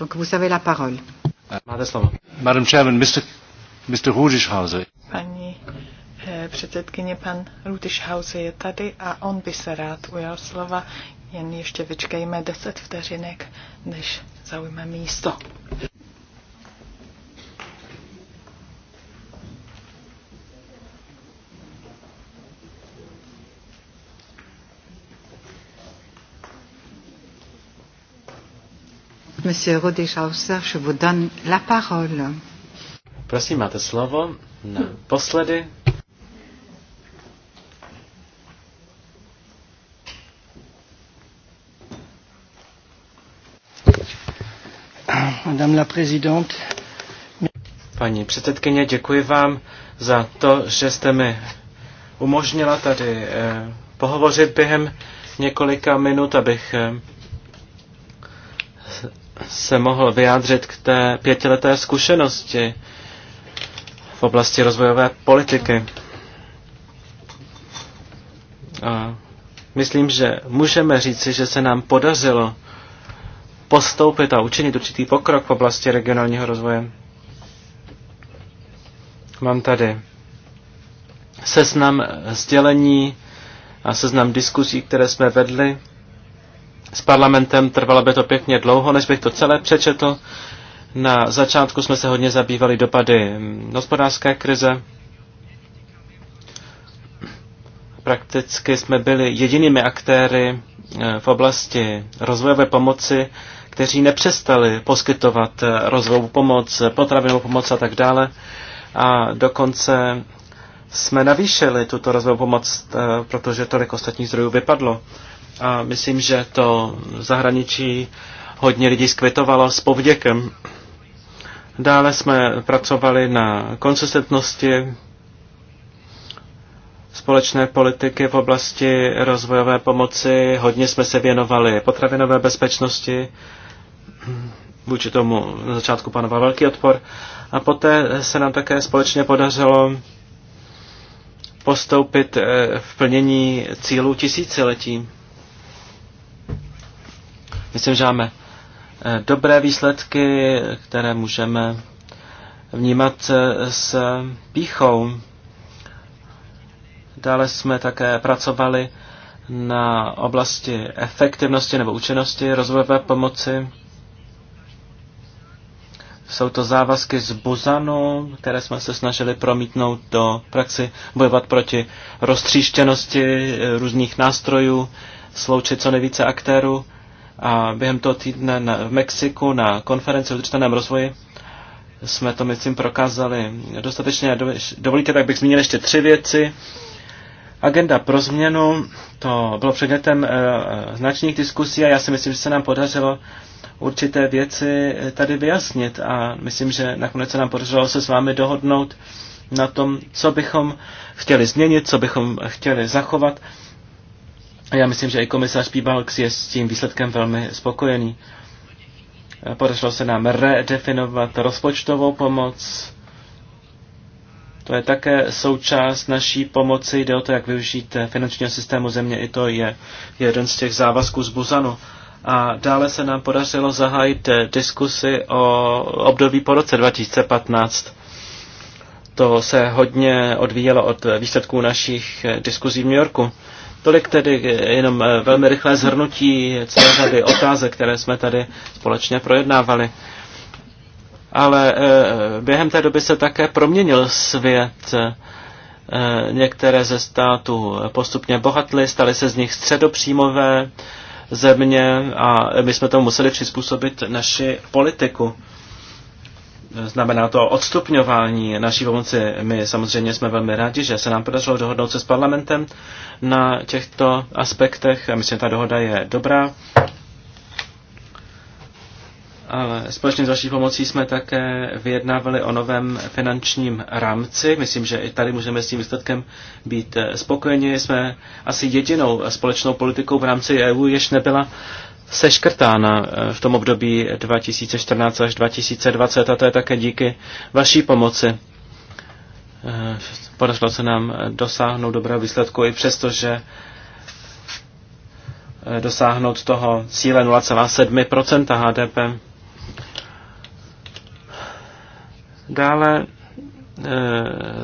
Donc vous avez la parole. Máte Chairman, Mr. Rudischhauser. Paní eh, předsedkyně, pan Rudischhauser je tady a on by se rád ujal slova. Jen ještě vyčkejme 10 vteřinek, než zaujme místo. Monsieur je vous donne la parole. Prosím, máte slovo. posledy. Madame la présidente. Paní předsedkyně, děkuji vám za to, že jste mi umožnila tady eh, pohovořit během několika minut, abych eh, se mohl vyjádřit k té pětileté zkušenosti v oblasti rozvojové politiky. A myslím, že můžeme říci, že se nám podařilo postoupit a učinit určitý pokrok v oblasti regionálního rozvoje. Mám tady seznam sdělení a seznam diskuzí, které jsme vedli s parlamentem, trvalo by to pěkně dlouho, než bych to celé přečetl. Na začátku jsme se hodně zabývali dopady mm, hospodářské krize. Prakticky jsme byli jedinými aktéry eh, v oblasti rozvojové pomoci, kteří nepřestali poskytovat eh, rozvojovou pomoc, potravinovou pomoc a tak dále. A dokonce jsme navýšili tuto rozvojovou pomoc, eh, protože tolik ostatních zdrojů vypadlo a myslím, že to v zahraničí hodně lidí skvětovalo s povděkem. Dále jsme pracovali na konsistentnosti společné politiky v oblasti rozvojové pomoci. Hodně jsme se věnovali potravinové bezpečnosti. Vůči tomu na začátku panoval velký odpor. A poté se nám také společně podařilo postoupit eh, v plnění cílů tisíciletí. Myslím, že máme eh, dobré výsledky, které můžeme vnímat eh, s píchou. Dále jsme také pracovali na oblasti efektivnosti nebo účinnosti rozvojové pomoci. Jsou to závazky z Buzanu, které jsme se snažili promítnout do praxi, bojovat proti roztříštěnosti eh, různých nástrojů, sloučit co nejvíce aktérů. A během toho týdne na, v Mexiku na konferenci o udržitelném rozvoji jsme to, myslím, prokázali dostatečně. Dovolíte, tak bych zmínil ještě tři věci. Agenda pro změnu, to bylo předmětem e, značných diskusí a já si myslím, že se nám podařilo určité věci eh, tady vyjasnit a myslím, že nakonec se nám podařilo se s vámi dohodnout na tom, co bychom chtěli změnit, co bychom chtěli zachovat a já myslím, že i komisař Píbalx je s tím výsledkem velmi spokojený. Eh, podařilo se nám redefinovat rozpočtovou pomoc. To je také součást naší pomoci. Jde o to, jak využít eh, finančního systému země. I to je jeden z těch závazků z Buzanu. A dále se nám podařilo zahájit eh, diskusy o období po roce 2015. To se hodně odvíjelo od výsledků našich diskuzí v New Yorku. Tolik tedy jenom eh, velmi rychlé zhrnutí celé řady otázek, které jsme tady společně projednávali. Ale eh, během té doby se také proměnil svět. Eh, některé ze států postupně bohatly, staly se z nich středopříjmové země a my jsme tomu museli přizpůsobit naši politiku. Znamená to odstupňování naší pomoci. My samozřejmě jsme velmi rádi, že se nám podařilo dohodnout se s parlamentem na těchto aspektech. Myslím, že ta dohoda je dobrá. Ale společně s vaší pomocí jsme také vyjednávali o novém finančním rámci. Myslím, že i tady můžeme s tím výsledkem být spokojeni. Jsme asi jedinou společnou politikou v rámci EU, jež nebyla seškrtána eh, v tom období 2014 až 2020 a to je také díky vaší pomoci. Eh, podařilo se nám dosáhnout dobrého výsledku i přesto, že eh, dosáhnout toho cíle 0,7 HDP. Dále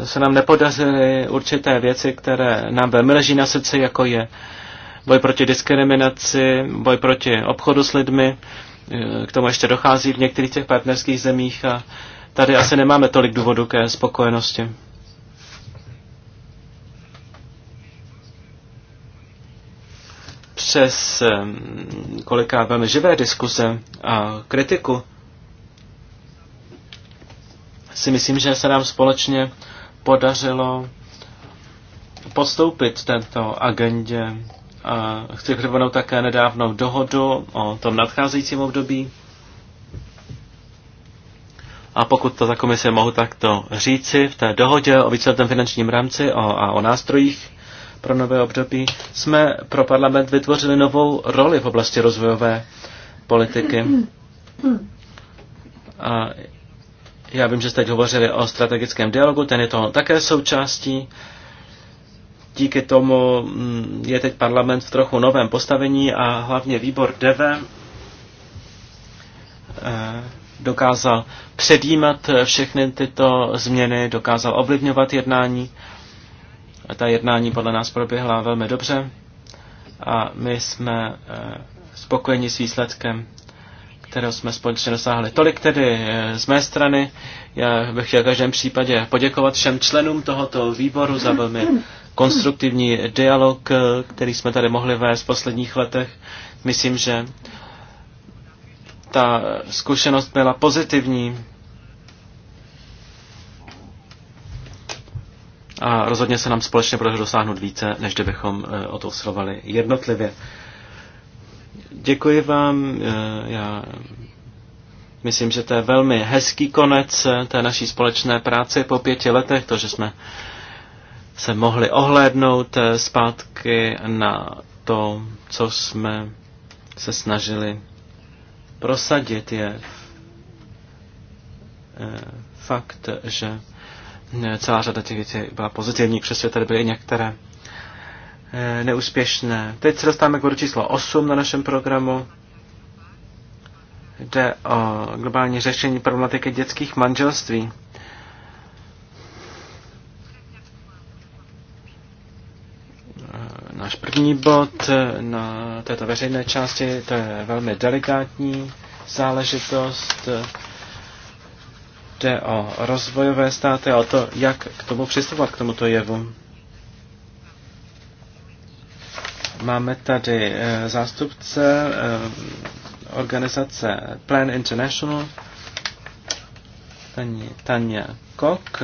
se nám nepodařily určité věci, které nám velmi leží na srdci, jako je boj proti diskriminaci, boj proti obchodu s lidmi, e, k tomu ještě dochází v některých těch partnerských zemích a tady asi nemáme tolik důvodu ke spokojenosti. Přes e, koliká velmi živé diskuze a kritiku si myslím, že se nám společně podařilo postoupit tento agendě a chci připomenout také nedávnou dohodu o tom nadcházejícím období. A pokud to za komise mohu takto říci, v té dohodě o víceletém finančním rámci o, a o nástrojích pro nové období jsme pro parlament vytvořili novou roli v oblasti rozvojové politiky. A já vím, že jste teď hovořili o strategickém dialogu, ten je toho také součástí díky tomu mm, je teď parlament v trochu novém postavení a hlavně výbor DEVE eh, dokázal předjímat všechny tyto změny, dokázal ovlivňovat jednání. A ta jednání podle nás proběhla velmi dobře a my jsme eh, spokojeni s výsledkem, kterého jsme společně dosáhli. Tolik tedy eh, z mé strany. Já bych chtěl v každém případě poděkovat všem členům tohoto výboru za velmi konstruktivní dialog, eh, který jsme tady mohli vést v posledních letech. Myslím, že ta zkušenost byla pozitivní a rozhodně se nám společně podařilo dosáhnout více, než kdybychom eh, o to usilovali jednotlivě. Děkuji vám. Eh, já myslím, že to je velmi hezký konec té naší společné práce po pěti letech, to, že jsme se mohli ohlédnout eh, zpátky na to, co jsme se snažili prosadit, je eh, fakt, že eh, celá řada těch věcí byla pozitivní, přesvět tady byly některé neúspěšné. Teď se dostáváme k bodu číslo 8 na našem programu. Jde o globální řešení problematiky dětských manželství. náš první bod eh, na této veřejné části. To je velmi delikátní záležitost. Jde o rozvojové státy a o to, jak k tomu přistupovat, k tomuto jevu. Máme tady eh, zástupce eh, organizace Plan International, paní Tanja Kok,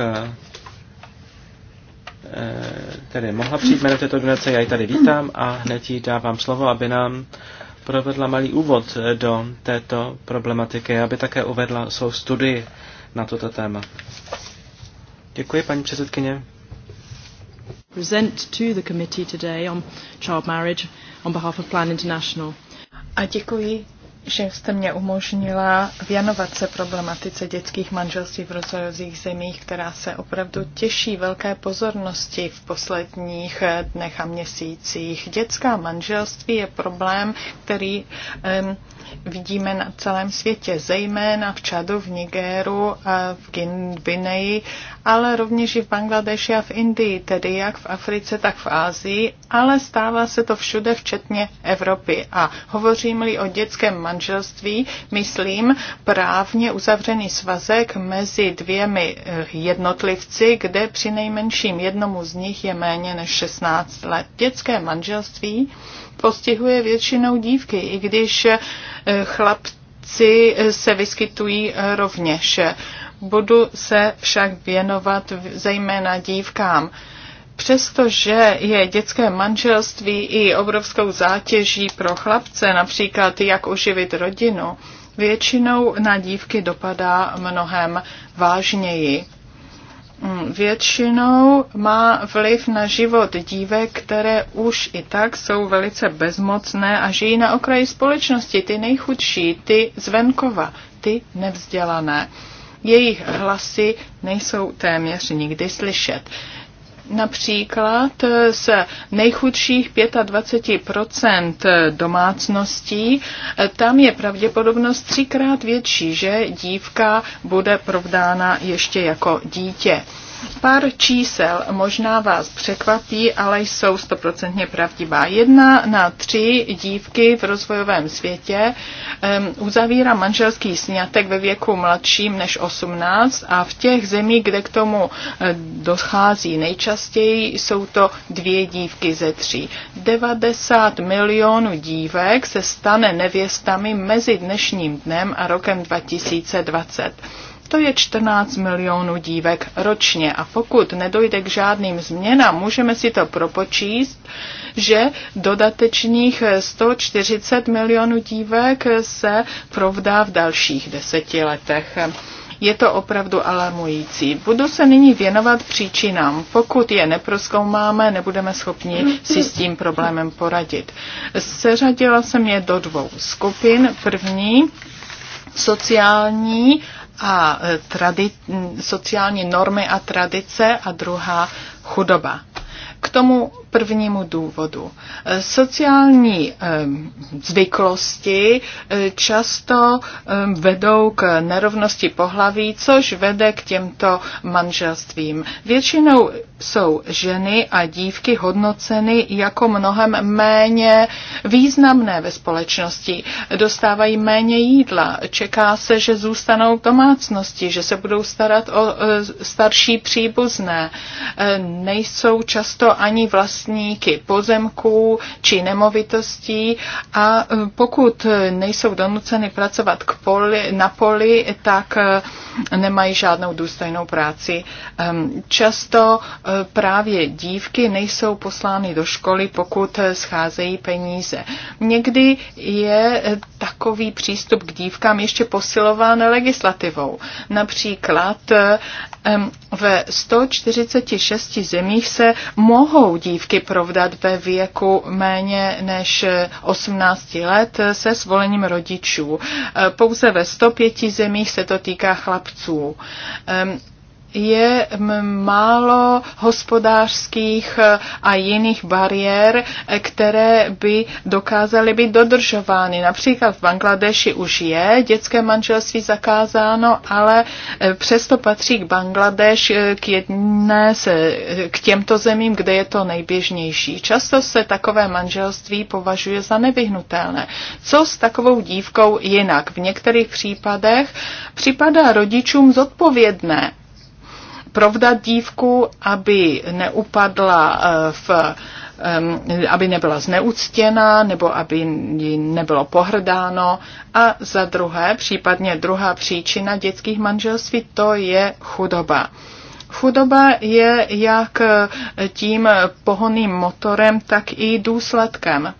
Eh, tedy mohla přijít jménem této organizace, já ji tady vítám a hned jí dávám slovo, aby nám provedla malý úvod do této problematiky, aby také uvedla svou studii na toto téma. Děkuji, paní předsedkyně. Present to the committee today on child marriage on behalf of Plan International. A děkuji že jste mě umožnila věnovat se problematice dětských manželství v rozvojových zemích, která se opravdu těší velké pozornosti v posledních dnech a měsících. Dětská manželství je problém, který um, vidíme na celém světě, zejména v Čadu, v Nigéru a eh, v Gvineji, ale rovněž i v Bangladeši a v Indii, tedy jak v Africe, tak v Ázii, ale stává se to všude, včetně Evropy. A hovořím-li o dětském manželství, myslím právně uzavřený svazek mezi dvěmi eh, jednotlivci, kde při nejmenším jednomu z nich je méně než 16 let. Dětské manželství postihuje většinou dívky, i když eh, chlapci eh, se vyskytují eh, rovněž. Budu se však věnovat zejména dívkám. Přestože je dětské manželství i obrovskou zátěží pro chlapce, například jak uživit rodinu, většinou na dívky dopadá mnohem vážněji. Mm, většinou má vliv na život dívek, které už i tak jsou velice bezmocné a žijí na okraji společnosti, ty nejchudší, ty zvenkova, ty nevzdělané. Jejich hlasy nejsou téměř nikdy slyšet. Například z nejchudších 25% domácností, tam je pravděpodobnost třikrát větší, že dívka bude provdána ještě jako dítě. Pár čísel možná vás překvapí, ale jsou stoprocentně pravdivá. Jedna na tři dívky v rozvojovém světě um, uzavírá manželský sňatek ve věku mladším než 18 a v těch zemích, kde k tomu eh, dochází nejčastěji, jsou to dvě dívky ze tří. 90 milionů dívek se stane nevěstami mezi dnešním dnem a rokem 2020. To je 14 milionů dívek ročně a pokud nedojde k žádným změnám, můžeme si to propočíst, že dodatečných 140 milionů dívek se provdá v dalších deseti letech. Je to opravdu alarmující. Budu se nyní věnovat příčinám. Pokud je neproskoumáme, nebudeme schopni si s tím problémem poradit. Seřadila jsem je do dvou skupin. První sociální a e, tradi- sociální normy a tradice a druhá chudoba. K tomu prvnímu důvodu. Eh, sociální eh, zvyklosti eh, často vedou k nerovnosti pohlaví, což vede k těmto manželstvím. Většinou jsou ženy a dívky hodnoceny jako mnohem méně významné ve společnosti. Dostávají méně jídla, čeká se, že zůstanou v domácnosti, že se budou starat o starší příbuzné. Nejsou často ani vlastní vlastníky pozemků či nemovitostí a e, pokud nejsou donuceny pracovat k poli, na poli, tak e, nemají žádnou důstojnou práci. Ehm, často e, právě dívky nejsou poslány do školy, pokud scházejí peníze. Někdy je takový přístup k dívkám ještě posilován legislativou. Například ve 146 zemích se mohou dívky provdat ve věku méně než 18 let se svolením rodičů. Pouze ve 105 zemích se to týká chlapců je málo hospodářských e, a jiných bariér, e, které by dokázaly být dodržovány. Například v Bangladeši už je dětské manželství zakázáno, ale e, přesto patří k Bangladeš k jedné se, k těmto zemím, kde je to nejběžnější. Často se takové manželství považuje za nevyhnutelné. Co s takovou dívkou jinak? V některých případech připadá rodičům zodpovědné provdat dívku, aby neupadla eh, v aby nebyla zneuctěna nebo aby ji nebylo pohrdáno. A za druhé, případně druhá příčina dětských manželství, to je chudoba. Chudoba je jak eh, tím pohonným motorem, tak i důsledkem.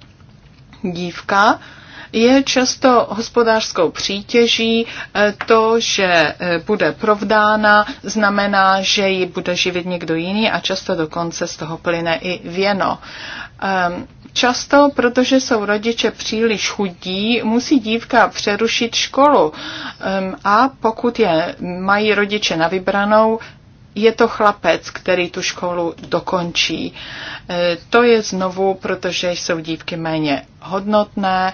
Dívka je často hospodářskou přítěží. Eh, to, že eh, bude provdána, znamená, že ji bude živit někdo jiný a často dokonce z toho plyne i věno. Ehm, často, protože jsou rodiče příliš chudí, musí dívka přerušit školu ehm, a pokud je mají rodiče na vybranou, je to chlapec, který tu školu dokončí. E, to je znovu, protože jsou dívky méně hodnotné, e,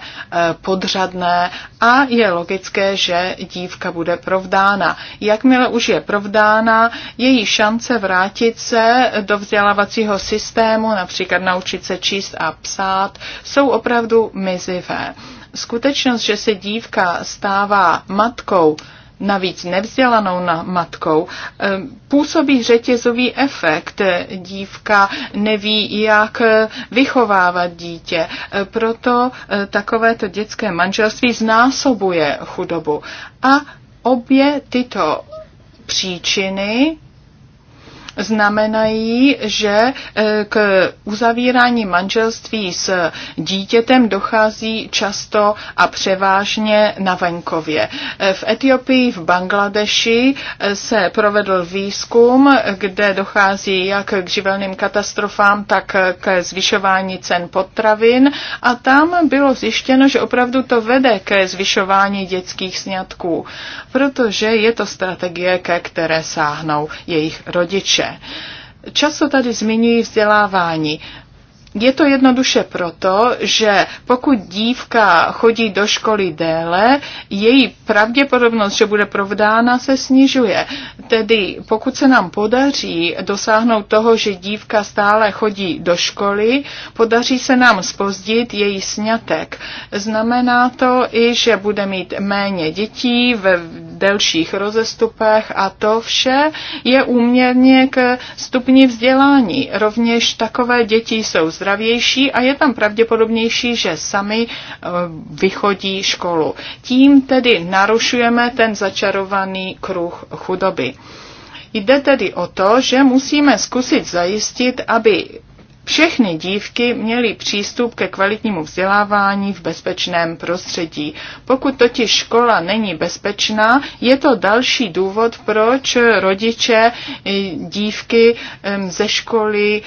podřadné a je logické, že dívka bude provdána. Jakmile už je provdána, její šance vrátit se do vzdělávacího systému, například naučit se číst a psát, jsou opravdu mizivé. Skutečnost, že se dívka stává matkou, navíc nevzdělanou matkou, eh, působí řetězový efekt. Dívka neví, jak eh, vychovávat dítě. Eh, proto takovéto dětské manželství znásobuje chudobu. A obě tyto příčiny znamenají, že eh, k uzavírání manželství s dítětem dochází často a převážně na venkově. Eh, v Etiopii, v Bangladeši eh, se provedl výzkum, kde dochází jak k živelným katastrofám, tak k zvyšování cen potravin a tam bylo zjištěno, že opravdu to vede ke zvyšování dětských sňatků, protože je to strategie, ke které sáhnou jejich rodiče. Často tady zmiňuji vzdělávání. Je to jednoduše proto, že pokud dívka chodí do školy déle, její pravděpodobnost, že bude provdána, se snižuje. Tedy pokud se nám podaří dosáhnout toho, že dívka stále chodí do školy, podaří se nám spozdit její sňatek. Znamená to i, že bude mít méně dětí ve delších rozestupech a to vše je úměrně k stupni vzdělání. Rovněž takové děti jsou zdravější a je tam pravděpodobnější, že sami eh, vychodí školu. Tím tedy narušujeme ten začarovaný kruh chudoby. Jde tedy o to, že musíme zkusit zajistit, aby všechny dívky měly přístup ke kvalitnímu vzdělávání v bezpečném prostředí. Pokud totiž škola není bezpečná, je to další důvod, proč rodiče eh, dívky ze školy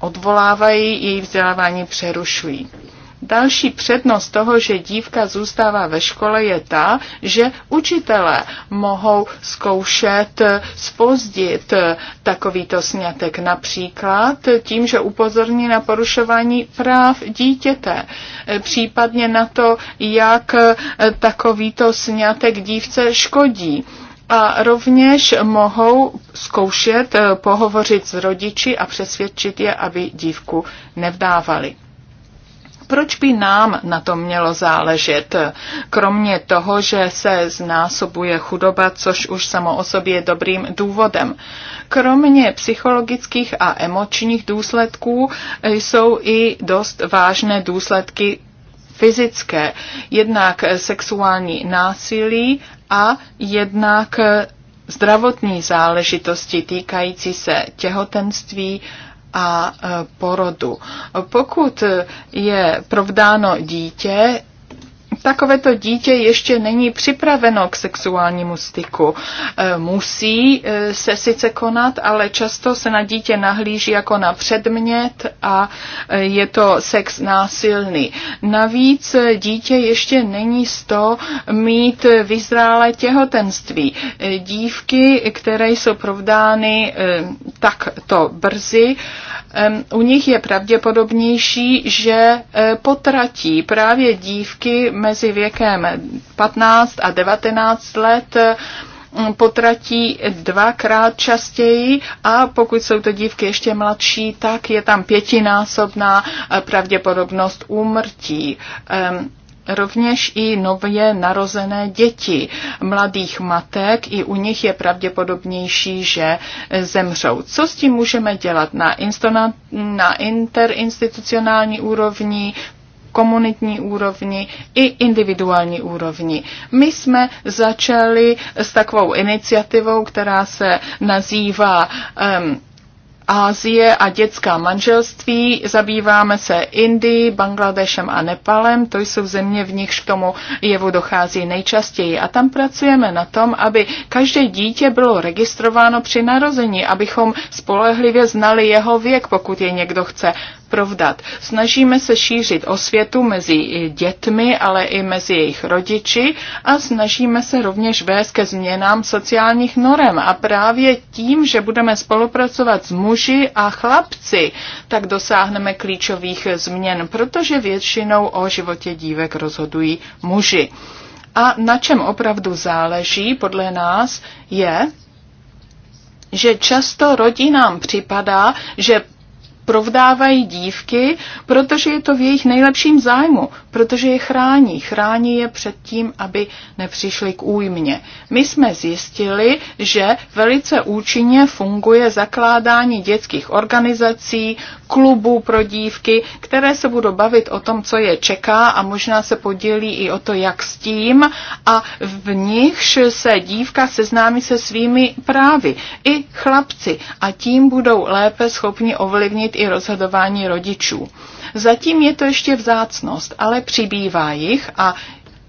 odvolávají, její vzdělávání přerušují. Další přednost toho, že dívka zůstává ve škole, je ta, že učitelé mohou zkoušet spozdit takovýto snětek například tím, že upozorní na porušování práv dítěte, případně na to, jak takovýto snětek dívce škodí a rovněž mohou zkoušet eh, pohovořit s rodiči a přesvědčit je, aby dívku nevdávali proč by nám na to mělo záležet? Kromě toho, že se znásobuje chudoba, což už samo o sobě je dobrým důvodem. Kromě psychologických a emočních důsledků jsou i dost vážné důsledky fyzické, jednak sexuální násilí a jednak zdravotní záležitosti týkající se těhotenství a e, porodu. Pokud je provdáno dítě, takovéto dítě ještě není připraveno k sexuálnímu styku. E, musí e, se sice konat, ale často se na dítě nahlíží jako na předmět a e, je to sex násilný. Navíc dítě ještě není z to mít vyzrálé těhotenství. Dívky, které jsou provdány takto brzy, u nich je pravděpodobnější, že potratí právě dívky mezi mezi věkem 15 a 19 let eh, potratí dvakrát častěji a pokud jsou to dívky ještě mladší, tak je tam pětinásobná eh, pravděpodobnost úmrtí ehm, rovněž i nově narozené děti mladých matek, i u nich je pravděpodobnější, že eh, zemřou. Co s tím můžeme dělat na, na interinstitucionální úrovni, komunitní úrovni i individuální úrovni. My jsme začali s takovou iniciativou, která se nazývá um, Ázie a dětská manželství. Zabýváme se Indií, Bangladešem a Nepalem. To jsou země, v nichž k tomu jevu dochází nejčastěji. A tam pracujeme na tom, aby každé dítě bylo registrováno při narození, abychom spolehlivě znali jeho věk, pokud je někdo chce provdat. Snažíme se šířit osvětu mezi dětmi, ale i mezi jejich rodiči a snažíme se rovněž vést ke změnám sociálních norem. A právě tím, že budeme spolupracovat s muži a chlapci, tak dosáhneme klíčových změn, protože většinou o životě dívek rozhodují muži. A na čem opravdu záleží podle nás je, že často rodinám připadá, že provdávají dívky, protože je to v jejich nejlepším zájmu, protože je chrání. Chrání je před tím, aby nepřišli k újmě. My jsme zjistili, že velice účinně funguje zakládání dětských organizací, klubů pro dívky, které se budou bavit o tom, co je čeká a možná se podělí i o to, jak s tím a v nichž se dívka seznámí se svými právy. I chlapci a tím budou lépe schopni ovlivnit i rozhodování rodičů. Zatím je to ještě vzácnost, ale přibývá jich a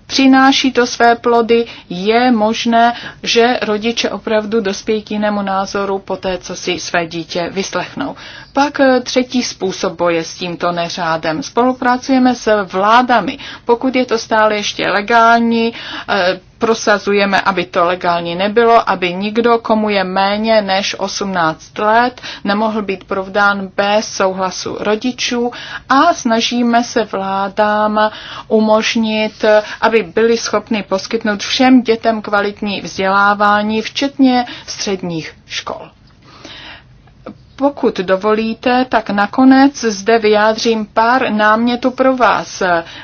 přináší to své plody, je možné, že rodiče opravdu dospějí k jinému názoru po té, co si své dítě vyslechnou. Pak eh, třetí způsob boje s tímto neřádem. Spolupracujeme s vládami. Pokud je to stále ještě legální, eh, prosazujeme, aby to legální nebylo, aby nikdo, komu je méně než 18 let, nemohl být provdán bez souhlasu rodičů a snažíme se vládám umožnit, eh, aby byli schopni poskytnout všem dětem kvalitní vzdělávání, včetně středních škol pokud dovolíte, tak nakonec zde vyjádřím pár námětů pro vás,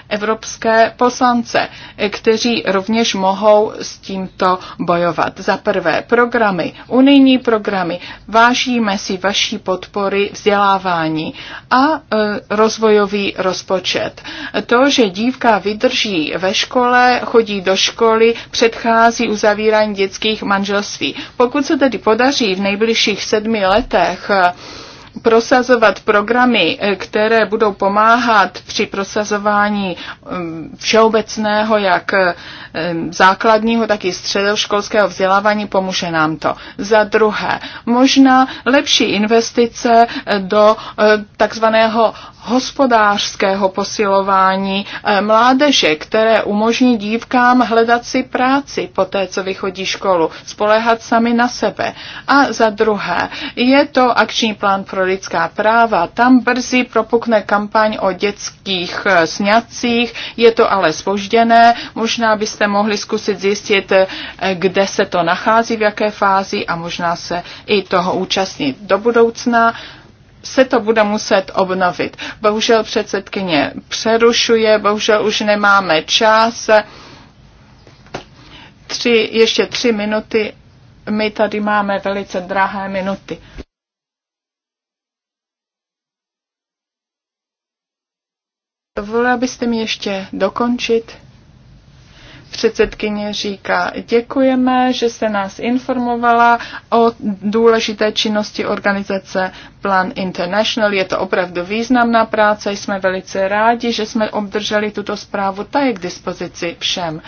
evropské poslance, kteří rovněž mohou s tímto bojovat. Za prvé, programy, unijní programy. Vážíme si vaší podpory vzdělávání a e, rozvojový rozpočet. To, že dívka vydrží ve škole, chodí do školy, předchází uzavírání dětských manželství. Pokud se tedy podaří v nejbližších sedmi letech prosazovat programy, eh, které budou pomáhat při prosazování mm, všeobecného, jak eh, základního, tak i středoškolského vzdělávání, pomůže nám to. Za druhé, možná lepší investice eh, do eh, takzvaného hospodářského posilování eh, mládeže, které umožní dívkám hledat si práci po té, co vychodí školu, spolehat sami na sebe. A za druhé, je to akční plán pro lidská práva. Tam brzy propukne kampaň o dětských sňacích, je to ale spožděné, možná byste mohli zkusit zjistit, eh, kde se to nachází, v jaké fázi a možná se i toho účastnit do budoucna se to bude muset obnovit. Bohužel předsedkyně přerušuje, bohužel už nemáme čas. Tři, ještě tři minuty. My tady máme velice drahé minuty. Dovolila byste mi ještě dokončit? Předsedkyně říká, děkujeme, že se nás informovala o důležité činnosti organizace Plan International. Je to opravdu významná práce, jsme velice rádi, že jsme obdrželi tuto zprávu, ta je k dispozici všem.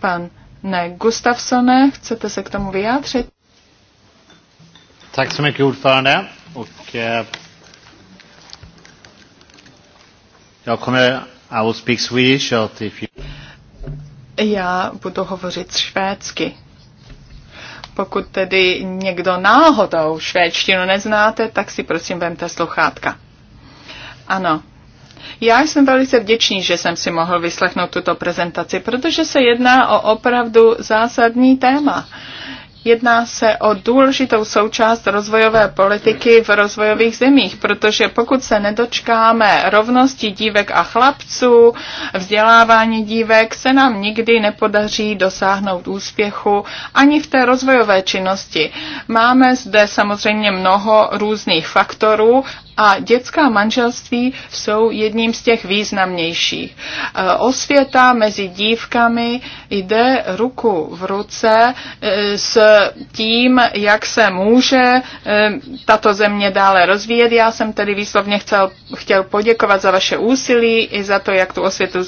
Pan ne, Gustafsone, chcete se k tomu vyjádřit? Tak se mi kůrfáne. Och, eh, I will speak Swedish. If you... Já budu hovořit švédsky. Pokud tedy někdo náhodou švédštinu neznáte, tak si prosím vemte sluchátka. Ano, já jsem velice vděčný, že jsem si mohl vyslechnout tuto prezentaci, protože se jedná o opravdu zásadní téma. Jedná se o důležitou součást rozvojové politiky v rozvojových zemích, protože pokud se nedočkáme rovnosti dívek a chlapců, vzdělávání dívek, se nám nikdy nepodaří dosáhnout úspěchu ani v té rozvojové činnosti. Máme zde samozřejmě mnoho různých faktorů a dětská manželství jsou jedním z těch významnějších. E, osvěta mezi dívkami jde ruku v ruce e, s tím, jak se může e, tato země dále rozvíjet. Já jsem tedy výslovně chcel, chtěl poděkovat za vaše úsilí i za to, jak tu osvětu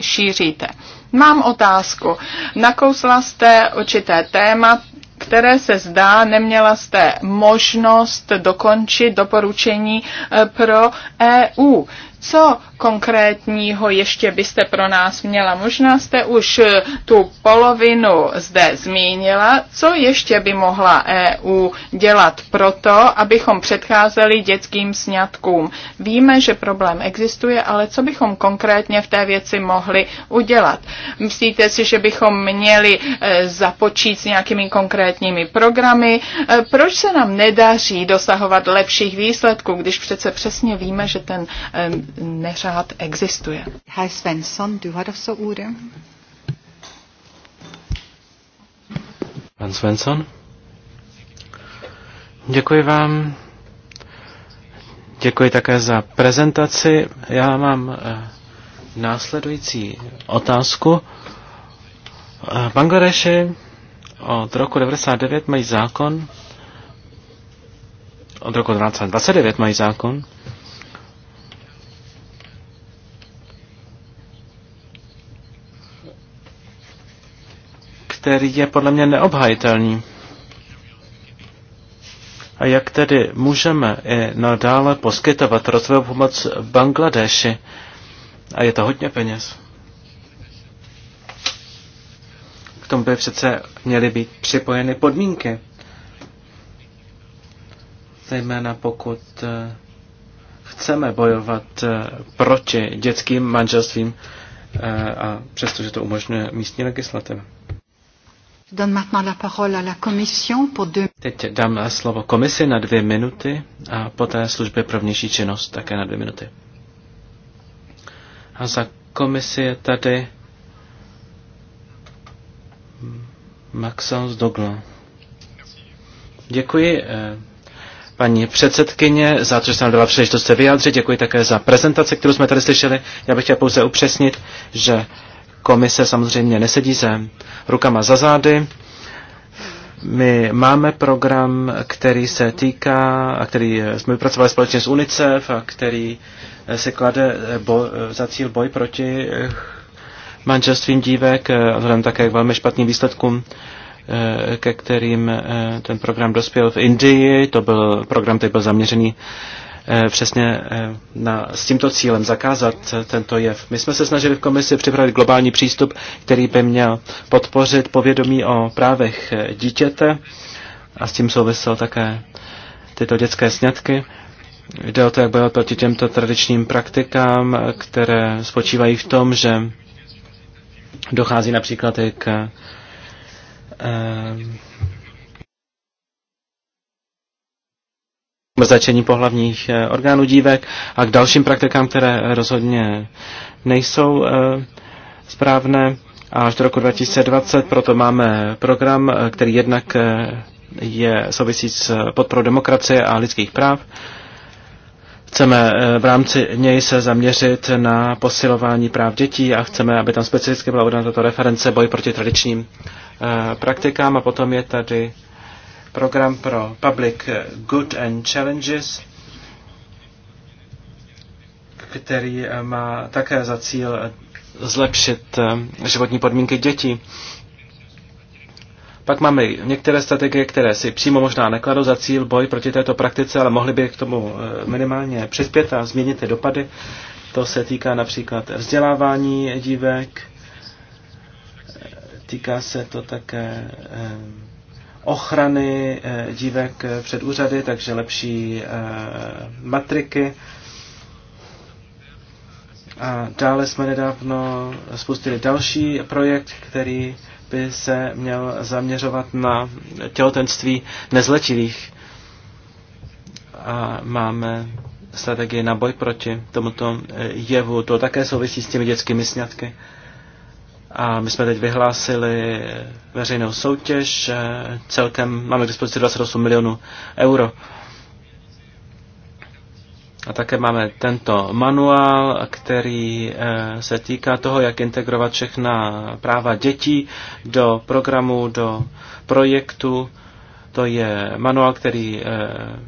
šíříte. Mám otázku. Nakousla jste určité téma, které se zdá, neměla jste možnost dokončit doporučení eh, pro EU co konkrétního ještě byste pro nás měla? Možná jste už eh, tu polovinu zde zmínila. Co ještě by mohla EU dělat proto, abychom předcházeli dětským sňatkům? Víme, že problém existuje, ale co bychom konkrétně v té věci mohli udělat? Myslíte si, že bychom měli eh, započít s nějakými konkrétními programy? Eh, proč se nám nedaří dosahovat lepších výsledků, když přece přesně víme, že ten neřád existuje. Herr Svensson, du har so ordet. Pan Svensson? Děkuji vám. Děkuji také za prezentaci. Já mám eh, následující otázku. Uh, Bangladeši od roku 99 mají zákon, od roku 1929 mají zákon, který je podle mě neobhajitelný. A jak tedy můžeme i nadále poskytovat rozvojovou pomoc v Bangladeši? A je to hodně peněz. K tomu by přece měly být připojeny podmínky. Zejména pokud eh, chceme bojovat eh, proti dětským manželstvím, eh, a přestože to umožňuje místní legislativa. Teď dám slovo komisi na dvě minuty a poté službě pro vnější činnost také na dvě minuty. A za komisi je tady Maxence Dogla. Děkuji eh, paní předsedkyně za to, že jsem dala příležitost se vyjádřit. Děkuji také za prezentaci, kterou jsme tady slyšeli. Já bych chtěl pouze upřesnit, že Komise samozřejmě nesedí se rukama za zády. My máme program, který se týká, a který eh, jsme vypracovali společně s UNICEF, a který eh, se klade eh, bo, za cíl boj proti manželstvím dívek, vzhledem také k velmi špatným výsledkům, ke kterým ten program dospěl v Indii. To byl program, který byl zaměřený Eh, přesně eh, na, s tímto cílem zakázat eh, tento jev. My jsme se snažili v komisi připravit globální přístup, který by měl podpořit povědomí o právech dítěte a s tím souvisel také tyto dětské sňatky. Jde o to, jak bylo proti těmto tradičním praktikám, které spočívají v tom, že dochází například i k mrzačení pohlavních eh, orgánů dívek a k dalším praktikám, které rozhodně nejsou eh, správné. A až do roku 2020 proto máme program, eh, který jednak je souvisí s podporou demokracie a lidských práv. Chceme v rámci něj se zaměřit na posilování práv dětí a chceme, aby tam specificky byla udána tato reference boj proti tradičním praktikám. A potom je tady program pro Public Good and Challenges, který má také za cíl zlepšit eh, životní podmínky dětí. Pak máme některé strategie, které si přímo možná nekladou za cíl boj proti této praktice, ale mohly by k tomu eh, minimálně přispět a změnit ty dopady. To se týká například vzdělávání dívek, týká se to také eh, ochrany eh, dívek eh, před úřady, takže lepší eh, matriky. A dále jsme nedávno spustili další projekt, který by se měl zaměřovat na těhotenství nezletilých. A máme strategii na boj proti tomuto jevu. To také souvisí s těmi dětskými sňatky. A my jsme teď vyhlásili veřejnou soutěž, celkem máme k dispozici 28 milionů euro. A také máme tento manuál, který eh, se týká toho, jak integrovat všechna práva dětí do programu, do projektu. To je manuál, který eh,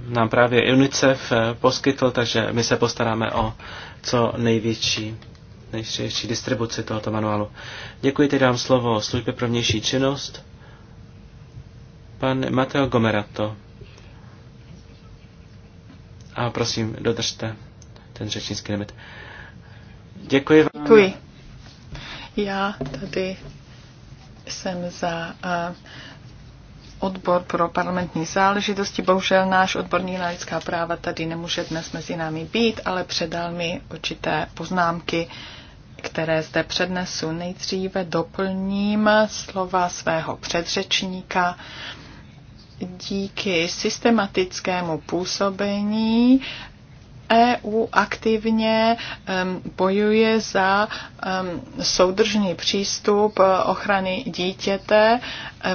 nám právě UNICEF eh, poskytl, takže my se postaráme o co největší nejširší distribuci tohoto manuálu. Děkuji, teď dám slovo službě pro vnější činnost. Pan Mateo Gomerato. A prosím, dodržte ten řečnický limit. Děkuji vám. Děkuji. Já tady jsem za uh, odbor pro parlamentní záležitosti. Bohužel náš odborní na lidská práva tady nemůže dnes mezi námi být, ale předal mi určité poznámky které zde přednesu. Nejdříve doplním slova svého předřečníka. Díky systematickému působení EU aktivně um, bojuje za um, soudržný přístup ochrany dítěte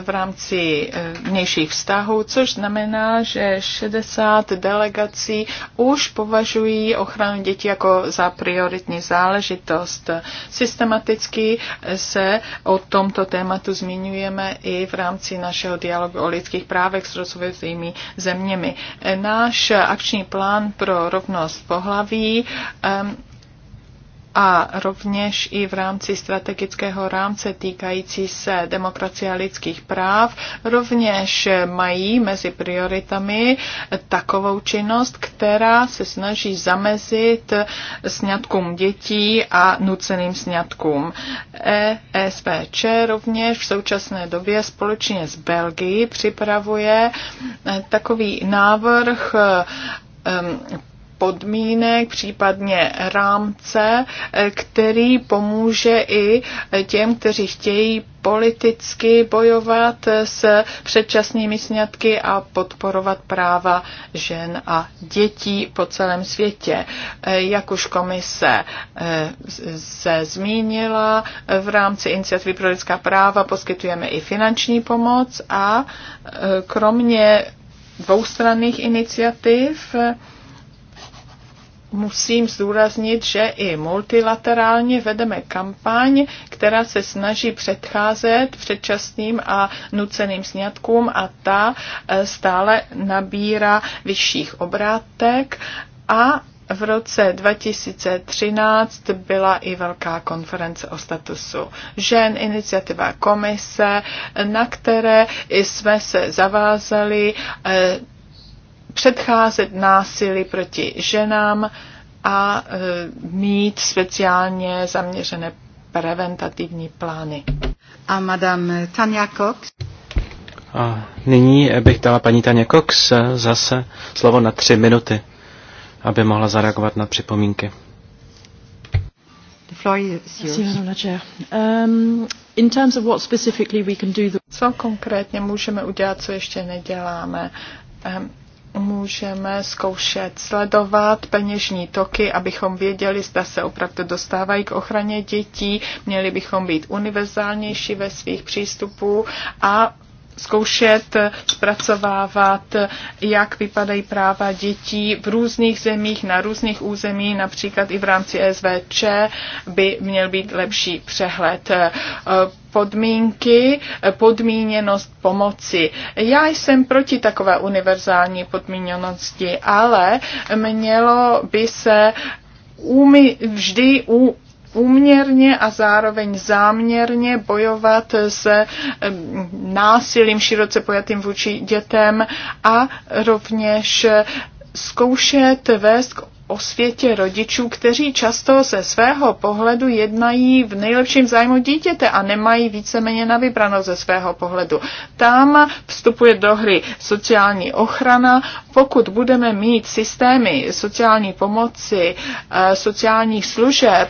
v rámci eh, vnějších vztahů, což znamená, že 60 delegací už považují ochranu dětí jako za prioritní záležitost. Systematicky se o tomto tématu zmiňujeme i v rámci našeho dialogu o lidských právech s rozvojovými zeměmi. Náš akční plán pro rovnost pohlaví a rovněž i v rámci strategického rámce týkající se demokracie a lidských práv, rovněž mají mezi prioritami takovou činnost, která se snaží zamezit sňatkům dětí a nuceným sňatkům. ESVČ rovněž v současné době společně s Belgií připravuje takový návrh podmínek, případně rámce, eh, který pomůže i těm, kteří chtějí politicky bojovat eh, s předčasnými sňatky a podporovat práva žen a dětí po celém světě. Eh, Jak už komise se zmínila, v rámci iniciativy pro lidská práva poskytujeme i finanční pomoc a kromě dvoustranných iniciativ musím zdůraznit, že i multilaterálně vedeme kampaň, která se snaží předcházet předčasným a nuceným sňatkům a ta eh, stále nabírá vyšších obrátek a v roce 2013 byla i velká konference o statusu žen, iniciativa komise, na které jsme se zavázali eh, předcházet násilí proti ženám a e, mít speciálně zaměřené preventativní plány. A madame Tanja Cox. A nyní bych dala paní Tanja Cox zase slovo na tři minuty, aby mohla zareagovat na připomínky. Um, co konkrétně můžeme udělat, co ještě neděláme? Um, můžeme zkoušet sledovat peněžní toky, abychom věděli, zda se opravdu dostávají k ochraně dětí. Měli bychom být univerzálnější ve svých přístupů a zkoušet zpracovávat, jak vypadají práva dětí v různých zemích, na různých území, například i v rámci SVČ by měl být lepší přehled podmínky, podmíněnost pomoci. Já jsem proti takové univerzální podmíněnosti, ale mělo by se umy, vždy u úměrně a zároveň záměrně bojovat se násilím široce pojatým vůči dětem a rovněž zkoušet vést k o světě rodičů, kteří často ze svého pohledu jednají v nejlepším zájmu dítěte a nemají víceméně na vybrano ze svého pohledu. Tam vstupuje do hry sociální ochrana. Pokud budeme mít systémy sociální pomoci, eh, sociálních služeb,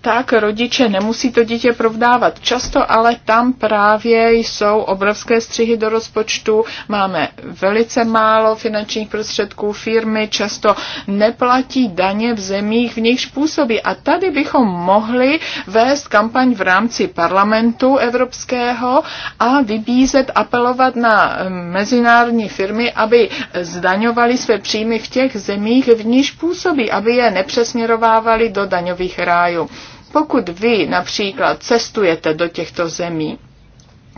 tak rodiče nemusí to dítě provdávat. Často ale tam právě jsou obrovské střihy do rozpočtu, máme velice málo finančních prostředků, firmy často neplatí platí daně v zemích, v nichž působí. A tady bychom mohli vést kampaň v rámci parlamentu evropského a vybízet, apelovat na eh, mezinárodní firmy, aby zdaňovali své příjmy v těch zemích, v nichž působí, aby je nepřesměrovávali do daňových rájů. Pokud vy například cestujete do těchto zemí,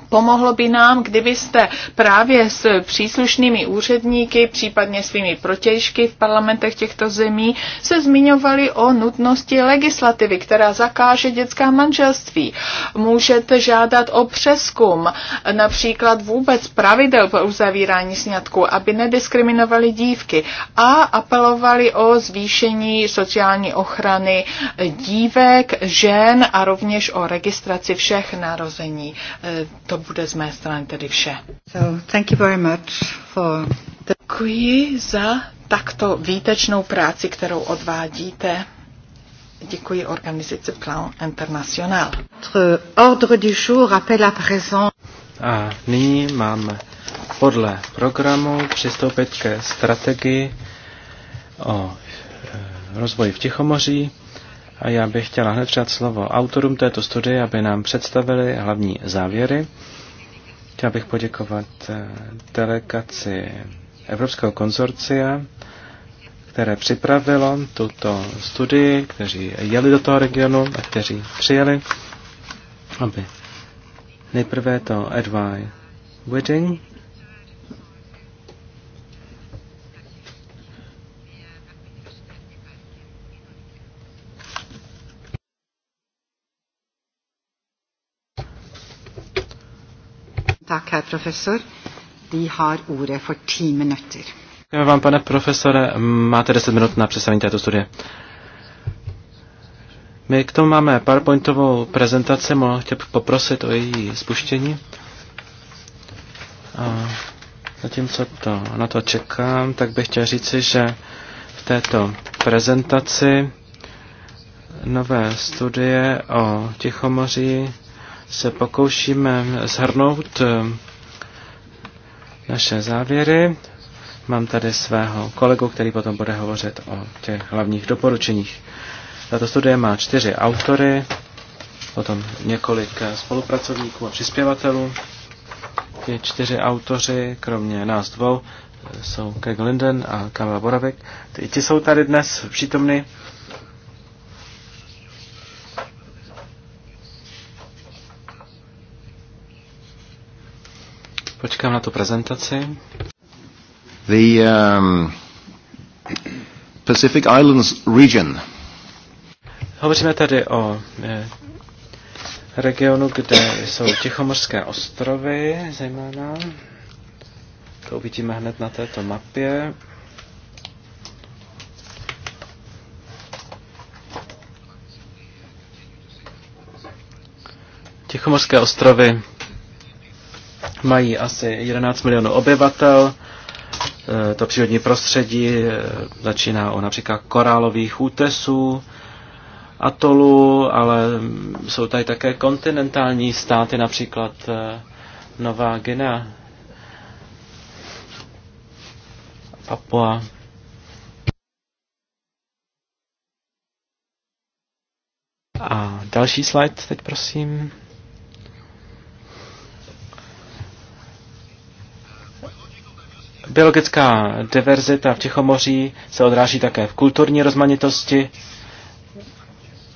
Pomohlo by nám, kdybyste právě s příslušnými úředníky, případně svými protěžky v parlamentech těchto zemí, se zmiňovali o nutnosti legislativy, která zakáže dětská manželství. Můžete žádat o přeskum, například vůbec pravidel pro uzavírání sňatku, aby nediskriminovali dívky a apelovali o zvýšení sociální ochrany dívek, žen a rovněž o registraci všech narození. E, to bude z mé strany tedy vše. So, thank you very much for the... Děkuji za takto výtečnou práci, kterou odvádíte. Děkuji organizaci Plan International. Ordre du jour à présent. A nyní máme podle programu přistoupit ke strategii o e, rozvoji v Tichomoří. A já bych chtěla hned přát slovo autorům této studie, aby nám představili hlavní závěry. Chtěl bych poděkovat eh, delegaci Evropského konzorcia, které připravilo tuto studii, kteří jeli do toho regionu a kteří přijeli, aby nejprve to Edwy Wedding, Tak, herr profesor. De har ordet for ti minutter. Děkujeme vám, pane profesore. Máte 10 minut na představení této studie. My k tomu máme PowerPointovou prezentaci, mohl tě poprosit o její spuštění. A zatímco to, na to čekám, tak bych chtěl říci, že v této prezentaci nové studie o Tichomoří se pokoušíme zhrnout eh, naše závěry. Mám tady svého kolegu, který potom bude hovořit o těch hlavních doporučeních. Tato studie má čtyři autory, potom několik spolupracovníků a přispěvatelů. Ty čtyři autoři, kromě nás dvou, eh, jsou Keg Linden a Kamila Boravek. Ti jsou tady dnes přítomny. Počkám na tu prezentaci. The um, Pacific Islands region. Hovoříme tady o eh, regionu, kde jsou Tichomorské ostrovy, zejména. To uvidíme hned na této mapě. Tichomorské ostrovy Mají asi 11 milionů obyvatel. Eh, to přírodní prostředí eh, začíná o například korálových útesů, atolů, ale jsou tady také kontinentální státy, například eh, Nová Guinea, Papua. A další slide teď prosím. Biologická diverzita v Tichomoří se odráží také v kulturní rozmanitosti.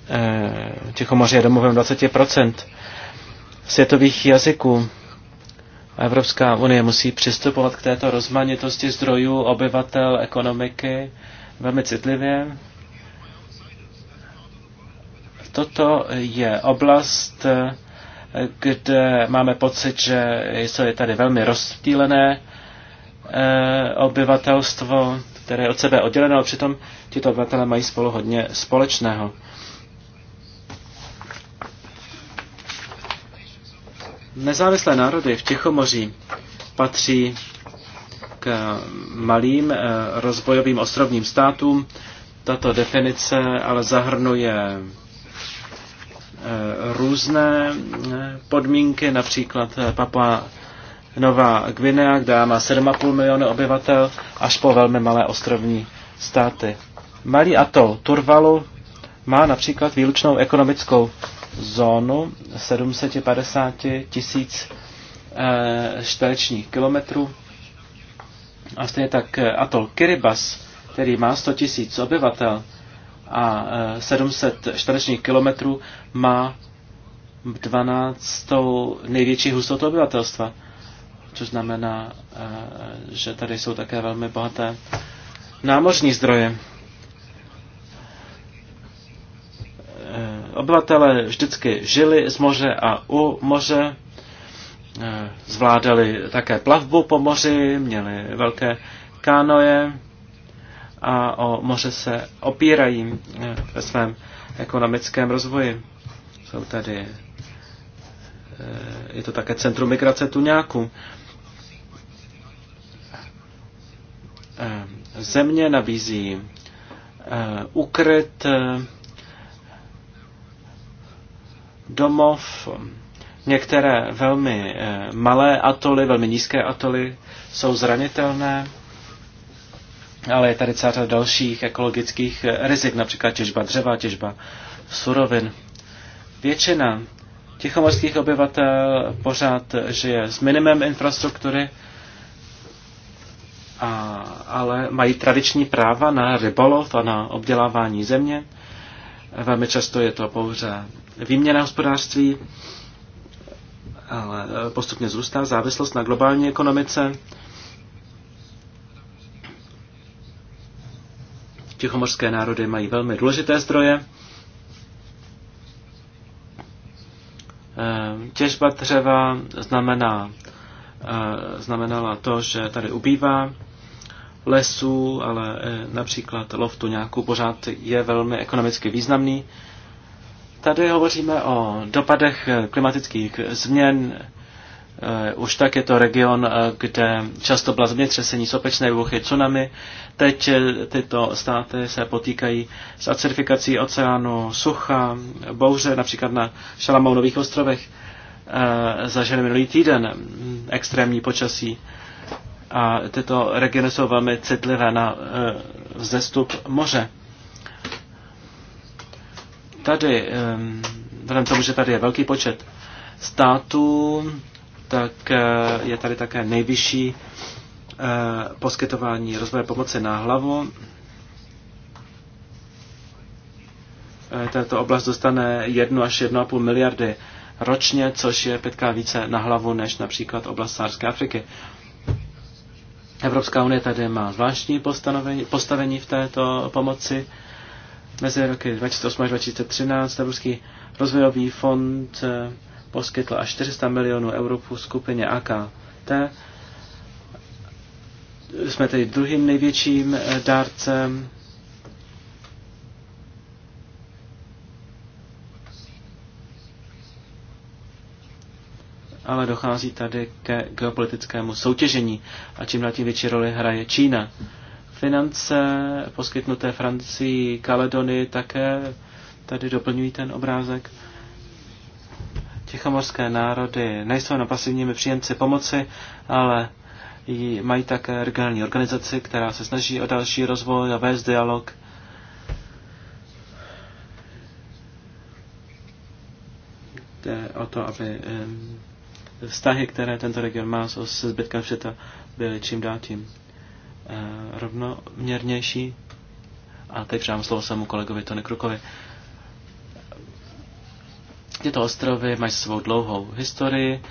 Eh, Tichomoří je domovem 20% světových jazyků. Evropská unie musí přistupovat k této rozmanitosti zdrojů, obyvatel, ekonomiky velmi citlivě. Toto je oblast, eh, kde máme pocit, že jsou je tady velmi rozptýlené Eh, obyvatelstvo, které je od sebe odděleno, ale přitom tyto obyvatele mají spolu hodně společného. Nezávislé národy v Tichomoří patří k malým eh, rozbojovým ostrovním státům. Tato definice ale zahrnuje eh, různé podmínky, například Papua Nová Gvinea, která má 7,5 milionu obyvatel, až po velmi malé ostrovní státy. Malý atol Turvalu má například výlučnou ekonomickou zónu 750 tisíc eh, čtverečních kilometrů. A stejně tak eh, atol Kiribas, který má 100 tisíc obyvatel a 700 eh, čtverečních kilometrů, má 12. největší hustotu obyvatelstva což znamená, eh, že tady jsou také velmi bohaté námořní zdroje. Eh, Obyvatele vždycky žili z moře a u moře, eh, zvládali také plavbu po moři, měli velké kánoje a o moře se opírají ve svém ekonomickém rozvoji. Jsou tady, je to také centrum migrace tuňáků. Eh, země nabízí eh, ukryt eh, domov. Některé velmi malé atoly, velmi nízké atoly jsou zranitelné, ale je tady celá dalších ekologických rizik, například těžba dřeva, těžba surovin. Většina tichomorských obyvatel pořád žije s minimem infrastruktury, a, ale mají tradiční práva na rybolov a na obdělávání země. Velmi často je to pouze výměna hospodářství, ale eh, postupně zrůstá závislost na globální ekonomice. Tichomorské národy mají velmi důležité zdroje. Eh, těžba dřeva znamená, eh, znamenala to, že tady ubývá lesů, ale eh, například lov tuňáků pořád je velmi ekonomicky významný. Tady hovoříme o dopadech klimatických změn. Eh, už tak je to region, eh, kde často byla zemětřesení, sopečné výbuchy, tsunami. Teď tyto státy se potýkají s acidifikací oceánu, sucha, bouře, například na Šalamounových ostrovech. Zažili minulý týden mm, extrémní počasí a tyto regiony jsou velmi citlivé na eh, vzestup moře. Tady, eh, vzhledem tomu, že tady je velký počet států, tak eh, je tady také nejvyšší poskytování rozvoje pomoci na hlavu. Tato oblast dostane 1 až 1,5 miliardy ročně, což je pětká více na hlavu než například oblast Sárské Afriky. Evropská unie tady má zvláštní postavení, v této pomoci. Mezi roky 2008 až 2013 Evropský rozvojový fond eh, poskytl až 400 milionů euro skupině AKT. Jsme tedy druhým největším eh, dárcem ale dochází tady ke geopolitickému soutěžení a čím dál tím větší roli hraje Čína. Finance poskytnuté Francii, Kaledonii také tady doplňují ten obrázek. Tichomorské národy nejsou na pasivními příjemci pomoci, ale mají také regionální organizaci, která se snaží o další rozvoj a vést dialog. Jde o to, aby vztahy, které tento region má se zbytkem světa, byly čím dál tím eh, rovnoměrnější. A teď přidám slovo svému kolegovi Tony Krukovi. Tyto ostrovy mají svou dlouhou historii,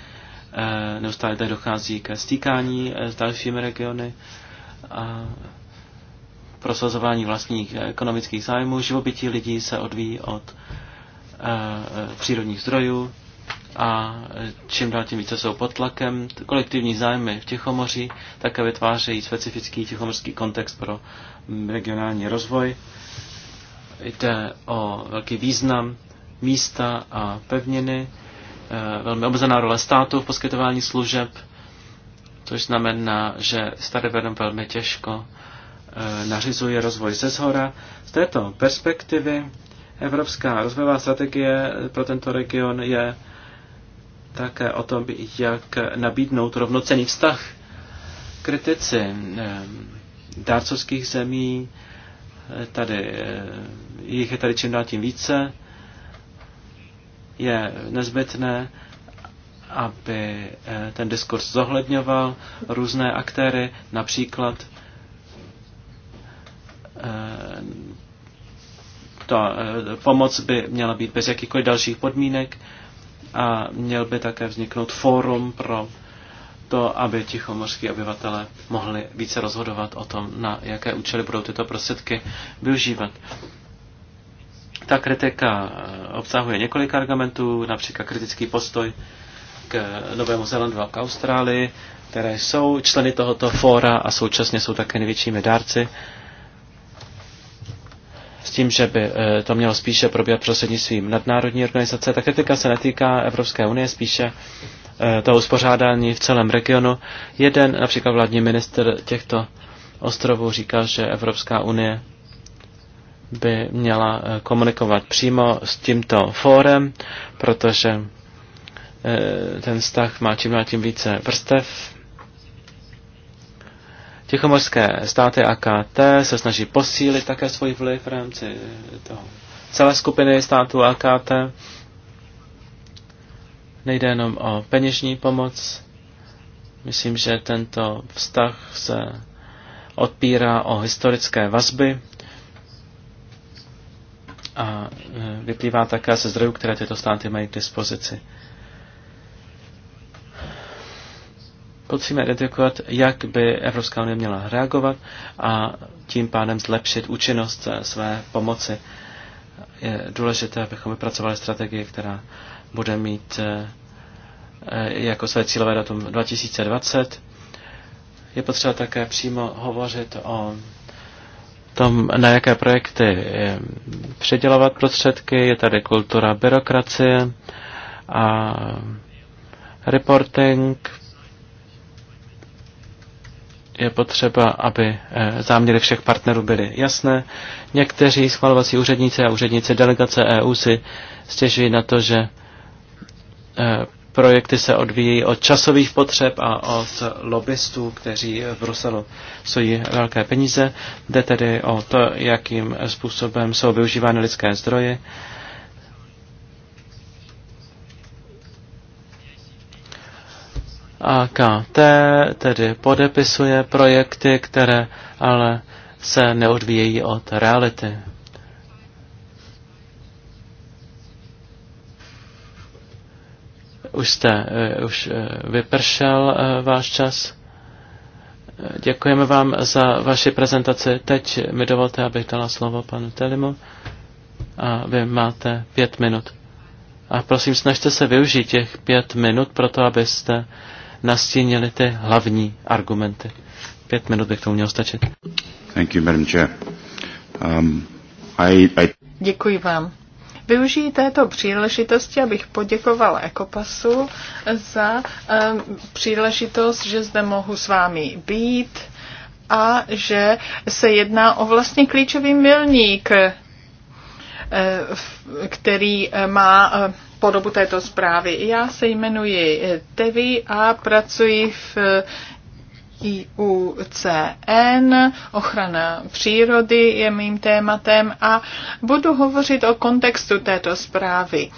eh, neustále tady dochází ke stýkání eh, s dalšími regiony a prosazování vlastních ekonomických zájmů. Živobytí lidí se odvíjí od přírodních zdrojů, a čím dál tím více jsou pod tlakem. Kolektivní zájmy v Tichomoří také vytvářejí specifický tichomorský kontext pro regionální rozvoj. Jde o velký význam místa a pevniny, eh, velmi obzená role státu v poskytování služeb, což znamená, že staré vedem velmi těžko eh, nařizuje rozvoj ze zhora. Z této perspektivy Evropská rozvojová strategie pro tento region je také o tom, jak nabídnout rovnocený vztah. Kritici eh, dárcovských zemí, tady, eh, jich je tady čím dál tím více, je nezbytné, aby eh, ten diskurs zohledňoval různé aktéry, například ta pomoc by měla být bez jakýchkoliv dalších podmínek, a měl by také vzniknout fórum pro to, aby tichomorský obyvatele mohli více rozhodovat o tom, na jaké účely budou tyto prostředky využívat. Ta kritika eh, obsahuje několik argumentů, například kritický postoj k Novému Zelandu a k Austrálii, které jsou členy tohoto fóra a současně jsou také největšími dárci. Uh, s tím, že by eh, to mělo spíše probíhat prostřednictvím nadnárodní organizace. Ta kritika se netýká Evropské unie, spíše eh, toho uspořádání v celém regionu. Jeden, například vládní minister těchto ostrovů, říká, že Evropská unie by měla eh, komunikovat přímo s tímto fórem, protože ten vztah má čím dál tím více vrstev Tichomorské státy AKT se snaží posílit také svůj vliv v rámci toho celé skupiny států AKT. Nejde jenom o peněžní pomoc. Myslím, že tento vztah se odpírá o historické vazby a e, vyplývá také se zdrojů, které tyto státy mají k dispozici. potřebujeme identifikovat, jak by Evropská unie měla reagovat a tím pádem zlepšit účinnost své pomoci. Je důležité, abychom vypracovali strategii, která bude mít eh, eh, jako své cílové datum 2020. Je potřeba také přímo hovořit o tom, na jaké projekty eh, předělovat prostředky. Je tady kultura byrokracie a reporting, je potřeba, aby eh, záměry všech partnerů byly jasné. Někteří schvalovací úředníci a úředníci delegace EU si stěžují na to, že eh, projekty se odvíjí od časových potřeb a od lobbystů, kteří v Bruselu jsou velké peníze. Jde tedy o to, jakým způsobem jsou využívány lidské zdroje AKT tedy podepisuje projekty, které ale se neodvíjejí od reality. Už jste, eh, už eh, vypršel eh, váš čas. Děkujeme vám za vaši prezentaci. Teď mi dovolte, abych dala slovo panu Telimu. A vy máte pět minut. A prosím, snažte se využít těch pět minut pro to, abyste nastínili ty hlavní argumenty. Pět minut by k tomu mělo stačit. Thank you, Madam Chair. Um, I, I... Děkuji vám. Využiji této příležitosti, abych poděkoval Ekopasu za um, příležitost, že zde mohu s vámi být a že se jedná o vlastně klíčový milník Eh, který eh, má eh, podobu této zprávy. Já se jmenuji Tevi a pracuji v IUCN, ochrana přírody je mým tématem a budu hovořit o kontextu této zprávy.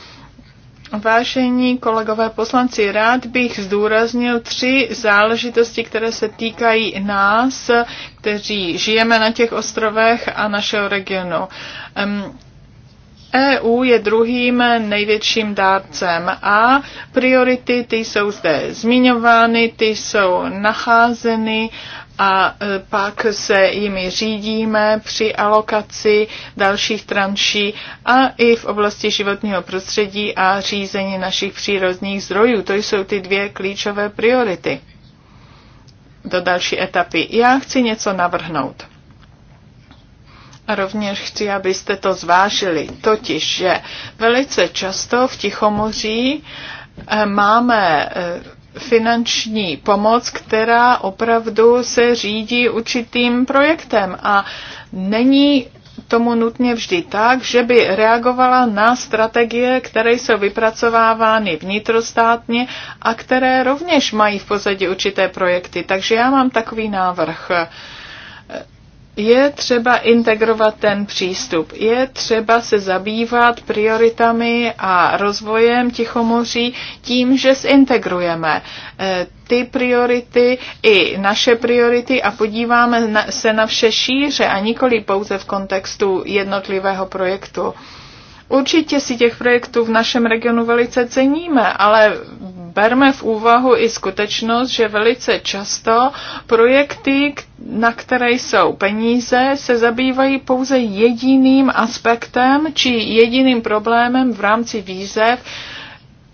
Vážení kolegové poslanci, rád bych zdůraznil tři záležitosti, které se týkají nás, kteří žijeme na těch ostrovech a našeho regionu. EU je druhým největším dárcem a priority ty jsou zde zmiňovány, ty jsou nacházeny a e, pak se jimi řídíme při alokaci dalších tranší a i v oblasti životního prostředí a řízení našich přírodních zdrojů. To jsou ty dvě klíčové priority do další etapy. Já chci něco navrhnout. Rovněž chci, abyste to zvážili, totiž, že velice často v Tichomoří eh, máme eh, finanční pomoc, která opravdu se řídí určitým projektem a není tomu nutně vždy tak, že by reagovala na strategie, které jsou vypracovávány vnitrostátně a které rovněž mají v pozadí určité projekty. Takže já mám takový návrh je třeba integrovat ten přístup. Je třeba se zabývat prioritami a rozvojem Tichomoří tím, že zintegrujeme eh, ty priority i naše priority a podíváme se na vše šíře a nikoli pouze v kontextu jednotlivého projektu. Určitě si těch projektů v našem regionu velice ceníme, ale berme v úvahu i skutečnost, že velice často projekty, na které jsou peníze, se zabývají pouze jediným aspektem či jediným problémem v rámci výzev,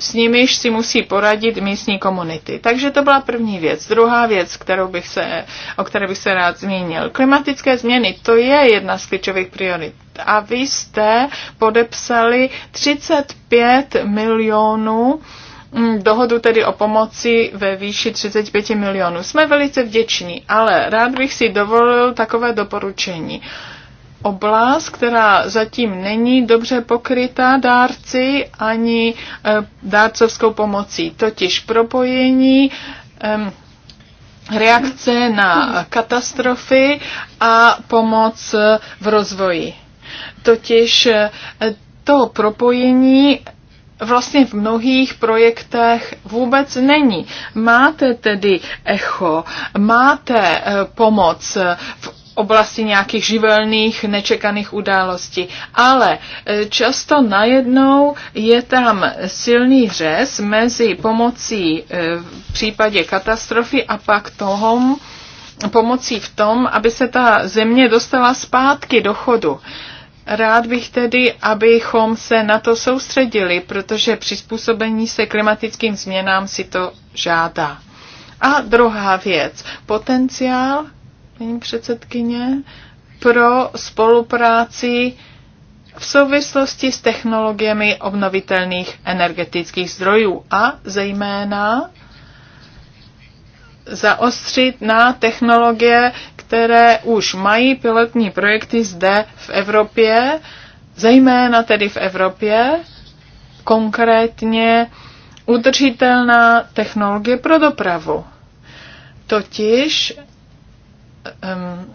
s nimiž si musí poradit místní komunity. Takže to byla první věc. Druhá věc, kterou bych se, o které bych se rád zmínil. Klimatické změny, to je jedna z klíčových priorit. A vy jste podepsali 35 milionů mm, dohodu tedy o pomoci ve výši 35 milionů. Jsme velice vděční, ale rád bych si dovolil takové doporučení. Uh, oblast, která zatím není dobře pokrytá dárci ani eh, dárcovskou pomocí, totiž propojení reakce na katastrofy a pomoc eh, v rozvoji. Totiž eh, to propojení vlastně v mnohých projektech vůbec není. Máte tedy echo, máte pomoc v oblasti nějakých živelných, nečekaných událostí. Ale e, často najednou je tam silný řez mezi pomocí e, v případě katastrofy a pak toho pomocí v tom, aby se ta země dostala zpátky do chodu. Rád bych tedy, abychom se na to soustředili, protože přizpůsobení se klimatickým změnám si to žádá. A druhá věc, potenciál paní předsedkyně, pro spolupráci v souvislosti s technologiemi obnovitelných energetických zdrojů a zejména zaostřit na technologie, které už mají pilotní projekty zde v Evropě, zejména tedy v Evropě, konkrétně udržitelná technologie pro dopravu. Totiž um,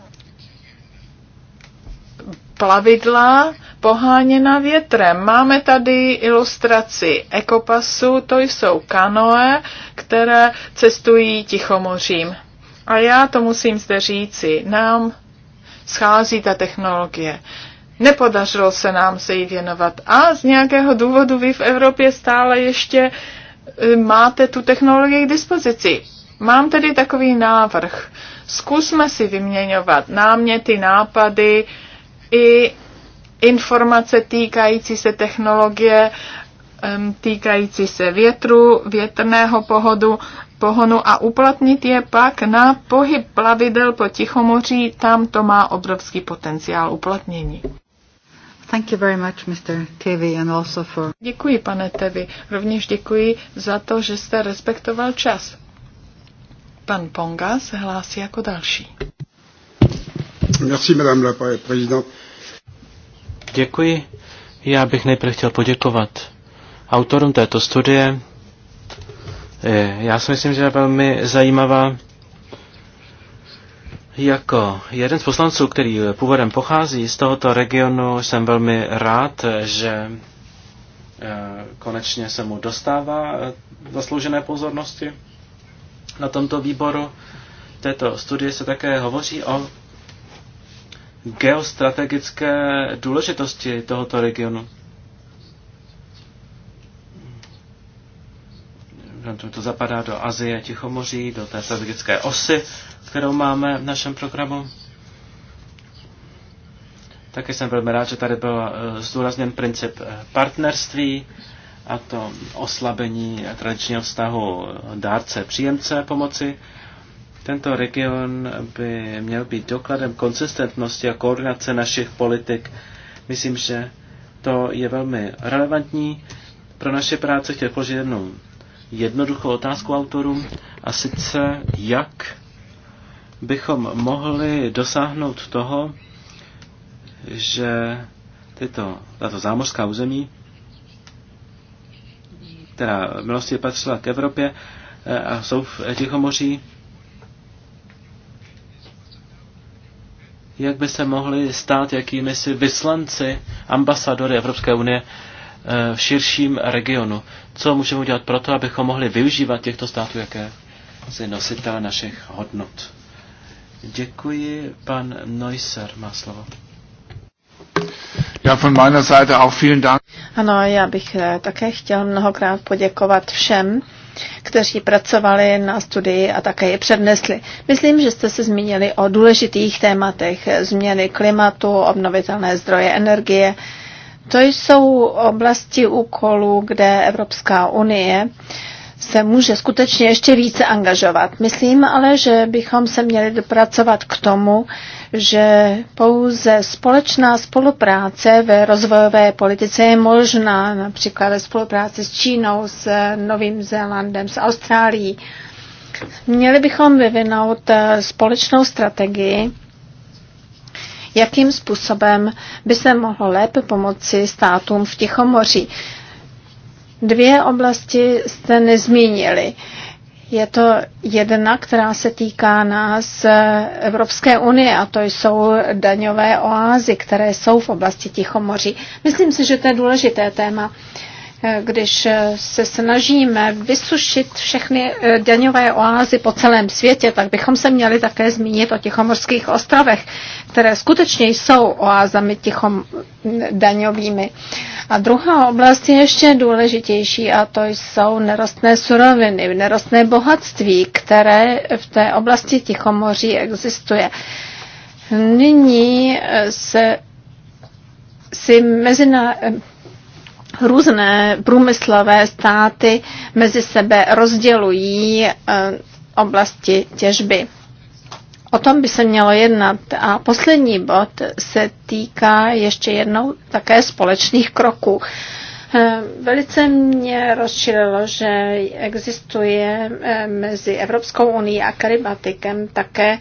plavidla poháněna větrem. Máme tady ilustraci ekopasu, to jsou kanoe, které cestují Tichomořím. A já to musím zde říci, nám schází ta technologie. Nepodařilo se nám se jí věnovat a z nějakého důvodu vy v Evropě stále ještě eh, máte tu technologii k dispozici. Mám tedy takový návrh. Uh, Zkusme si vyměňovat náměty, nápady i informace týkající se technologie, týkající se větru, větrného pohodu, pohonu a uplatnit je pak na pohyb plavidel po Tichomoří, tam to má obrovský potenciál uplatnění. Thank you very much, Mr. TV, and also for... Děkuji, pane Tevi. Rovněž děkuji za to, že jste respektoval čas. Pan Ponga se hlásí jako další. Merci, madame la présidente. Děkuji. Já bych nejprve chtěl poděkovat autorům této studie. Eh, já si myslím, že je velmi zajímavá. Jako jeden z poslanců, který původem pochází z tohoto regionu, jsem velmi rád, že eh, konečně se mu dostává eh, zasloužené pozornosti na tomto výboru. této studie se také hovoří o geostrategické důležitosti tohoto regionu. To zapadá do Azie, Tichomoří, do té strategické osy, kterou máme v našem programu. Taky jsem velmi rád, že tady byl eh, zdůrazněn princip eh, partnerství a to oslabení tradičního vztahu dárce-příjemce pomoci. Tento region by měl být dokladem konsistentnosti a koordinace našich politik. Myslím, že to je velmi relevantní pro naše práce. Chtěl položit jednu jednoduchou otázku autorům a sice jak bychom mohli dosáhnout toho, že tyto, tato zámořská území která milostí patřila k Evropě eh, a jsou v Tichomoří, jak by se mohli stát jakými si vyslanci, ambasadory Evropské unie eh, v širším regionu. Co můžeme udělat to, abychom mohli využívat těchto států, jaké si nositele našich hodnot. Děkuji, pan Neusser má slovo. Já von meiner Seite auch vielen Dank. Ano, já bych eh, také chtěl mnohokrát poděkovat všem, kteří pracovali na studii a také je přednesli. Myslím, že jste se zmínili o důležitých tématech eh, změny klimatu, obnovitelné zdroje energie. To jsou oblasti úkolů, kde Evropská unie se může skutečně ještě více angažovat. Myslím ale, že bychom se měli dopracovat k tomu, že pouze společná spolupráce ve rozvojové politice je možná, například ve spolupráci s Čínou, s Novým Zélandem, s Austrálií. Měli bychom vyvinout eh, společnou strategii, jakým způsobem by se mohlo lépe pomoci státům v Tichomoří. Dvě oblasti jste nezmínili. Je to jedna, která se týká nás eh, Evropské unie a to jsou daňové oázy, které jsou v oblasti Tichomoří. Myslím si, že to je důležité téma když se snažíme vysušit všechny eh, daňové oázy po celém světě, tak bychom se měli také zmínit o Tichomorských ostrovech, které skutečně jsou oázami tichom mm, daňovými. A druhá oblast je ještě důležitější a to jsou nerostné suroviny, nerostné bohatství, které v té oblasti Tichomoří existuje. Nyní eh, se si na různé průmyslové státy mezi sebe rozdělují eh, oblasti těžby. O tom by se mělo jednat. A poslední bod se týká ještě jednou také společných kroků. Eh, velice mě rozčililo, že existuje eh, mezi Evropskou unii a Karibatikem také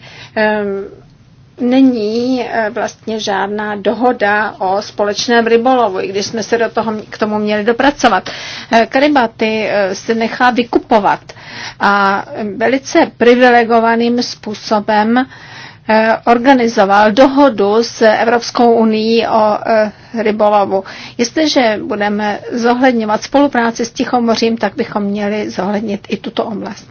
není eh, vlastně žádná dohoda o společném rybolovu, i když jsme se do toho, k tomu měli dopracovat. Eh, Karibaty eh, se nechá vykupovat a velice privilegovaným způsobem organizoval dohodu s Evropskou unii o rybolovu. Jestliže budeme zohledňovat spolupráci s Tichomořím, tak bychom měli zohlednit i tuto oblast.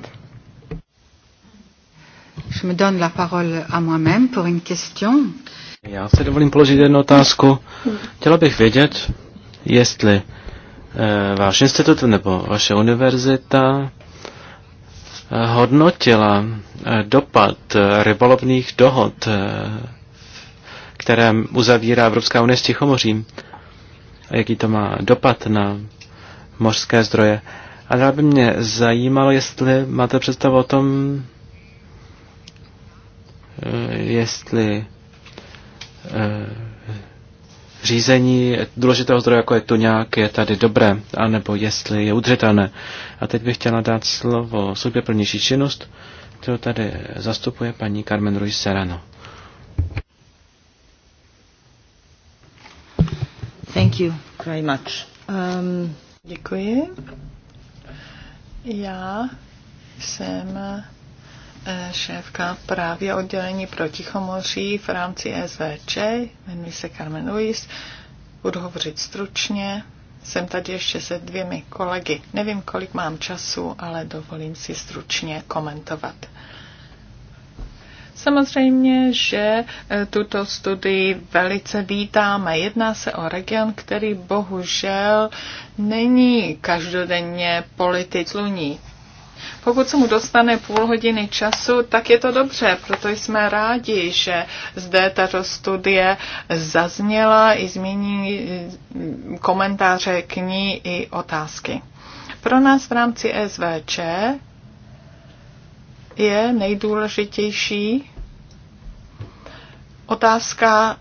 Je me donne la parole à moi-même pour une question. Já se dovolím položit jednu otázku. Chtěla bych vědět, jestli e, váš institut nebo vaše univerzita eh, hodnotila eh, dopad rybolovných dohod, které uzavírá Evropská unie s Tichomořím, a jaký to má dopad na mořské zdroje. A dále by mě zajímalo, jestli máte představu o tom, Eh, jestli eh, řízení důležitého zdroje, jako je nějak, je tady dobré, anebo jestli je udržitelné. A teď bych chtěla dát slovo sobě pro nižší činnost, kterou tady zastupuje paní Carmen Ruiz Serrano. Thank you very much. Um, děkuji. Já jsem šéfka právě oddělení pro Tichomoří v rámci SVČ, jmenuji se Carmen Luis, budu hovořit stručně, jsem tady ještě se dvěmi kolegy. Nevím, kolik mám času, ale dovolím si stručně komentovat. Samozřejmě, že e, tuto studii velice vítáme. Jedná se o region, který bohužel není každodenně politic pokud se mu dostane půl hodiny času, tak je to dobře, proto jsme rádi, že zde tato studie zazněla i změní mm, komentáře k ní i otázky. Pro nás v rámci SVČ je nejdůležitější otázka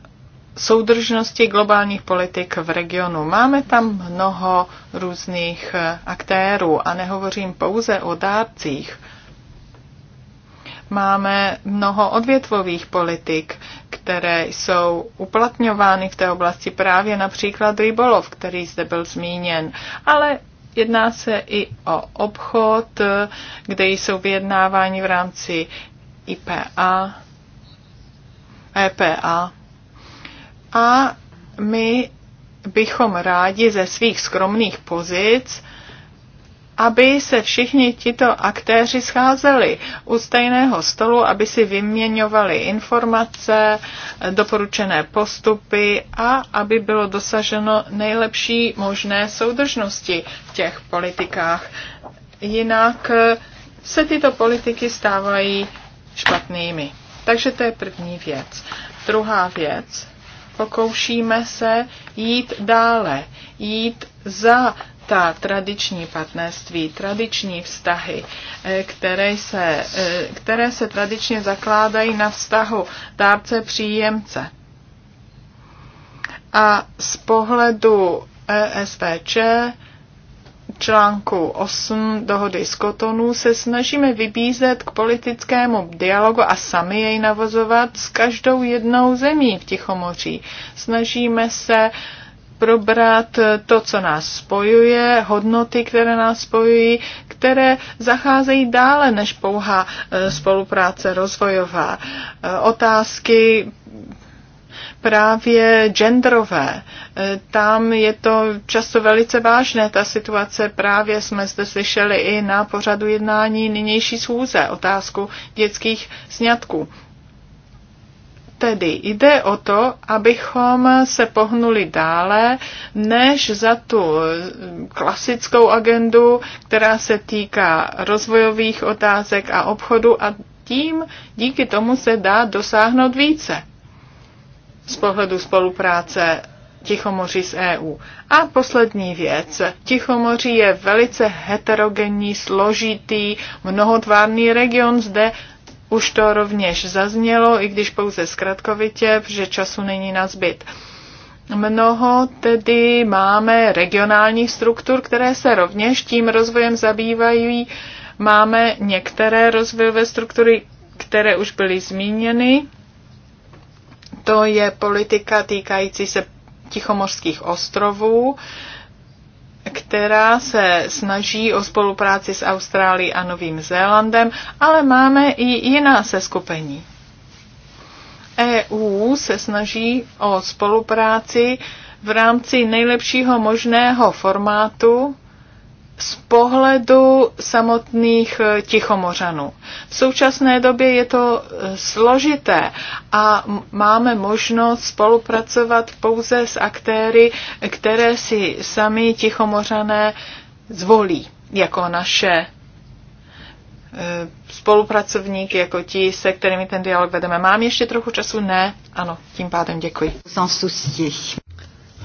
soudržnosti globálních politik v regionu. Máme tam mnoho různých eh, aktérů a nehovořím pouze o dárcích. Máme mnoho odvětvových politik, které jsou uplatňovány v té oblasti právě například rybolov, který zde byl zmíněn. Ale jedná se i o obchod, eh, kde jsou vyjednávání v rámci IPA, EPA a my bychom rádi ze svých skromných pozic aby se všichni tito aktéři scházeli u stejného stolu, aby si vyměňovali informace, doporučené postupy a aby bylo dosaženo nejlepší možné soudržnosti v těch politikách. Jinak eh, se tyto politiky stávají špatnými. Takže to je první věc. Druhá věc pokoušíme se jít dále, jít za ta tradiční partnerství, tradiční vztahy, eh, které se, eh, které se tradičně zakládají na vztahu dárce-příjemce. A z pohledu ESVČ článku 8 dohody z Kotonu se snažíme vybízet k politickému dialogu a sami jej navozovat s každou jednou zemí v Tichomoří. Snažíme se probrat to, co nás spojuje, hodnoty, které nás spojují, které zacházejí dále než pouhá e, spolupráce rozvojová. E, otázky právě genderové. E, tam je to často velice vážné, ta situace. Právě jsme zde slyšeli i na pořadu jednání nynější schůze otázku dětských sňatků. Tedy jde o to, abychom se pohnuli dále, než za tu klasickou agendu, která se týká rozvojových otázek a obchodu a tím díky tomu se dá dosáhnout více z pohledu spolupráce Tichomoří s EU. A poslední věc. Tichomoří je velice heterogenní, složitý, mnohotvárný region. Zde už to rovněž zaznělo, i když pouze zkratkovitě, že času není na zbyt. Mnoho tedy máme regionálních struktur, které se rovněž tím rozvojem zabývají. Máme některé rozvojové struktury, které už byly zmíněny to je politika týkající se tichomorských ostrovů, která se snaží o spolupráci s Austrálií a Novým Zélandem, ale máme i jiná seskupení. EU se snaží o spolupráci v rámci nejlepšího možného formátu z pohledu samotných eh, Tichomořanů. V současné době je to eh, složité a máme možnost spolupracovat pouze s aktéry, které si sami Tichomořané zvolí jako naše eh, spolupracovník, jako ti, se kterými ten dialog vedeme. Mám ještě trochu času? Ne? Ano, tím pádem děkuji.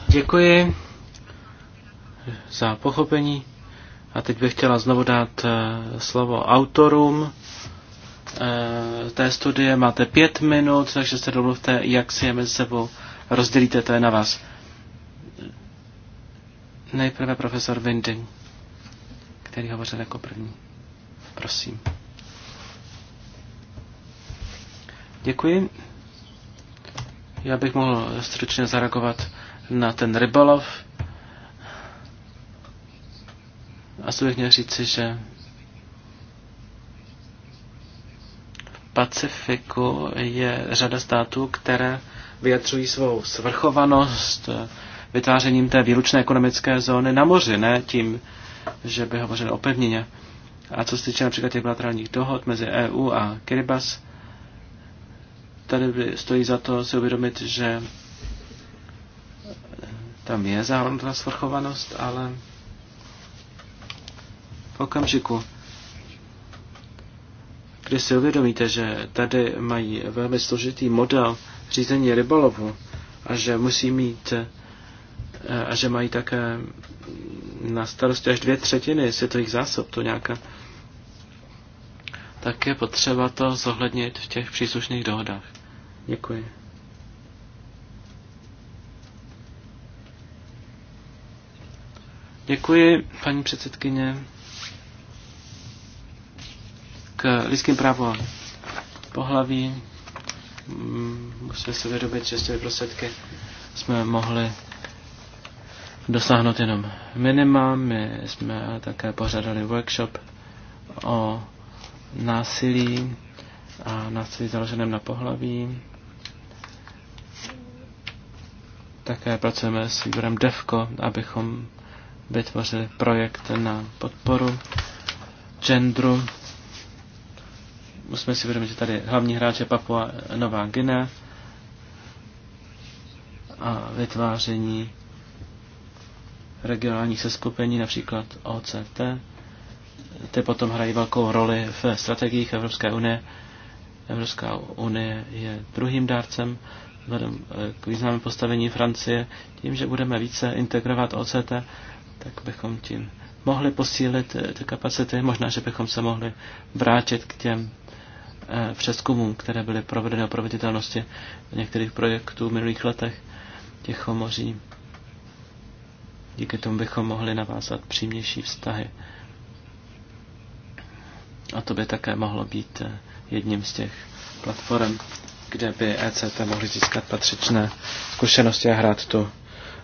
Děkuji za pochopení. A teď bych chtěla znovu dát eh, slovo autorům eh, té studie. Máte pět minut, takže se domluvte, jak si je mezi sebou rozdělíte, to je na vás. Nejprve profesor Winding, který hovořil jako první. Prosím. Děkuji. Já bych mohl stručně zareagovat na ten rybolov. Asi bych měl říci, že v Pacifiku je řada států, které vyjadřují svou svrchovanost vytvářením té výlučné ekonomické zóny na moři, ne tím, že by hovořili o pevnině. A co se týče například těch bilaterálních dohod mezi EU a Kiribas, tady by stojí za to si uvědomit, že tam je zahrnutá svrchovanost, ale okamžiku, kdy si uvědomíte, že tady mají velmi složitý model řízení rybolovu a že musí mít eh, a že mají také na starosti až dvě třetiny světových zásob, to nějaká, tak je potřeba to zohlednit v těch příslušných dohodách. Děkuji. Děkuji, paní předsedkyně k lidským právům pohlaví. Mm, musíme si uvědomit, že s těmi prostředky jsme mohli dosáhnout jenom minima. My jsme také pořádali workshop o násilí a násilí založeném na pohlaví. Také pracujeme s výborem DEVKO, abychom vytvořili projekt na podporu genderu musíme si vědomit, že tady hlavní hráč je Papua Nová Guinea a vytváření regionálních seskupení, například OCT. Ty potom hrají velkou roli v strategiích Evropské unie. Evropská unie je druhým dárcem vzhledem eh, k významnému postavení Francie. Tím, že budeme více integrovat OCT, tak bychom tím mohli posílit eh, ty kapacity. Možná, že bychom se mohli vrátit k těm Eh, přeskumům, které byly provedeny o proveditelnosti některých projektů v minulých letech těch homoří. Díky tomu bychom mohli navázat přímější vztahy. A to by také mohlo být eh, jedním z těch platform, kde by ECT mohli získat patřičné zkušenosti a hrát tu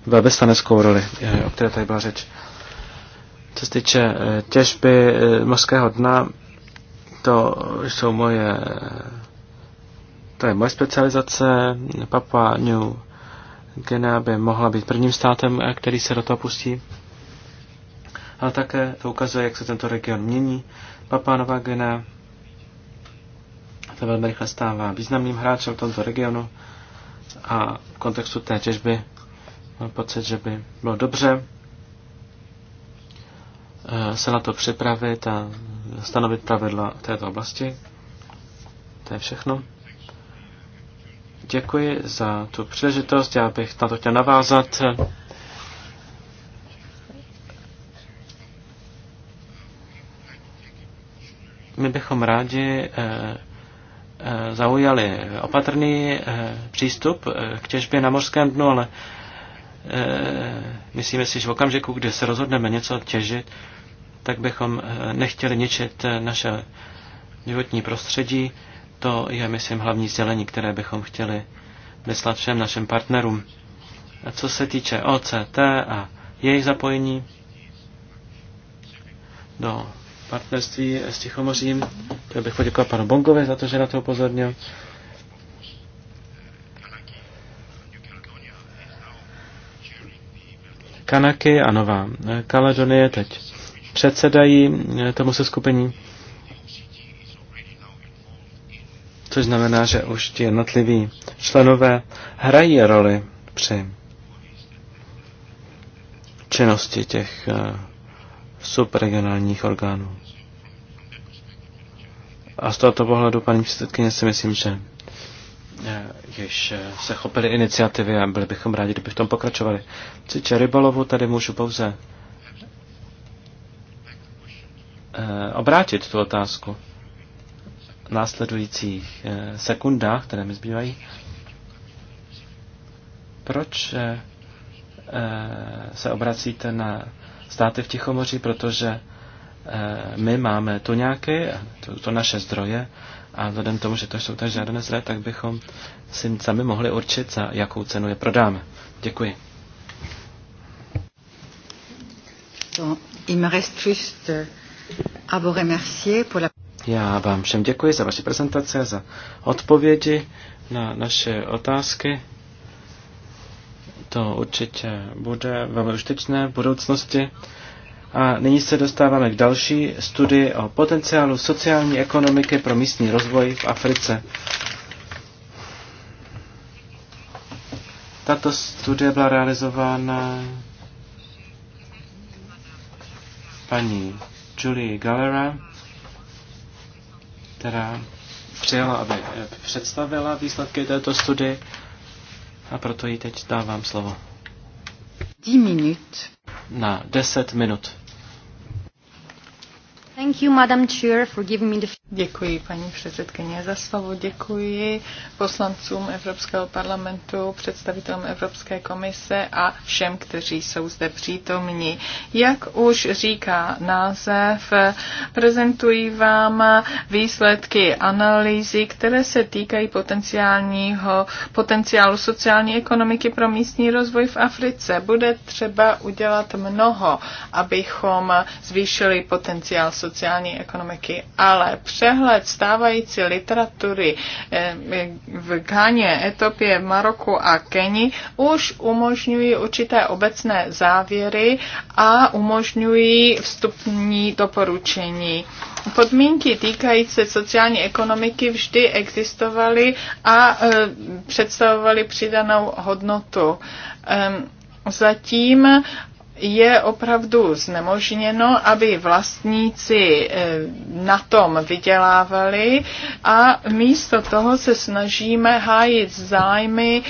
velvyslaneckou roli, eh, o které tady byla řeč. Co se týče těžby mořského dna, to jsou moje, to je moje specializace. Papua New Guinea by mohla být prvním státem, eh, který se do toho pustí. Ale také to ukazuje, jak se tento region mění. Papua Nová Guinea se velmi rychle stává významným hráčem v tomto regionu a v kontextu té těžby mám pocit, že by bylo dobře eh, se na to připravit a stanovit pravidla v této oblasti. To je všechno. Děkuji za tu příležitost. Já bych na to chtěl navázat. My bychom rádi eh, eh, zaujali opatrný eh, přístup k těžbě na mořském dnu, ale myslíme si, že v okamžiku, kdy se rozhodneme něco těžit, tak bychom eh, nechtěli ničit eh, naše životní prostředí. To je, myslím, hlavní sdělení, které bychom chtěli vyslat všem našim partnerům. A co se týče OCT a jejich zapojení do partnerství s Tichomořím, chtěl bych poděkovat panu Bongovi za to, že na to upozornil. Kanaky a Nová Kaledonie teď předsedají eh, tomu se skupení, Což znamená, že už ti jednotliví členové hrají roli při činnosti těch eh, subregionálních orgánů. A z tohoto pohledu, paní předsedkyně, si myslím, že eh, již se chopili iniciativy a byli bychom rádi, kdybychom v tom pokračovali. Cíče rybalovu tady můžu pouze Eh, obrátit tu otázku v následujících eh, sekundách, které mi zbývají. Proč eh, se obracíte na státy v Tichomoří, protože my máme tu nějaké, to, to naše zdroje, a vzhledem tomu, že to jsou tak žádné zdroje, tak bychom si sami mohli určit, za jakou cenu je prodáme. Děkuji. So, il me reste juste já vám všem děkuji za vaše prezentace, za odpovědi na naše otázky. To určitě bude velmi užitečné v budoucnosti. A nyní se dostáváme k další studii o potenciálu sociální ekonomiky pro místní rozvoj v Africe. Tato studie byla realizována paní Julie Galera, která přijela, aby eh, představila výsledky této studie a proto jí teď dávám slovo. 10 minut. Na 10 minut. Thank you, Madam Chair, for giving me the Děkuji paní předsedkyně za slovo, děkuji poslancům Evropského parlamentu, představitelům Evropské komise a všem, kteří jsou zde přítomní. Jak už říká název, prezentuji vám výsledky analýzy, které se týkají potenciálního, potenciálu sociální ekonomiky pro místní rozvoj v Africe. Bude třeba udělat mnoho, abychom zvýšili potenciál sociální ekonomiky, ale přehled stávající literatury eh, v Ghaně, Etopě, Maroku a Keni už umožňují určité obecné závěry a umožňují vstupní doporučení. Podmínky týkající se sociální ekonomiky vždy existovaly a eh, představovaly přidanou hodnotu. Zatím je opravdu znemožněno, aby vlastníci eh, na tom vydělávali a místo toho se snažíme hájit zájmy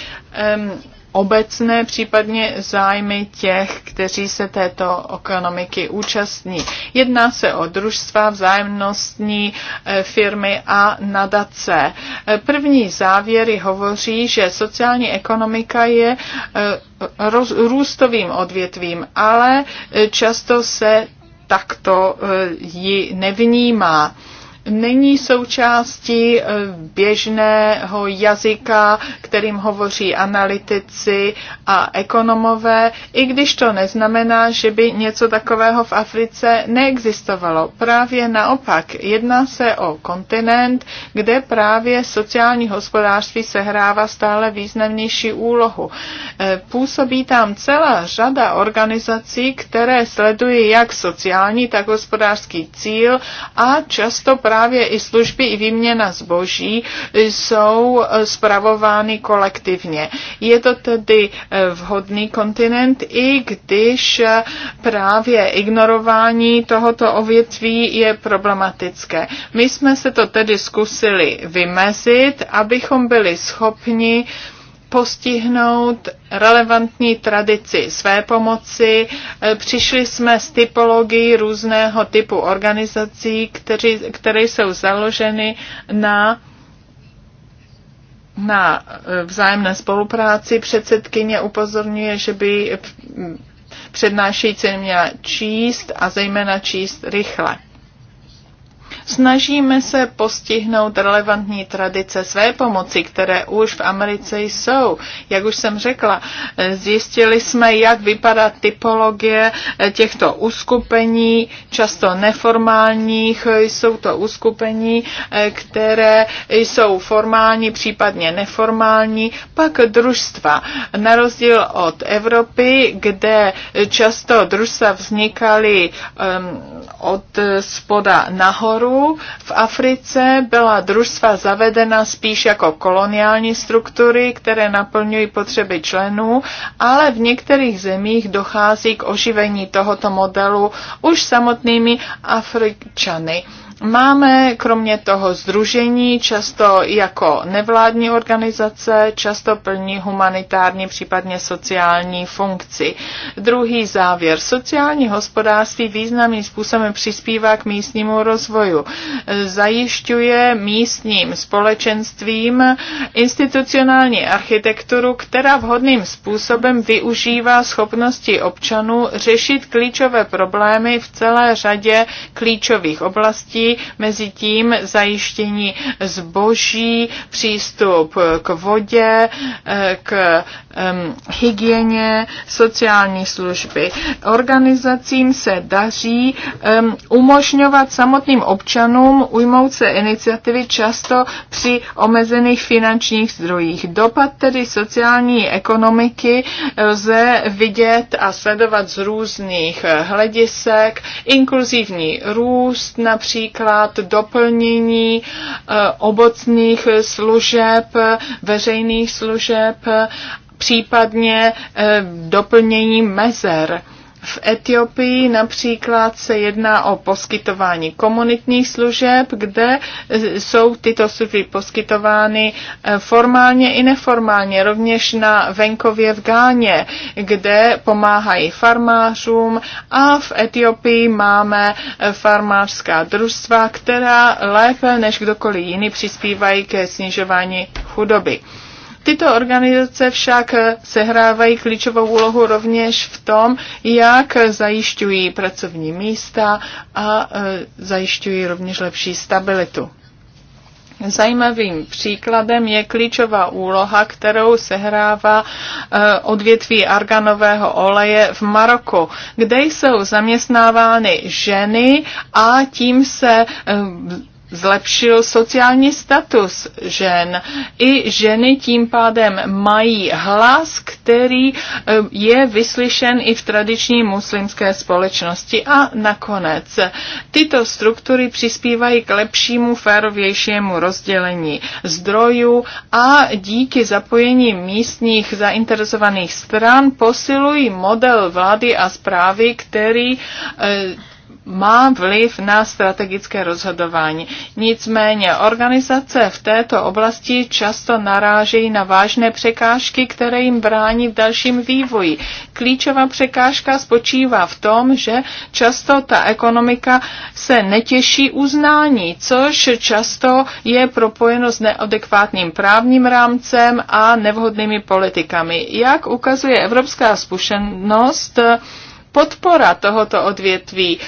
obecné, případně zájmy těch, kteří se této ekonomiky účastní. Jedná se o družstva, vzájemnostní eh, firmy a nadace. Eh, první závěry hovoří, že sociální ekonomika je eh, roz, růstovým odvětvím, ale často se takto ji nevnímá není součástí eh, běžného jazyka, kterým hovoří analytici a ekonomové, i když to neznamená, že by něco takového v Africe neexistovalo. Právě naopak, jedná se o kontinent, kde právě sociální hospodářství sehrává stále významnější úlohu. Eh, působí tam celá řada organizací, které sledují jak sociální, tak hospodářský cíl a často právě právě i služby, i výměna zboží jsou spravovány kolektivně. Je to tedy eh, vhodný kontinent, i když eh, právě ignorování tohoto ovětví je problematické. My jsme se to tedy zkusili vymezit, abychom byli schopni postihnout relevantní tradici své pomoci. E, přišli jsme s typologií různého typu organizací, kteří, které jsou založeny na na e, vzájemné spolupráci. Předsedkyně upozorňuje, že by přednášející měla číst a zejména číst rychle. Snažíme se postihnout relevantní tradice své pomoci, které už v Americe jsou. Jak už jsem řekla, zjistili jsme, jak vypadá typologie těchto uskupení, často neformálních. Jsou to uskupení, které jsou formální, případně neformální. Pak družstva. Na rozdíl od Evropy, kde často družstva vznikaly um, od spoda nahoru, v Africe byla družstva zavedena spíš jako koloniální struktury, které naplňují potřeby členů, ale v některých zemích dochází k oživení tohoto modelu už samotnými Afričany Máme kromě toho združení, často jako nevládní organizace, často plní humanitární, případně sociální funkci. Druhý závěr. Sociální hospodářství významným způsobem přispívá k místnímu rozvoju. Zajišťuje místním společenstvím institucionální architekturu, která vhodným způsobem využívá schopnosti občanů řešit klíčové problémy v celé řadě klíčových oblastí mezi tím zajištění zboží, přístup k vodě, eh, k um, hygieně, sociální služby. Organizacím se daří um, umožňovat samotným občanům ujmout se iniciativy často při omezených finančních zdrojích. Dopad tedy sociální ekonomiky eh, lze vidět a sledovat z různých eh, hledisek, inkluzivní růst například, doplnění eh, obocných služeb, veřejných služeb případně eh, doplnění mezer. V Etiopii například se jedná o poskytování komunitních služeb, kde eh, jsou tyto služby poskytovány eh, formálně i neformálně, rovněž na venkově v Gáně, kde pomáhají farmářům a v Etiopii máme farmářská družstva, která lépe než kdokoliv jiný přispívají ke snižování chudoby. Tyto organizace však eh, sehrávají klíčovou úlohu rovněž v tom, jak zajišťují pracovní místa a eh, zajišťují rovněž lepší stabilitu. Zajímavým příkladem je klíčová úloha, kterou sehrává eh, odvětví arganového oleje v Maroku, kde jsou zaměstnávány ženy a tím se zlepšil sociální status žen. I ženy tím pádem mají hlas, který eh, je vyslyšen i v tradiční muslimské společnosti. A nakonec, tyto struktury přispívají k lepšímu, férovějšímu rozdělení zdrojů a díky zapojení místních zainteresovaných stran posilují model vlády a zprávy, který eh, má vliv na strategické rozhodování. Nicméně organizace v této oblasti často narážejí na vážné překážky, které jim brání v dalším vývoji. Klíčová překážka spočívá v tom, že často ta ekonomika se netěší uznání, což často je propojeno s neadekvátním právním rámcem a nevhodnými politikami. Jak ukazuje evropská zkušenost, podpora tohoto odvětví,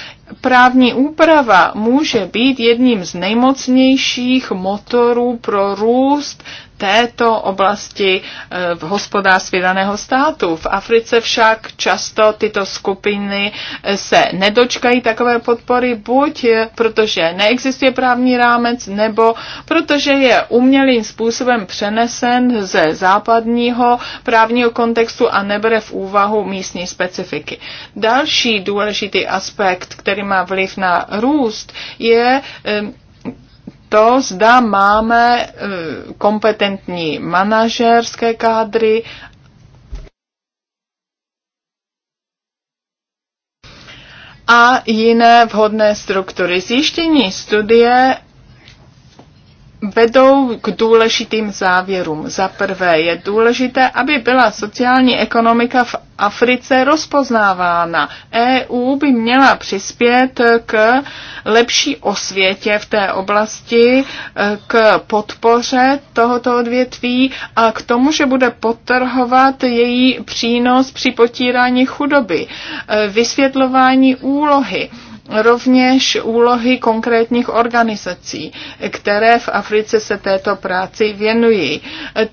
právní úprava může být jedním z nejmocnějších motorů pro růst této oblasti eh, v hospodářství daného státu. V Africe však často tyto skupiny eh, se nedočkají takové podpory, buď protože neexistuje právní rámec, nebo protože je umělým způsobem přenesen ze západního právního kontextu a nebere v úvahu místní specifiky. Další důležitý aspekt, který má vliv na růst, je eh, to, zda máme eh, kompetentní manažerské kádry a jiné vhodné struktury. Zjištění studie vedou k důležitým závěrům. Za prvé je důležité, aby byla sociální ekonomika v Africe rozpoznávána. EU by měla přispět k lepší osvětě v té oblasti, k podpoře tohoto odvětví a k tomu, že bude potrhovat její přínos při potírání chudoby, e, vysvětlování úlohy rovněž úlohy konkrétních organizací, které v Africe se této práci věnují.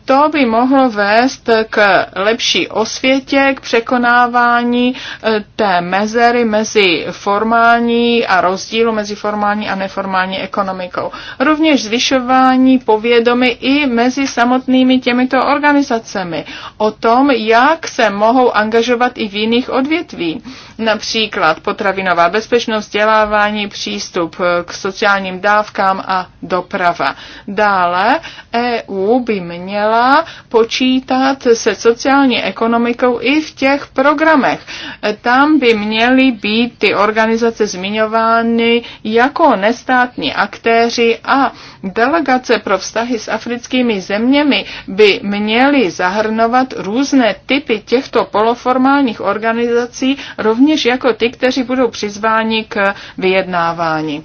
To by mohlo vést k lepší osvětě, k překonávání eh, té mezery mezi formální a rozdílu mezi formální a neformální ekonomikou. Rovněž zvyšování povědomí i mezi samotnými těmito organizacemi o tom, jak se mohou angažovat i v jiných odvětví, například potravinová bezpečnost, vzdělávání, přístup eh, k sociálním dávkám a doprava. Dále EU by měla počítat se sociální ekonomikou i v těch programech. Eh, tam by měly být ty organizace zmiňovány jako nestátní aktéři a delegace pro vztahy s africkými zeměmi by měly zahrnovat různé typy těchto poloformálních organizací, rovněž jako ty, kteří budou přizváni k k vyjednávání.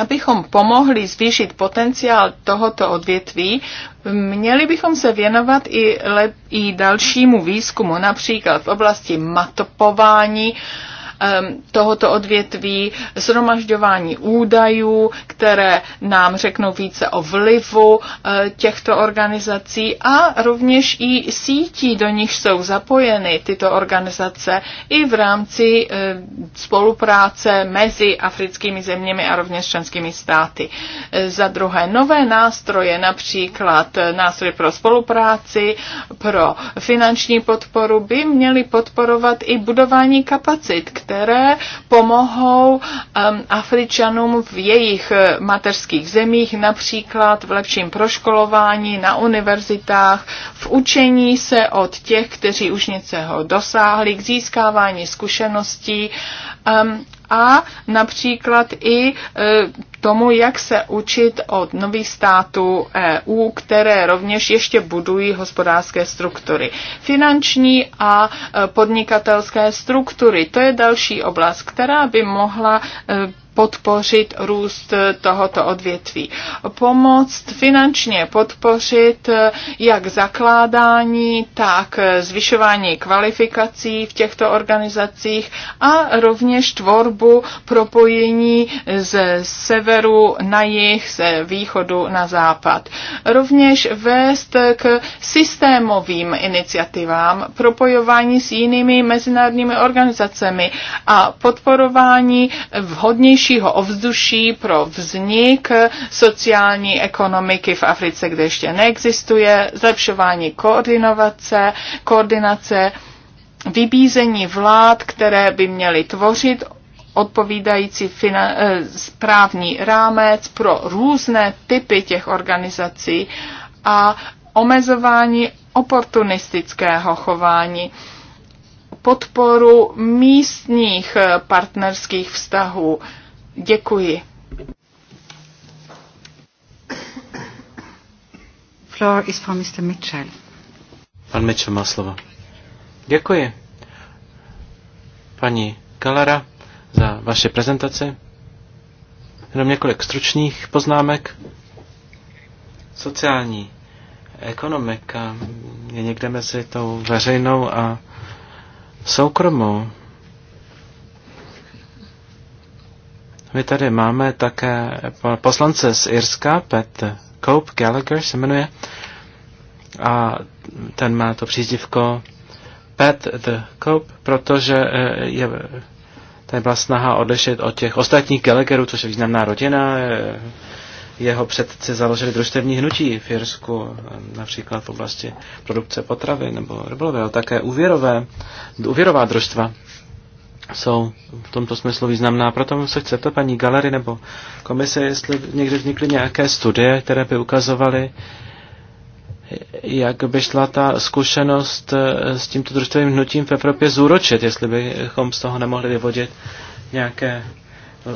Abychom pomohli zvýšit potenciál tohoto odvětví, měli bychom se věnovat i, i dalšímu výzkumu, například v oblasti matopování, uh, tohoto odvětví, zhromažďování údajů, které nám řeknou více o vlivu eh, těchto organizací a rovněž i sítí, do nich jsou zapojeny tyto organizace i v rámci eh, spolupráce mezi africkými zeměmi a rovněž členskými státy. Eh, za druhé, nové nástroje, například nástroje pro spolupráci, pro finanční podporu, by měly podporovat i budování kapacit, které které pomohou um, Afričanům v jejich eh, mateřských zemích, například v lepším proškolování na univerzitách, v učení se od těch, kteří už něco dosáhli, k získávání zkušeností um, a například i e, tomu, jak se učit od nových států EU, které rovněž ještě budují hospodářské struktury. Finanční a e, podnikatelské struktury, to je další oblast, která by mohla e, podpořit růst tohoto odvětví. Pomoct finančně podpořit jak zakládání, tak zvyšování kvalifikací v těchto organizacích a rovněž tvorbu propojení z severu na jih, z východu na západ. Rovněž vést k systémovým iniciativám, propojování s jinými mezinárodními organizacemi a podporování vhodnější vnějšího ovzduší pro vznik sociální ekonomiky v Africe, kde ještě neexistuje, zlepšování koordinace, koordinace vybízení vlád, které by měly tvořit odpovídající eh, správní rámec pro různé typy těch organizací a omezování oportunistického chování, podporu místních eh, partnerských vztahů, Děkuji. Floor is for Mr. Mitchell. Pan Mitchell má slovo. Děkuji. Paní Kalara za vaše prezentaci. Jenom několik stručných poznámek. Sociální ekonomika je někde mezi tou veřejnou a soukromou My tady máme také poslance z Irska, Pat Cope Gallagher se jmenuje, a ten má to přízdivko Pat the Cope, protože e, je tady byla snaha odlišit od těch ostatních Gallagherů, což je významná rodina. E, jeho předci založili družstevní hnutí v Jirsku, e, například v oblasti produkce potravy nebo rybolové, ale také úvěrové, úvěrová družstva jsou v tomto smyslu významná. Proto se chcete, paní Galery nebo komise, jestli někdy vznikly nějaké studie, které by ukazovaly, jak by šla ta zkušenost eh, s tímto družstvovým hnutím v Evropě zúročit, jestli bychom z toho nemohli vyvodit nějaké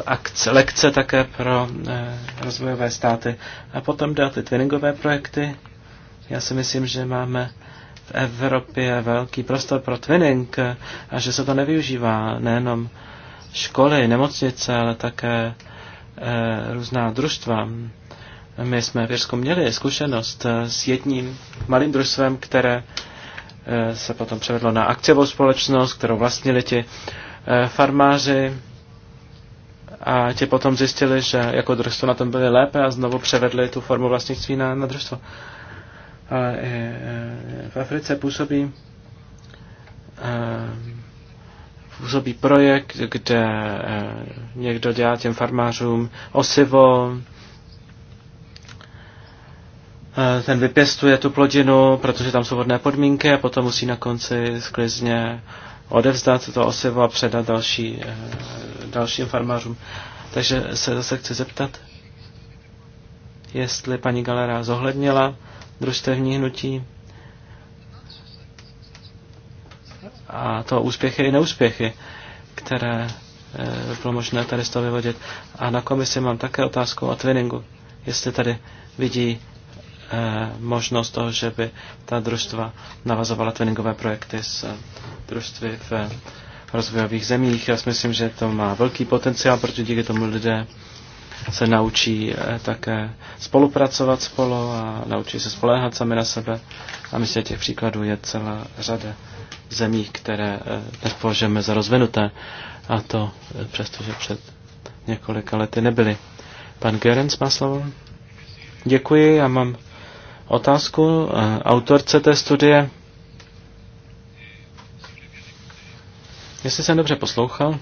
akce, lekce také pro eh, rozvojové státy. A potom jde o ty twinningové projekty. Já si myslím, že máme eh, v Evropě velký prostor pro twinning a že se to nevyužívá nejenom školy, nemocnice, ale také e, různá družstva. My jsme v Jirsku měli zkušenost eh, s jedním malým družstvem, které e, se potom převedlo na akciovou společnost, kterou vlastnili ti e, farmáři a ti potom zjistili, že jako družstvo na tom byly lépe a znovu převedli tu formu vlastnictví na, na družstvo. E, ale i e, v Africe působí e, působí projekt, kde e, někdo dělá těm farmářům osivo, ten vypěstuje tu plodinu, protože tam jsou vodné podmínky a potom musí na konci sklizně odevzdat to osivo a předat další, dalším farmářům. Takže se zase chci zeptat, jestli paní Galera zohlednila družstevní hnutí a to úspěchy i neúspěchy, které eh, bylo možné tady z toho vyvodit. A na komisi mám také otázku o twinningu, jestli tady vidí eh, možnost toho, že by ta družstva navazovala twinningové projekty s eh, družstvy v rozvojových zemích. Já si myslím, že to má velký potenciál, protože díky tomu lidé se naučí eh, také spolupracovat spolu a naučí se spoléhat sami na sebe. A myslím, že těch příkladů je celá řada zemí, které eh, dnes považujeme za rozvinuté. A to eh, přestože před několika lety nebyly. Pan Gerenc má slovo. Děkuji, já mám otázku autorce té studie. Jestli jsem dobře poslouchal,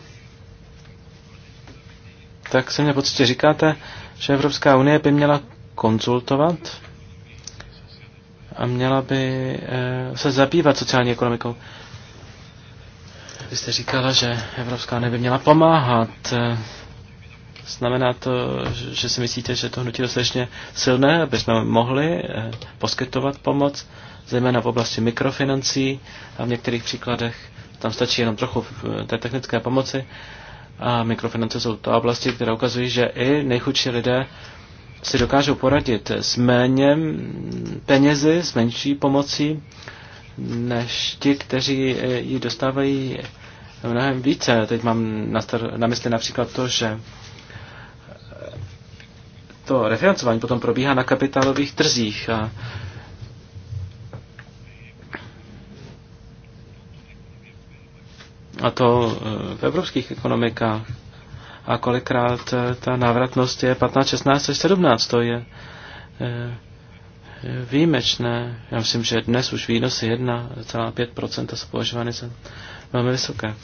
tak se mě pocitě říkáte, že Evropská unie by měla konzultovat a měla by eh, se zabývat sociální ekonomikou. Vy jste říkala, že Evropská unie by měla pomáhat. Eh, znamená to, že si myslíte, že to hnutí dostatečně silné, aby jsme mohli eh, poskytovat pomoc, zejména v oblasti mikrofinancí a v některých příkladech tam stačí jenom trochu té technické pomoci, a mikrofinance jsou to oblasti, které ukazují, že i nejchudší lidé si dokážou poradit s méně penězi, s menší pomocí, než ti, kteří ji dostávají mnohem více. Teď mám na, star- na mysli například to, že to refinancování potom probíhá na kapitálových trzích a A to eh, v evropských ekonomikách. A kolikrát eh, ta návratnost je 15, 16 17. To je eh, výjimečné. Já myslím, že dnes už výnosy 1,5% jsou považovány za velmi vysoké.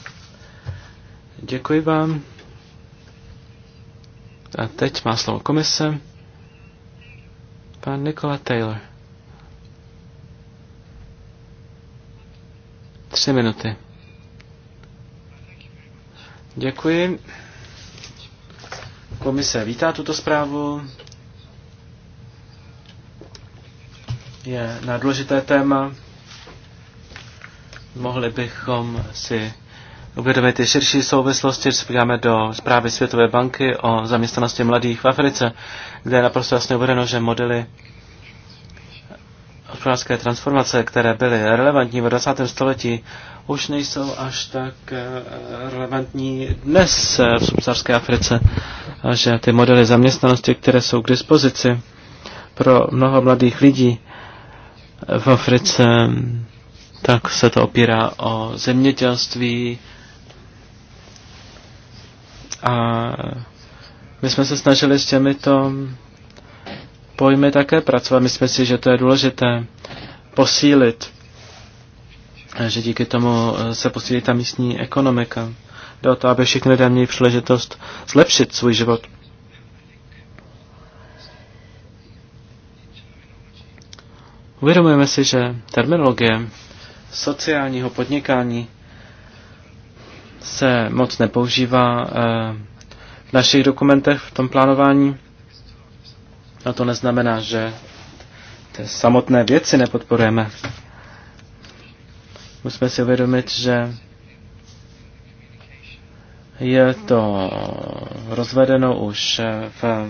Děkuji vám. A teď má slovo komise. Pan Nikola Taylor. Tři minuty. Děkuji. Komise vítá tuto zprávu. Je na důležité téma. Mohli bychom si uvědomit ty širší souvislosti, když se podíváme do zprávy Světové banky o zaměstnanosti mladých v Africe, kde je naprosto jasně uvedeno, že modely hospodářské transformace, které byly relevantní v 20. století, už nejsou až tak eh, relevantní dnes eh, v subsaharské Africe. A že ty modely zaměstnanosti, které jsou k dispozici pro mnoho mladých lidí v Africe, tak se to opírá o zemědělství a my jsme se snažili s těmito pojmy také pracovat. Myslím si, že to je důležité posílit, že díky tomu eh, se posílí ta místní ekonomika. Jde o to, aby všichni lidé měli příležitost zlepšit svůj život. Uvědomujeme si, že terminologie sociálního podnikání se moc nepoužívá eh, v našich dokumentech, v tom plánování. No to neznamená, že ty samotné věci nepodporujeme. Musíme si uvědomit, že je to rozvedeno už v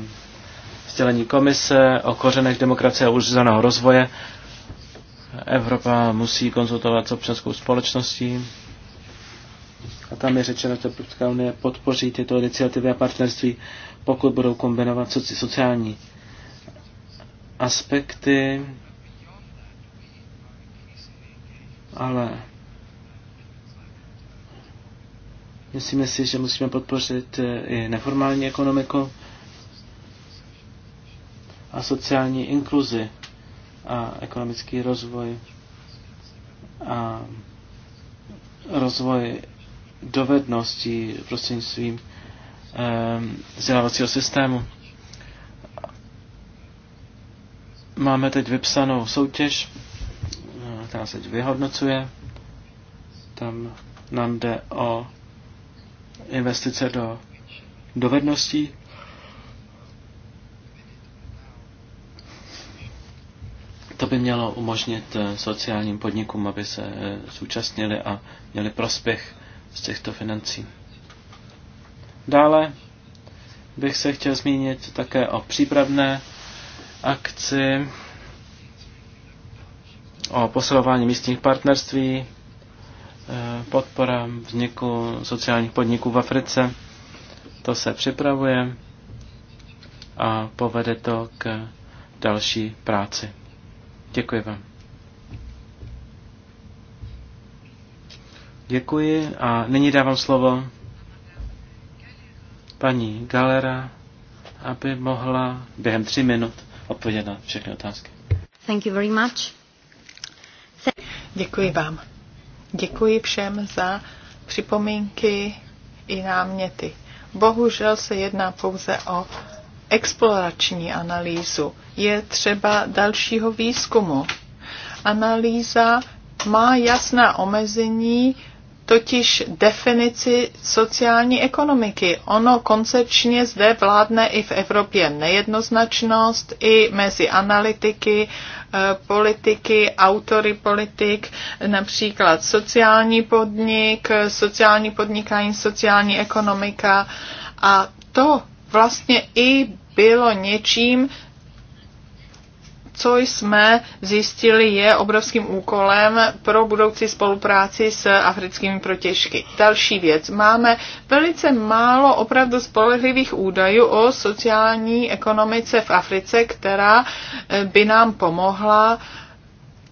sdělení komise o kořenech demokracie a užitzaného rozvoje. Evropa musí konzultovat s občanskou společností. A tam je řečeno, že Evropská unie podpoří tyto iniciativy a partnerství, pokud budou kombinovat sociální aspekty, ale myslíme si, že musíme podpořit eh, i neformální ekonomiku a sociální inkluzi a ekonomický rozvoj a rozvoj dovedností prostřednictvím eh, vzdělávacího systému. Máme teď vypsanou soutěž, která se teď vyhodnocuje. Tam nám jde o investice do dovedností. To by mělo umožnit eh, sociálním podnikům, aby se eh, zúčastnili a měli prospěch z těchto financí. Dále bych se chtěl zmínit také o přípravné akci o posilování místních partnerství, eh, podpora vzniku sociálních podniků v Africe. To se připravuje a povede to k další práci. Děkuji vám. Děkuji a nyní dávám slovo paní Galera, aby mohla během tři minut odpovědět na všechny otázky. Thank you very much. Děkuji vám. Děkuji všem za připomínky i náměty. Bohužel se jedná pouze o explorační analýzu. Je třeba dalšího výzkumu. Analýza má jasná omezení, totiž definici sociální ekonomiky. Ono koncepčně zde vládne i v Evropě nejednoznačnost, i mezi analytiky, eh, politiky, autory politik, například sociální podnik, sociální podnikání, sociální ekonomika. A to vlastně i bylo něčím, co jsme zjistili, je obrovským úkolem pro budoucí spolupráci s africkými protěžky. Další věc. Máme velice málo opravdu spolehlivých údajů o sociální ekonomice v Africe, která eh, by nám pomohla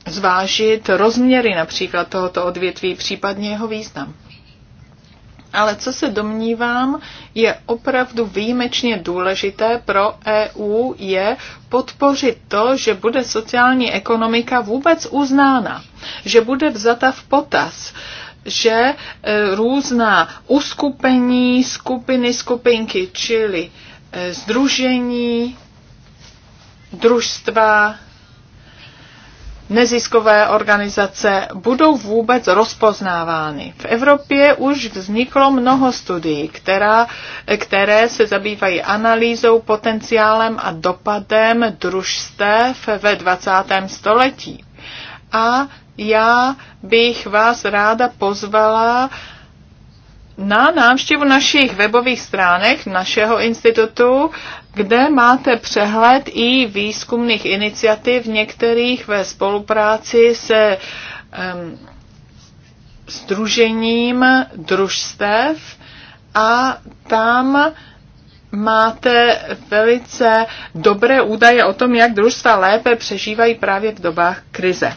zvážit rozměry například tohoto odvětví, případně jeho význam ale co se domnívám, je opravdu výjimečně důležité pro EU, je podpořit to, že bude sociální ekonomika vůbec uznána, že bude vzata v potaz, že e, různá uskupení, skupiny, skupinky, čili združení, e, družstva, neziskové organizace budou vůbec rozpoznávány. V Evropě už vzniklo mnoho studií, která, které se zabývají analýzou, potenciálem a dopadem družstev ve 20. století. A já bych vás ráda pozvala na návštěvu našich webových stránek našeho institutu kde máte přehled i výzkumných iniciativ, některých ve spolupráci se um, združením družstev a tam máte velice dobré údaje o tom, jak družstva lépe přežívají právě v dobách krize.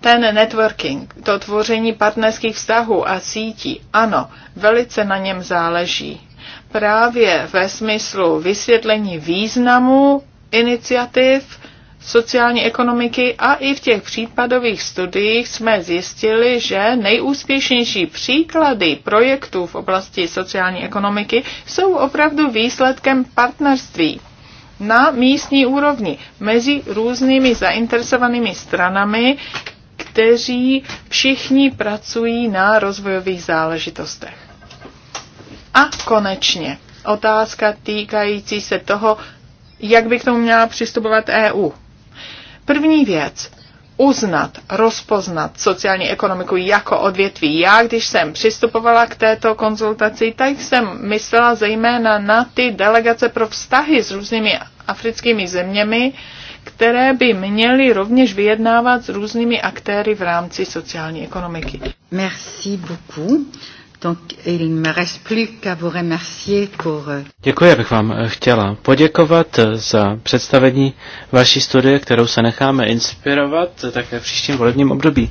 Ten networking, to tvoření partnerských vztahů a sítí, ano, velice na něm záleží právě ve smyslu vysvětlení významu iniciativ sociální ekonomiky a i v těch případových studiích jsme zjistili, že nejúspěšnější příklady projektů v oblasti sociální ekonomiky jsou opravdu výsledkem partnerství na místní úrovni mezi různými zainteresovanými stranami, kteří všichni pracují na rozvojových záležitostech. A konečně otázka týkající se toho, jak by k tomu měla přistupovat EU. První věc, uznat, rozpoznat sociální ekonomiku jako odvětví. Já, když jsem přistupovala k této konzultaci, tak jsem myslela zejména na ty delegace pro vztahy s různými africkými zeměmi, které by měly rovněž vyjednávat s různými aktéry v rámci sociální ekonomiky. Merci beaucoup. Děkuji, abych vám eh, chtěla poděkovat eh, za představení vaší studie, kterou se necháme inspirovat eh, také v příštím volebním období.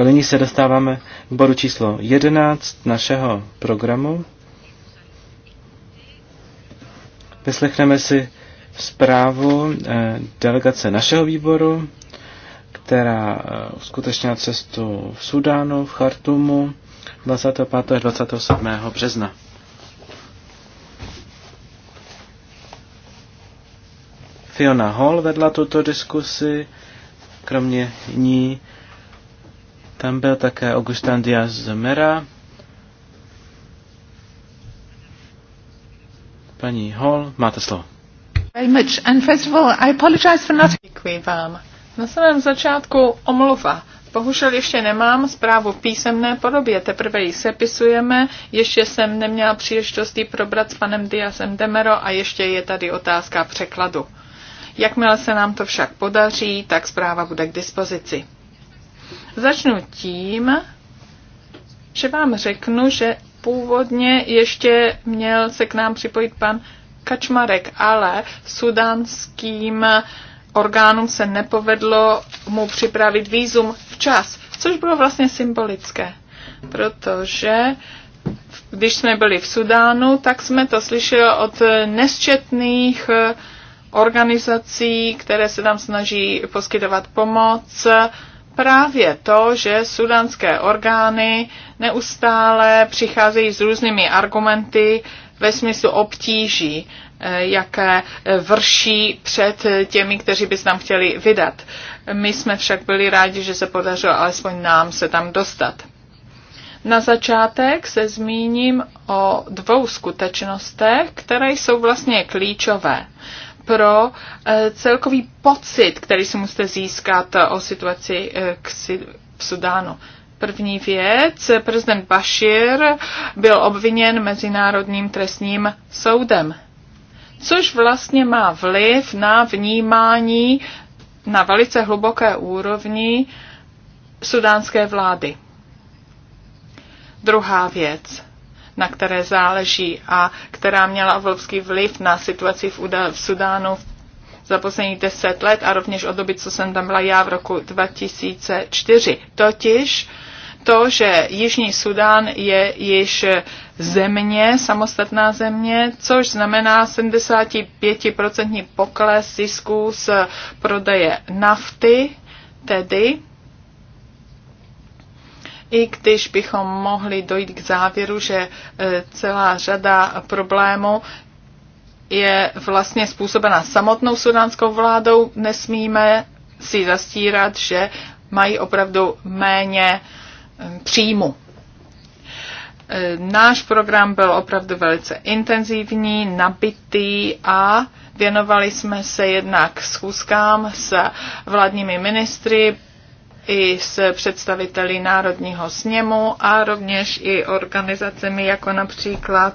A nyní se dostáváme k bodu číslo 11 našeho programu. Vyslechneme si zprávu delegace našeho výboru, která skutečně na cestu v Sudánu, v Chartumu, 25. až 27. března. Fiona Hall vedla tuto diskusi, kromě ní tam byl také Augustin Diaz Zemera, Paní Hall, máte slovo. Very much. And first of all, I apologize for not... Děkuji vám. Na samém začátku omluva. Bohužel ještě nemám zprávu v písemné podobě, teprve ji sepisujeme, ještě jsem neměla příležitost probrat s panem Diasem Demero a ještě je tady otázka překladu. Jakmile se nám to však podaří, tak zpráva bude k dispozici. Začnu tím, že vám řeknu, že původně ještě měl se k nám připojit pan Kačmarek, ale sudánským uh, orgánům se nepovedlo mu připravit výzum včas, což bylo vlastně symbolické, protože když jsme byli v Sudánu, tak jsme to slyšeli od nesčetných eh, organizací, které se tam snaží poskytovat pomoc, právě to, že sudánské orgány neustále přicházejí s různými argumenty ve smyslu obtíží jaké vrší před těmi, kteří by se tam chtěli vydat. My jsme však byli rádi, že se podařilo alespoň nám se tam dostat. Na začátek se zmíním o dvou skutečnostech, které jsou vlastně klíčové pro eh, celkový pocit, který si musíte získat o situaci eh, v Sudánu. První věc, prezident Bashir byl obviněn Mezinárodním trestním soudem což vlastně má vliv na vnímání na velice hluboké úrovni sudánské vlády. Druhá věc, na které záleží a která měla obrovský vliv na situaci v, Uda- v Sudánu za posledních deset let a rovněž od doby, co jsem tam byla já v roku 2004. Totiž to, že Jižní Sudán je již země, samostatná země, což znamená 75% pokles zisků z prodeje nafty, tedy i když bychom mohli dojít k závěru, že e, celá řada problémů je vlastně způsobena samotnou sudánskou vládou, nesmíme si zastírat, že mají opravdu méně uh, Eh, příjmu. Eh, náš program byl opravdu velice intenzivní, nabitý a věnovali jsme se jednak schůzkám s vládními ministry, i s představiteli Národního sněmu a rovněž i organizacemi jako například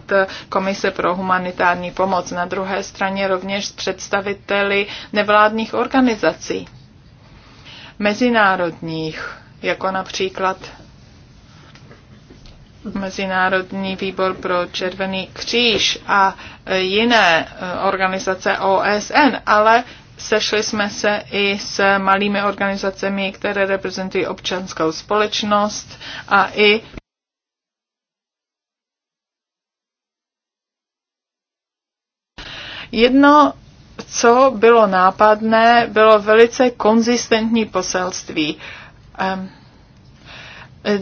Komise pro humanitární pomoc. Na druhé straně rovněž s představiteli nevládních organizací mezinárodních, jako například Mezinárodní výbor pro Červený kříž a e, jiné e, organizace OSN, ale sešli jsme se i s malými organizacemi, které reprezentují občanskou společnost a i Jedno, co bylo nápadné, bylo velice konzistentní poselství.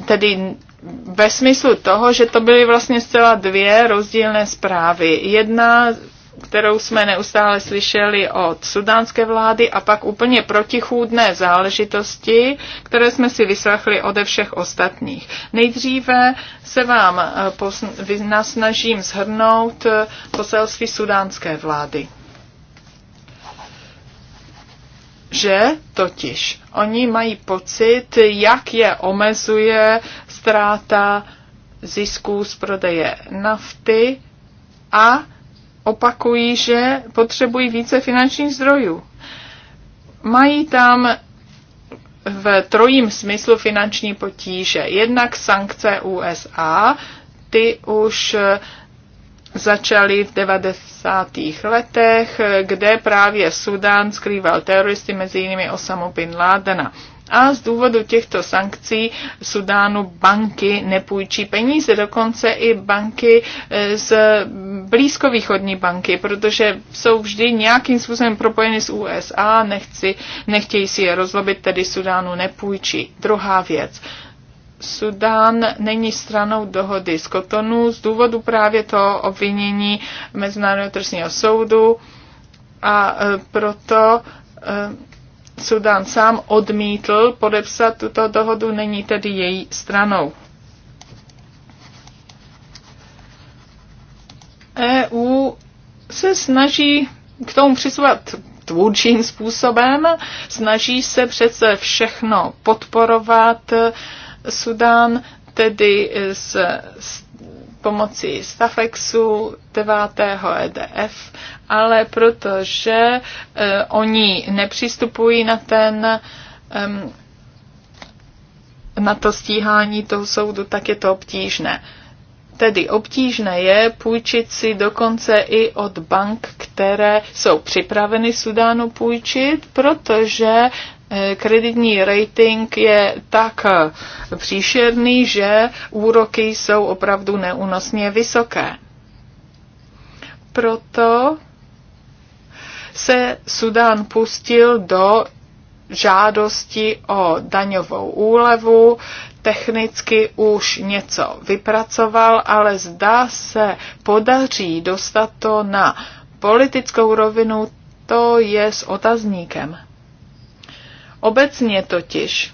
tedy ve smyslu toho, že to byly vlastně zcela dvě rozdílné zprávy. Jedna, kterou jsme neustále slyšeli od sudánské vlády a pak úplně protichůdné záležitosti, které jsme si vyslechli ode všech ostatních. Nejdříve se vám eh, posn- vy- nasnažím zhrnout eh, poselství sudánské vlády. že totiž oni mají pocit, jak je omezuje ztráta zisků z prodeje nafty a opakují, že potřebují více finančních zdrojů. Mají tam v trojím smyslu finanční potíže. Jednak sankce USA, ty už začaly v 90. letech, kde právě Sudán skrýval teroristy, mezi jinými Osamu Bin Ládena. A z důvodu těchto sankcí Sudánu banky nepůjčí peníze, dokonce i banky eh, z blízkovýchodní banky, protože jsou vždy nějakým způsobem propojeny s USA, nechci, nechtějí si je rozlobit, tedy Sudánu nepůjčí. Druhá věc Sudán není stranou dohody z Kotonu z důvodu právě toho obvinění Mezinárodního trestního soudu a e, proto e, Sudán sám odmítl podepsat tuto dohodu, není tedy její stranou. EU se snaží k tomu přizvat tvůrčím způsobem, snaží se přece všechno podporovat, Sudán tedy s, s pomocí Stafexu 9. EDF, ale protože eh, oni nepřistupují na ten ehm, na to stíhání toho soudu, tak je to obtížné. Tedy obtížné je půjčit si dokonce i od bank, které jsou připraveny Sudánu půjčit, protože Eh, kreditní rating je tak eh, příšerný, že úroky jsou opravdu neúnosně vysoké. Proto se Sudán pustil do žádosti o daňovou úlevu, technicky už něco vypracoval, ale zdá se podaří dostat to na politickou rovinu, to je s otazníkem. Obecně totiž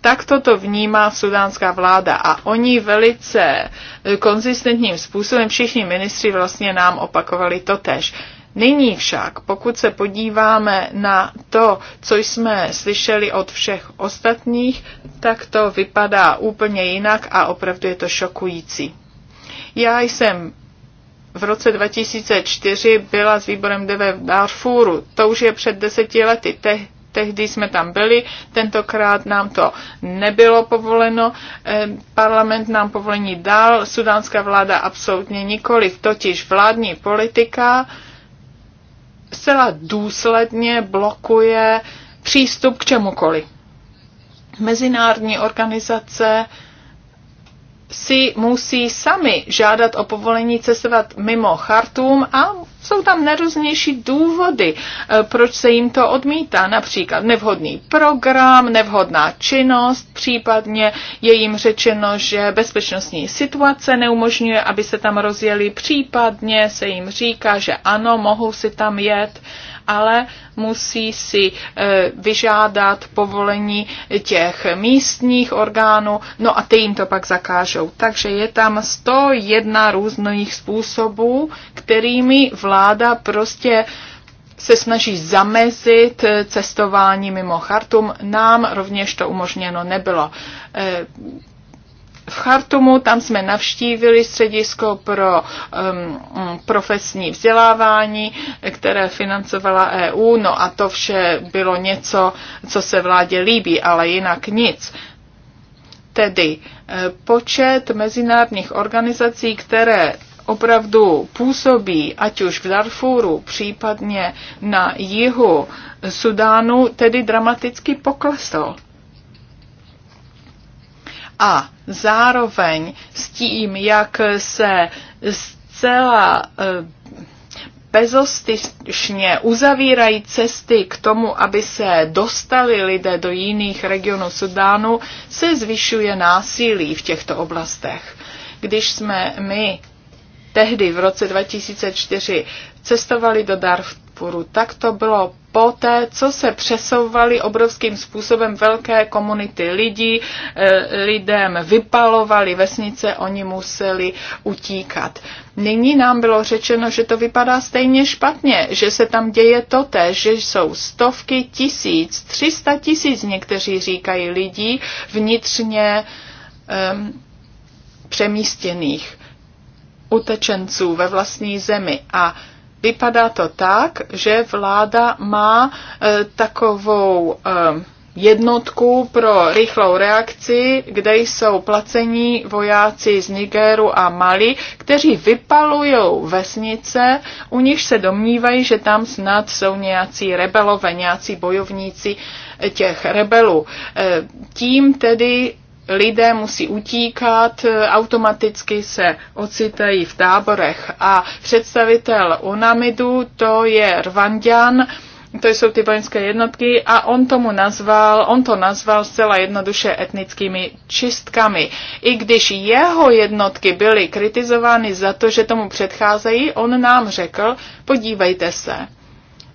tak toto vnímá sudánská vláda a oni velice eh, konzistentním způsobem, všichni ministři vlastně nám opakovali to tež. Nyní však, pokud se podíváme na to, co jsme slyšeli od všech ostatních, tak to vypadá úplně jinak a opravdu je to šokující. Já jsem v roce 2004 byla s výborem DV v Darfuru, to už je před deseti lety. Teh, tehdy jsme tam byli, tentokrát nám to nebylo povoleno, eh, parlament nám povolení dal, sudánská vláda absolutně nikoli, totiž vládní politika zcela důsledně blokuje přístup k čemukoliv. Mezinárodní organizace si musí sami žádat o povolení cestovat mimo Chartum a jsou tam nerůznější důvody, eh, proč se jim to odmítá. Například nevhodný program, nevhodná činnost, případně je jim řečeno, že bezpečnostní situace neumožňuje, aby se tam rozjeli, případně se jim říká, že ano, mohou si tam jet ale musí si eh, vyžádat povolení těch místních orgánů, no a ty jim to pak zakážou. Takže je tam 101 různých způsobů, kterými vláda prostě se snaží zamezit eh, cestování mimo Chartum. Nám rovněž to umožněno nebylo. Eh, v Chartumu, tam jsme navštívili středisko pro um, mm, profesní vzdělávání, které financovala EU, no a to vše bylo něco, co se vládě líbí, ale jinak nic. Tedy eh, počet mezinárodních organizací, které opravdu působí, ať už v Darfuru, případně na jihu Sudánu, tedy dramaticky poklesl a zároveň s tím, jak se zcela eh, bezostyšně uzavírají cesty k tomu, aby se dostali lidé do jiných regionů Sudánu, se zvyšuje násilí v těchto oblastech. Když jsme my tehdy v roce 2004 cestovali do Darf Singapuru. Tak to bylo poté, co se přesouvaly obrovským způsobem velké komunity lidí, e, lidem vypalovali vesnice, oni museli utíkat. Nyní nám bylo řečeno, že to vypadá stejně špatně, že se tam děje to tež, že jsou stovky tisíc, třista tisíc někteří říkají lidí vnitřně um, přemístěných utečenců ve vlastní zemi a vypadá to tak, že vláda má e, takovou e, jednotku pro rychlou reakci, kde jsou placení vojáci z Nigeru a Mali, kteří vypalují vesnice, u nich se domnívají, že tam snad jsou nějací rebelové, nějací bojovníci těch rebelů. E, tím tedy lidé musí utíkat, e, automaticky se ocitají v táborech. A představitel UNAMIDu, to je Rwandan, to jsou ty vojenské jednotky a on tomu nazval, on to nazval zcela jednoduše etnickými čistkami. I když jeho jednotky byly kritizovány za to, že tomu předcházejí, on nám řekl, podívejte se,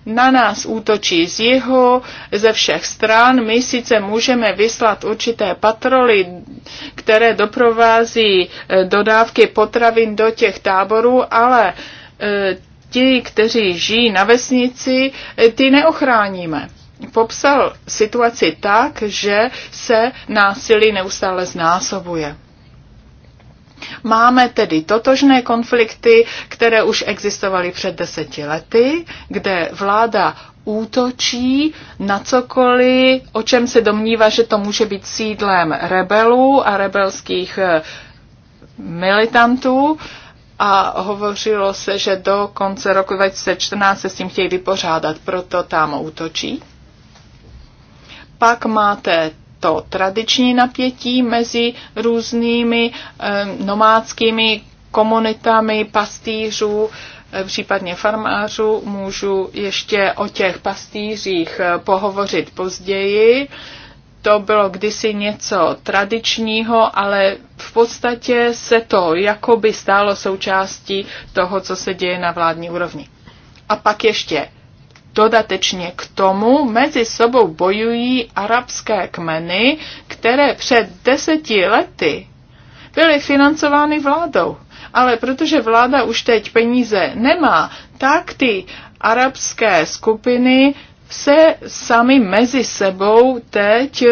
na nás útočí z jihu, ze všech stran. My sice můžeme vyslat určité patroly, které doprovází e, dodávky potravin do těch táborů, ale e, ti, kteří žijí na vesnici, e, ty neochráníme. Popsal situaci tak, že se násilí neustále znásobuje. Máme tedy totožné konflikty, které už existovaly před deseti lety, kde vláda útočí na cokoliv, o čem se domnívá, že to může být sídlem rebelů a rebelských eh, militantů a hovořilo se, že do konce roku 2014 se s tím chtějí vypořádat, proto tam útočí. Pak máte to tradiční napětí mezi různými eh, nomádskými komunitami pastýřů, eh, případně farmářů. Můžu ještě o těch pastýřích eh, pohovořit později. To bylo kdysi něco tradičního, ale v podstatě se to jakoby stálo součástí toho, co se děje na vládní úrovni. A pak ještě Dodatečně k tomu mezi sebou bojují arabské kmeny, které před deseti lety byly financovány vládou. Ale protože vláda už teď peníze nemá, tak ty arabské skupiny se sami mezi sebou teď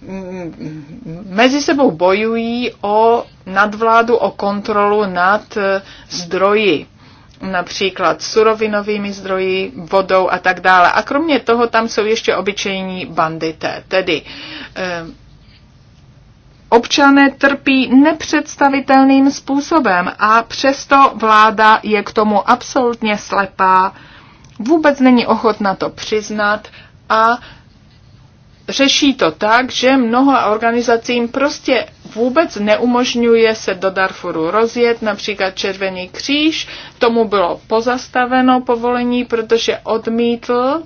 mm, mezi sebou bojují o nadvládu, o kontrolu nad eh, zdroji například surovinovými zdroji, vodou a tak dále. A kromě toho tam jsou ještě obyčejní bandité, tedy eh, Občané trpí nepředstavitelným způsobem a přesto vláda je k tomu absolutně slepá, vůbec není ochotna to přiznat a řeší to tak, že mnoha organizacím prostě vůbec neumožňuje se do Darfuru rozjet, například Červený kříž, tomu bylo pozastaveno povolení, protože odmítl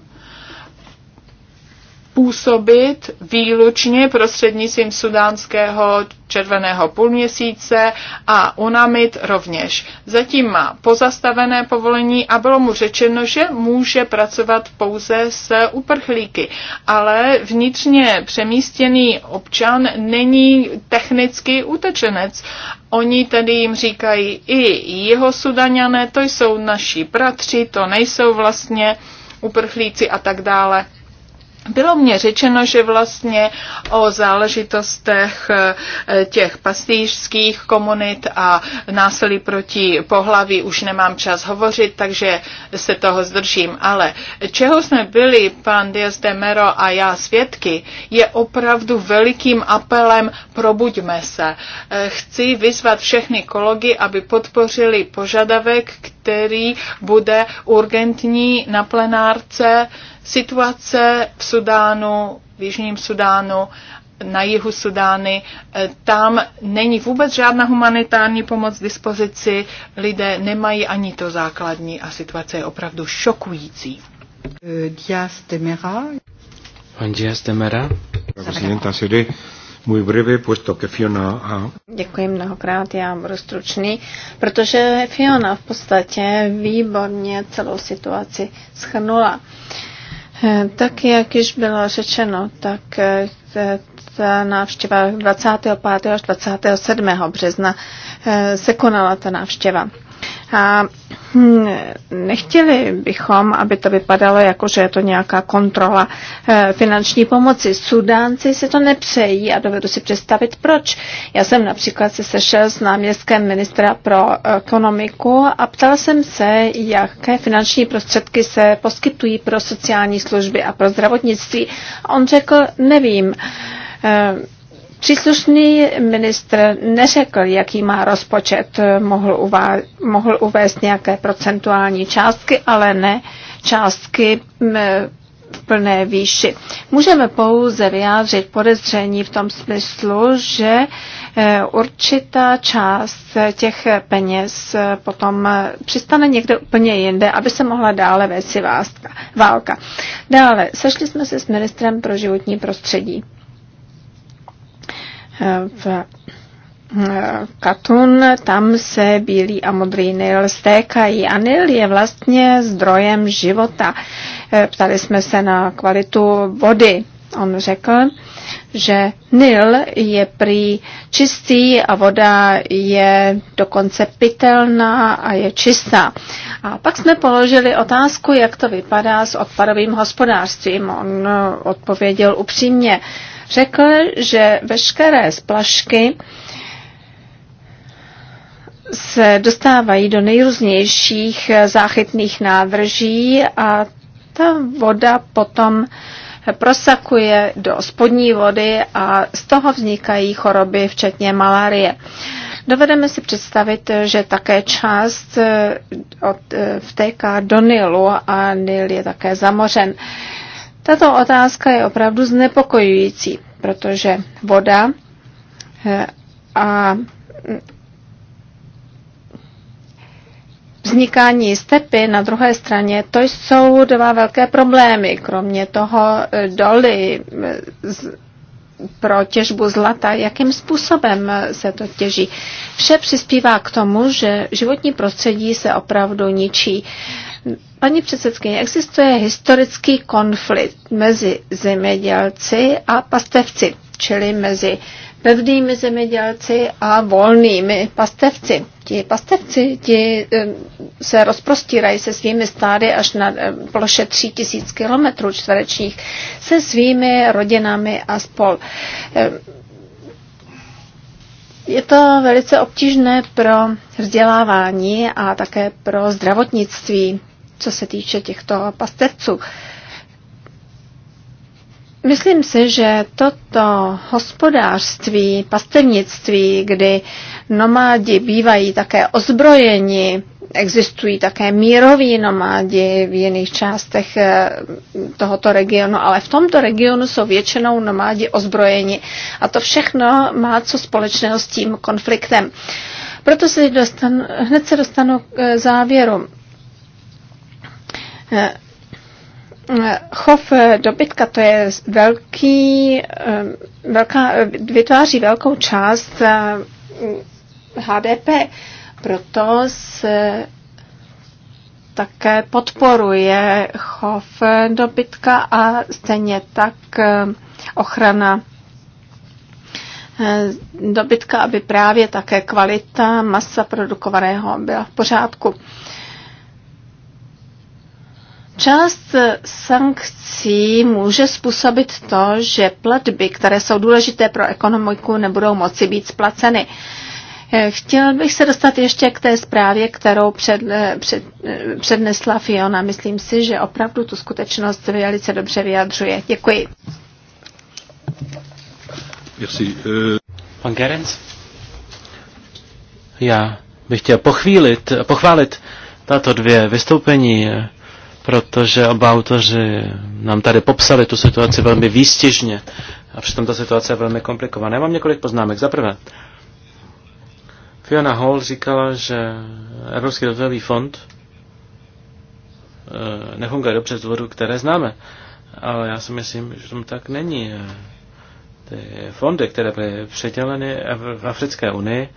působit výlučně prostřednictvím sudánského červeného půlměsíce a UNAMID rovněž. Zatím má pozastavené povolení a bylo mu řečeno, že může pracovat pouze s uprchlíky, ale vnitřně přemístěný občan není technicky utečenec. Oni tedy jim říkají i jeho sudaňané, to jsou naši bratři, to nejsou vlastně uprchlíci a tak dále bylo mně řečeno, že vlastně o záležitostech eh, těch pastýřských komunit a násilí proti pohlaví už nemám čas hovořit, takže se toho zdržím. Ale čeho jsme byli, pan Diaz de Mero a já svědky, je opravdu velikým apelem probuďme se. Eh, chci vyzvat všechny kolegy, aby podpořili požadavek, který bude urgentní na plenárce Situace v Sudánu, v Jižním Sudánu, na jihu Sudány, eh, tam není vůbec žádná humanitární pomoc k dispozici, lidé nemají ani to základní a situace je opravdu šokující. Díaz de Mera. Pan Fiona Děkuji mnohokrát, já budu stručný, protože Fiona v podstatě výborně celou situaci schrnula. Uh, Eh, tak, jak již bylo řečeno, tak eh, ta návštěva 25. až 27. března eh, se konala ta návštěva. A hm, nechtěli bychom, aby to vypadalo jako, že je to nějaká kontrola eh, finanční pomoci. Sudánci si to nepřejí a dovedu si představit, proč. Já jsem například se sešel s náměstkem ministra pro ekonomiku a ptal jsem se, jaké finanční prostředky se poskytují pro sociální služby a pro zdravotnictví. on řekl, nevím eh, Příslušný ministr neřekl, jaký má rozpočet, mohl, uvá- mohl uvést nějaké procentuální částky, ale ne částky v plné výši. Můžeme pouze vyjádřit podezření v tom smyslu, že e, určitá část těch peněz e, potom e, přistane někde úplně jinde, aby se mohla dále vést válka. Dále, sešli jsme se s ministrem pro životní prostředí v Katun, tam se bílý a modrý Nil stékají a Nil je vlastně zdrojem života. Eh, ptali jsme se na kvalitu vody. On řekl, že Nil je prý čistý a voda je dokonce pitelná a je čistá. A pak jsme položili otázku, jak to vypadá s odpadovým hospodářstvím. On eh, odpověděl upřímně, řekl, že veškeré splašky se dostávají do nejrůznějších záchytných nádrží a ta voda potom prosakuje do spodní vody a z toho vznikají choroby, včetně malárie. Dovedeme si představit, že také část eh, od, eh, vtéká do Nilu a Nil je také zamořen. Tato otázka je opravdu znepokojující, protože voda eh, a mm, vznikání stepy na druhé straně, to jsou dva velké problémy. Kromě toho eh, doly eh, pro těžbu zlata, jakým způsobem se to těží. Vše přispívá k tomu, že životní prostředí se opravdu ničí. Paní předsedkyně, existuje historický konflikt mezi zemědělci a pastevci, čili mezi pevnými zemědělci a volnými pastevci. Ti pastevci ti se rozprostírají se svými stády až na ploše 3000 km čtverečních se svými rodinami a spol. Je to velice obtížné pro vzdělávání a také pro zdravotnictví co se týče těchto pastevců. Myslím si, že toto hospodářství, pastevnictví, kdy nomádi bývají také ozbrojeni, existují také míroví nomádi v jiných částech eh, tohoto regionu, ale v tomto regionu jsou většinou nomádi ozbrojeni. A to všechno má co společného s tím konfliktem. Proto se dostanu, hned se dostanu k eh, závěru. Chov dobytka to je velký, eh, velká, vytváří velkou část HDP, proto se také podporuje chov dobytka a stejně tak eh, ochrana eh, dobytka, aby právě také kvalita masa produkovaného byla v pořádku. Část eh, sankcí může způsobit to, že platby, které jsou důležité pro ekonomiku, nebudou moci být splaceny. Eh, chtěl bych se dostat ještě k té zprávě, kterou před, eh, před, přednesla Fiona. Myslím si, že opravdu tu skutečnost velice dobře vyjadřuje. Děkuji. Merci. Pan Gerenc? Já bych chtěl pochvílit, pochválit tato dvě vystoupení protože oba autoři nám tady popsali tu situaci velmi výstižně a přitom ta situace je velmi komplikovaná. Já mám několik poznámek. Za prvé, Fiona Hall říkala, že Evropský rozvojový fond eh, nefunguje dobře z důvodu, které známe. Ale já si myslím, že tomu tak není. Ty fondy, které byly předěleny v Africké unii,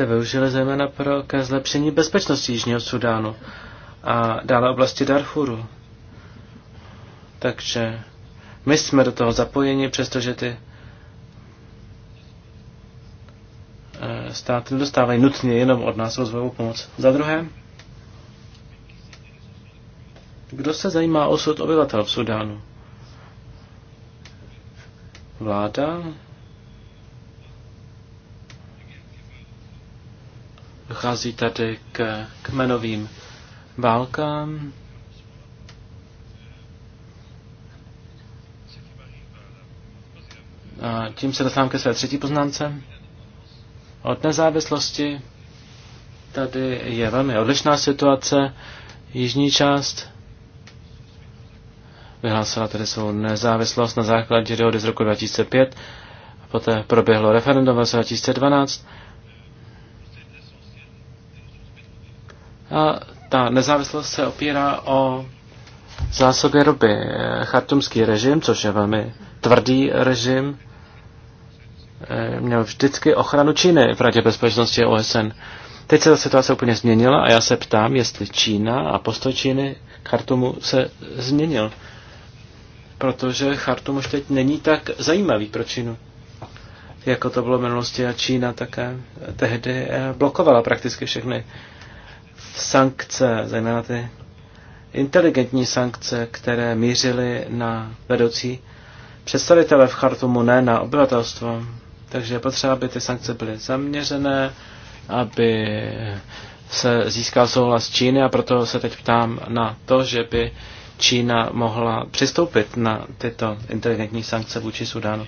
se využily zejména pro ke zlepšení bezpečnosti Jižního Sudánu a dále oblasti Darfuru. Takže my jsme do toho zapojeni, přestože ty eh, státy nedostávají nutně jenom od nás rozvojovou pomoc. Za druhé, kdo se zajímá o osud obyvatel v Sudánu? Vláda Dochází tady k kmenovým válkám. A tím se dostávám ke své třetí poznámce. Od nezávislosti tady je velmi odlišná situace. Jižní část vyhlásila tedy svou nezávislost na základě dohody z roku 2005 poté proběhlo referendum v roce 2012 A ta nezávislost se opírá o zásobě ruby. Chartumský režim, což je velmi tvrdý režim, eh, měl vždycky ochranu Číny v Radě bezpečnosti OSN. Teď se ta situace úplně změnila a já se ptám, jestli Čína a postoj Číny k Chartumu se změnil. Protože Chartum už teď není tak zajímavý pro Čínu. Jako to bylo v minulosti a Čína také tehdy eh, blokovala prakticky všechny sankce, zejména ty inteligentní sankce, které mířily na vedoucí představitele v Chartumu, ne na obyvatelstvo. Takže je potřeba, aby ty sankce byly zaměřené, aby se získal souhlas Číny a proto se teď ptám na to, že by Čína mohla přistoupit na tyto inteligentní sankce vůči Sudánu.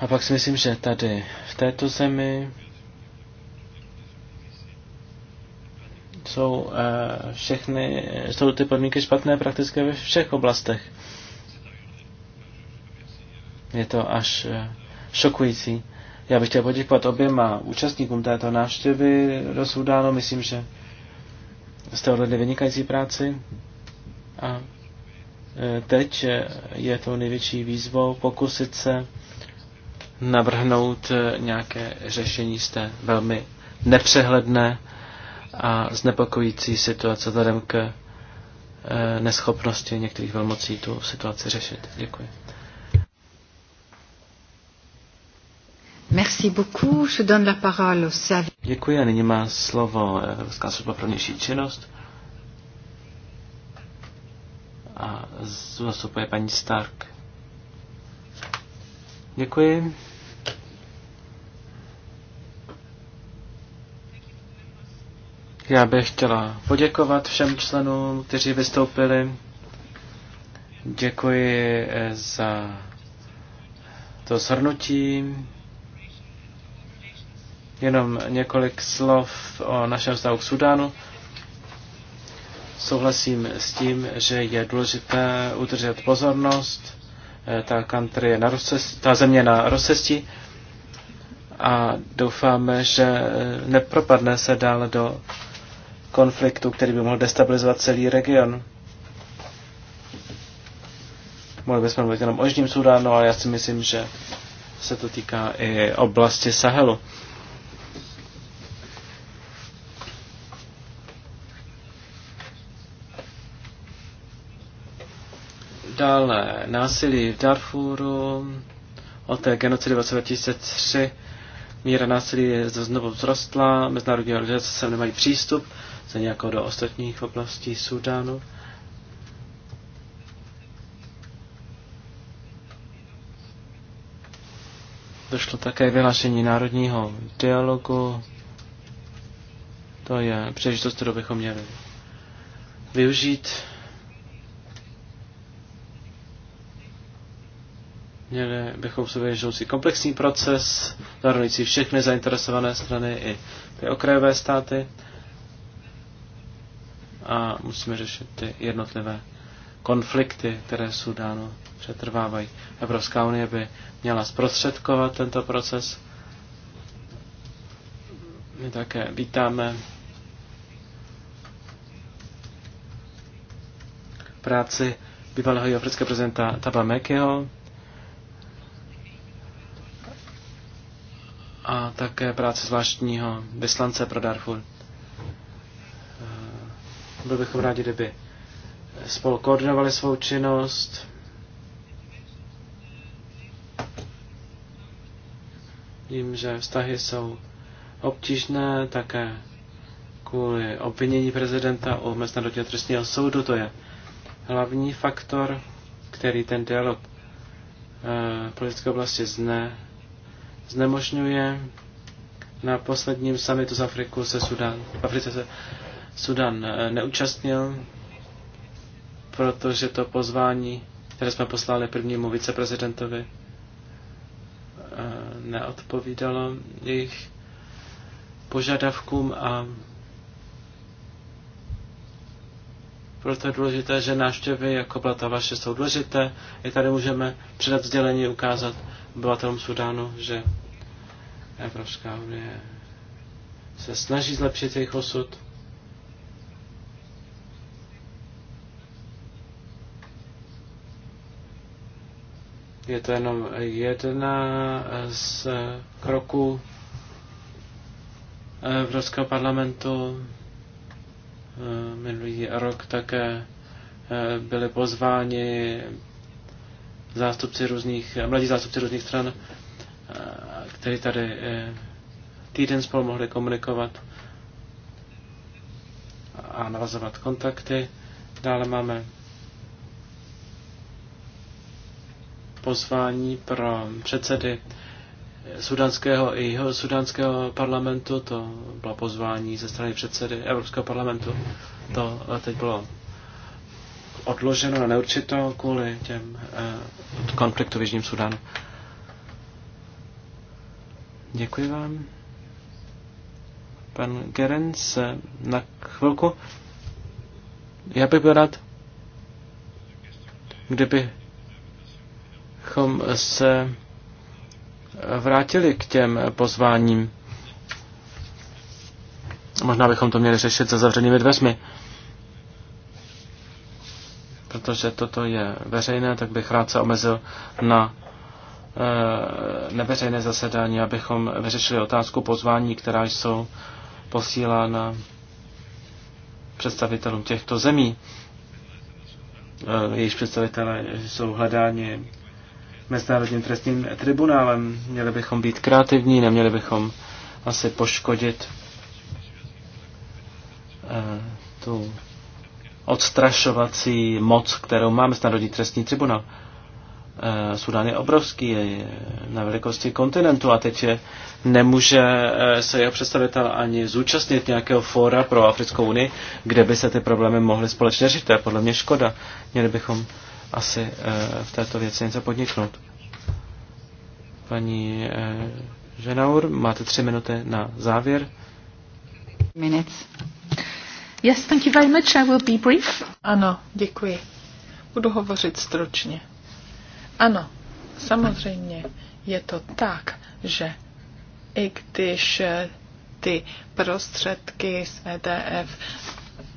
A pak si myslím, že tady v této zemi jsou eh, všechny, jsou ty podmínky špatné prakticky ve všech oblastech. Je to až eh, šokující. Já bych chtěl poděkovat oběma účastníkům této návštěvy do Sudánu. Myslím, že jste odvedli vynikající práci. A eh, teď je to největší výzvou pokusit se navrhnout eh, nějaké řešení z té velmi nepřehledné a znepokojící situace vzhledem k eh, neschopnosti některých velmocí tu situaci řešit. Děkuji. Merci beaucoup. Je donne la parole au service. Děkuji a nyní má slovo eh, Evropská služba pro vnější činnost. A zastupuje paní Stark. Děkuji. Já bych chtěla poděkovat všem členům, kteří vystoupili. Děkuji eh, za to shrnutí. Jenom několik slov o našem vztahu k Sudánu. Souhlasím s tím, že je důležité udržet pozornost. Eh, ta, country je na rozcestí, ta země je na rozcestí a doufáme, že eh, nepropadne se dále do konfliktu, který by mohl destabilizovat celý region. Mohli bychom mluvit jenom o Jižním Sudánu, ale já si myslím, že se to týká i oblasti Sahelu. Dále násilí v Darfuru od té genocidy v roce 2003 míra násilí je znovu vzrostla, mezinárodní organizace se nemají přístup stejně jako do ostatních oblastí Sudánu. Došlo také vyhlášení národního dialogu. To je příležitost, kterou bychom měli využít. Měli bychom se žoucí komplexní proces, zahrnující všechny zainteresované strany i ty okrajové státy a musíme řešit ty jednotlivé konflikty, které v Sudánu přetrvávají. Evropská unie by měla zprostředkovat tento proces. My také vítáme práci bývalého jihoafrického prezidenta Taba Mekyho a také práci zvláštního vyslance pro Darfur. Byl bychom rádi, kdyby spolu koordinovali svou činnost. Vím, že vztahy jsou obtížné také kvůli obvinění prezidenta o Mezinárodního trestního soudu. To je hlavní faktor, který ten dialog eh, politické oblasti zne, znemožňuje. Na posledním summitu z Afriku se Sudan, v Africe se Sudan eh, neúčastnil, protože to pozvání, které jsme poslali prvnímu viceprezidentovi, eh, neodpovídalo jejich požadavkům a proto je důležité, že návštěvy, jako byla ta vaše, jsou důležité. I tady můžeme předat vzdělení, ukázat obyvatelům Sudánu, že Evropská unie se snaží zlepšit jejich osud. Je to jenom jedna z kroků eh, Evropského parlamentu. Eh, minulý rok také eh, byli pozváni zástupci různých, mladí zástupci různých stran, kteří tady týden spolu mohli komunikovat a navazovat kontakty. Dále máme pozvání pro předsedy sudanského i jeho sudánského parlamentu, to bylo pozvání ze strany předsedy Evropského parlamentu. To eh, teď bylo odloženo na neurčito kvůli těm eh, konfliktu v Jižním Sudánu. Děkuji vám. Pan Geren eh, na chvilku. Já bych byl rád, kdyby abychom se vrátili k těm pozváním. Možná bychom to měli řešit za zavřenými dveřmi. Protože toto je veřejné, tak bych rád se omezil na eh, neveřejné zasedání, abychom vyřešili otázku pozvání, která jsou posílána představitelům těchto zemí. Eh, jejich představitelé jsou hledáni Mezinárodním trestním tribunálem. Měli bychom být kreativní, neměli bychom asi poškodit eh, tu odstrašovací moc, kterou má Mezinárodní trestní tribunál. Eh, Sudán je obrovský, je na velikosti kontinentu a teď je, nemůže eh, se jeho představitel ani zúčastnit nějakého fóra pro Africkou unii, kde by se ty problémy mohly společně řešit. To je podle mě škoda. Měli bychom asi eh, v této věci něco podniknout. Paní eh, Ženaur, máte tři minuty na závěr. Minutes. Yes, thank you very much. I will be brief. Ano, děkuji. Budu hovořit stručně. Ano, samozřejmě je to tak, že i když eh, ty prostředky z EDF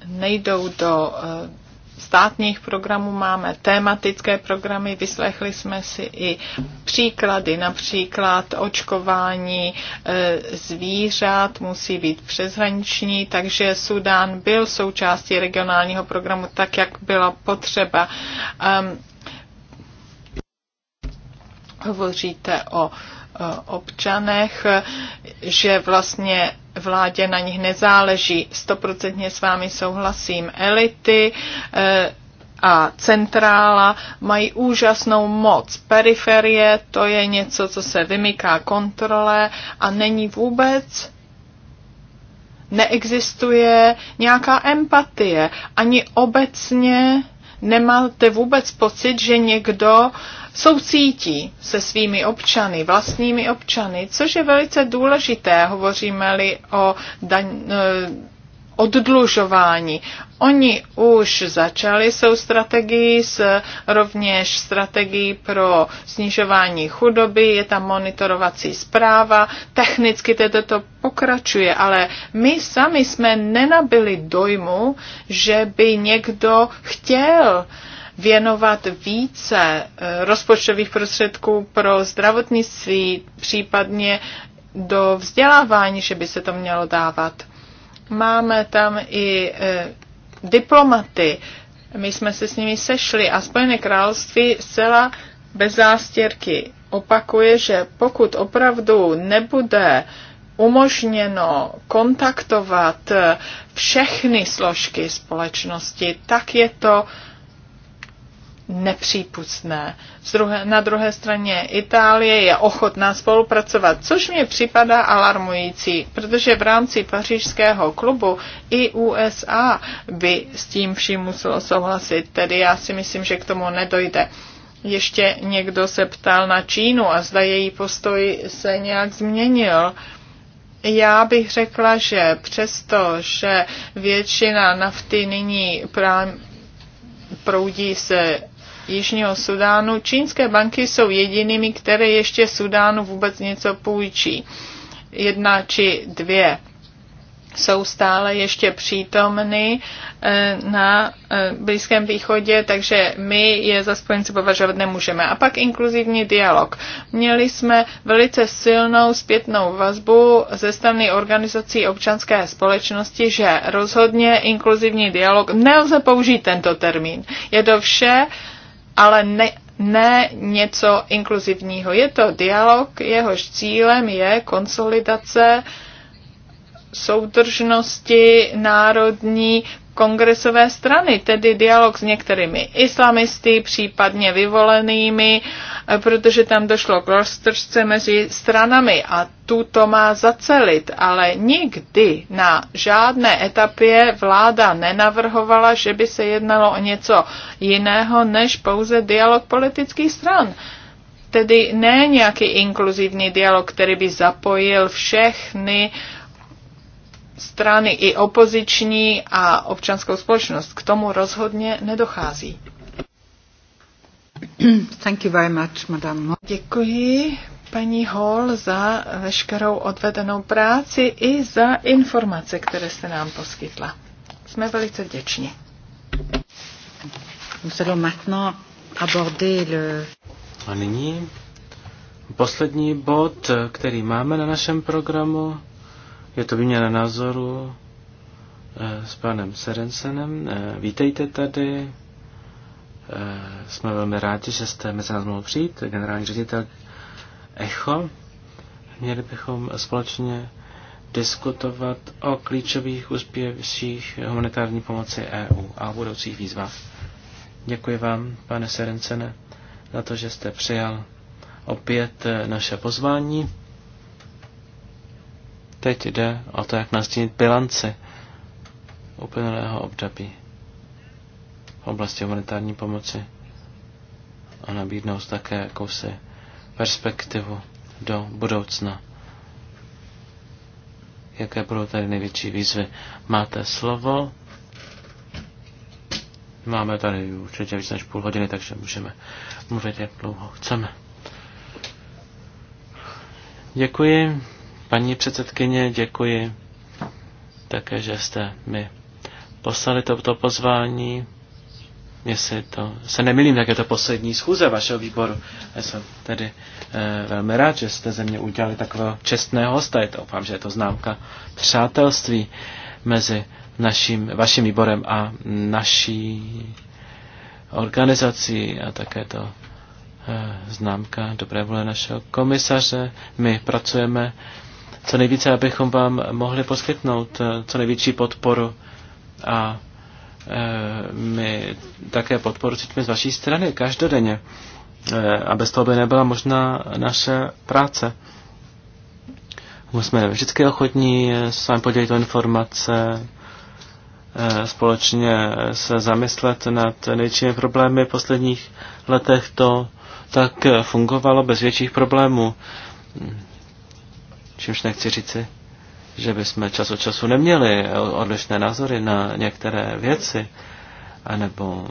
nejdou do státních programů máme tematické programy, vyslechli jsme si i příklady, například očkování e, zvířat musí být přeshraniční, takže Sudán byl součástí regionálního programu tak, jak byla potřeba. Ehm, hovoříte o e, občanech, že vlastně vládě na nich nezáleží. Stoprocentně s vámi souhlasím. Elity eh, a centrála mají úžasnou moc. Periferie to je něco, co se vymyká kontrole a není vůbec neexistuje nějaká empatie, ani obecně Nemáte vůbec pocit, že někdo soucítí se svými občany, vlastními občany, což je velice důležité, hovoříme-li o daň, eh, oddlužování. Oni už začali svou strategii s rovněž strategií pro snižování chudoby, je tam monitorovací zpráva, technicky tedy to pokračuje, ale my sami jsme nenabili dojmu, že by někdo chtěl věnovat více eh, rozpočtových prostředků pro zdravotnictví, případně do vzdělávání, že by se to mělo dávat Máme tam i e, diplomaty. My jsme se s nimi sešli a Spojené království zcela bez zástěrky opakuje, že pokud opravdu nebude umožněno kontaktovat e, všechny složky společnosti, tak je to nepřípustné. Druhé, na druhé straně Itálie je ochotná spolupracovat, což mi připadá alarmující, protože v rámci pařížského klubu i USA by s tím vším muselo souhlasit, tedy já si myslím, že k tomu nedojde. Ještě někdo se ptal na Čínu a zda její postoj se nějak změnil. Já bych řekla, že přesto, že většina nafty nyní proudí se Jižního Sudánu. Čínské banky jsou jedinými, které ještě Sudánu vůbec něco půjčí. Jedna či dvě jsou stále ještě přítomny eh, na eh, Blízkém východě, takže my je za spojenci považovat nemůžeme. A pak inkluzivní dialog. Měli jsme velice silnou zpětnou vazbu ze strany organizací občanské společnosti, že rozhodně inkluzivní dialog nelze použít tento termín. Je to vše, ale ne, ne něco inkluzivního. Je to dialog, jehož cílem je konsolidace soudržnosti národní kongresové strany, tedy dialog s některými islamisty, případně vyvolenými, eh, protože tam došlo k roztržce mezi stranami a tu to má zacelit, ale nikdy na žádné etapě vláda nenavrhovala, že by se jednalo o něco jiného než pouze dialog politických stran tedy ne nějaký inkluzivní dialog, který by zapojil všechny strany i opoziční a občanskou společnost. K tomu rozhodně nedochází. Thank you very much, madam. Děkuji paní Hall za veškerou odvedenou práci i za informace, které jste nám poskytla. Jsme velice vděční. A nyní poslední bod, který máme na našem programu, je to výměna názoru eh, s panem Serensenem. Eh, vítejte tady. Eh, jsme velmi rádi, že jste mezi nás mohli přijít. Generální ředitel ECHO. Měli bychom společně diskutovat o klíčových úspěších humanitární pomoci EU a o budoucích výzvách. Děkuji vám, pane Serencene, za to, že jste přijal opět naše pozvání. Teď jde o to, jak nastínit bilanci uplynulého období v oblasti humanitární pomoci a nabídnout také jakousi perspektivu do budoucna. Jaké budou tady největší výzvy? Máte slovo? Máme tady určitě víc než půl hodiny, takže můžeme mluvit, jak dlouho chceme. Děkuji. Paní předsedkyně, děkuji také, že jste mi poslali toto pozvání. se to se nemilím, tak je to poslední schůze vašeho výboru. Já jsem tedy eh, velmi rád, že jste ze mě udělali takového čestného hosta. Je to, opám, že je to známka přátelství mezi naším, vaším výborem a naší organizací a také to eh, známka dobré vůle našeho komisaře. My pracujeme co nejvíce, abychom vám mohli poskytnout eh, co největší podporu a eh, my také podporu cítíme z vaší strany každodenně. Eh, a bez toho by nebyla možná naše práce. My jsme vždycky ochotní s vámi podělit o informace, společně se zamyslet nad největšími problémy v posledních letech. To tak fungovalo bez větších problémů. Čímž nechci říci, že bychom čas od času neměli odlišné názory na některé věci, anebo,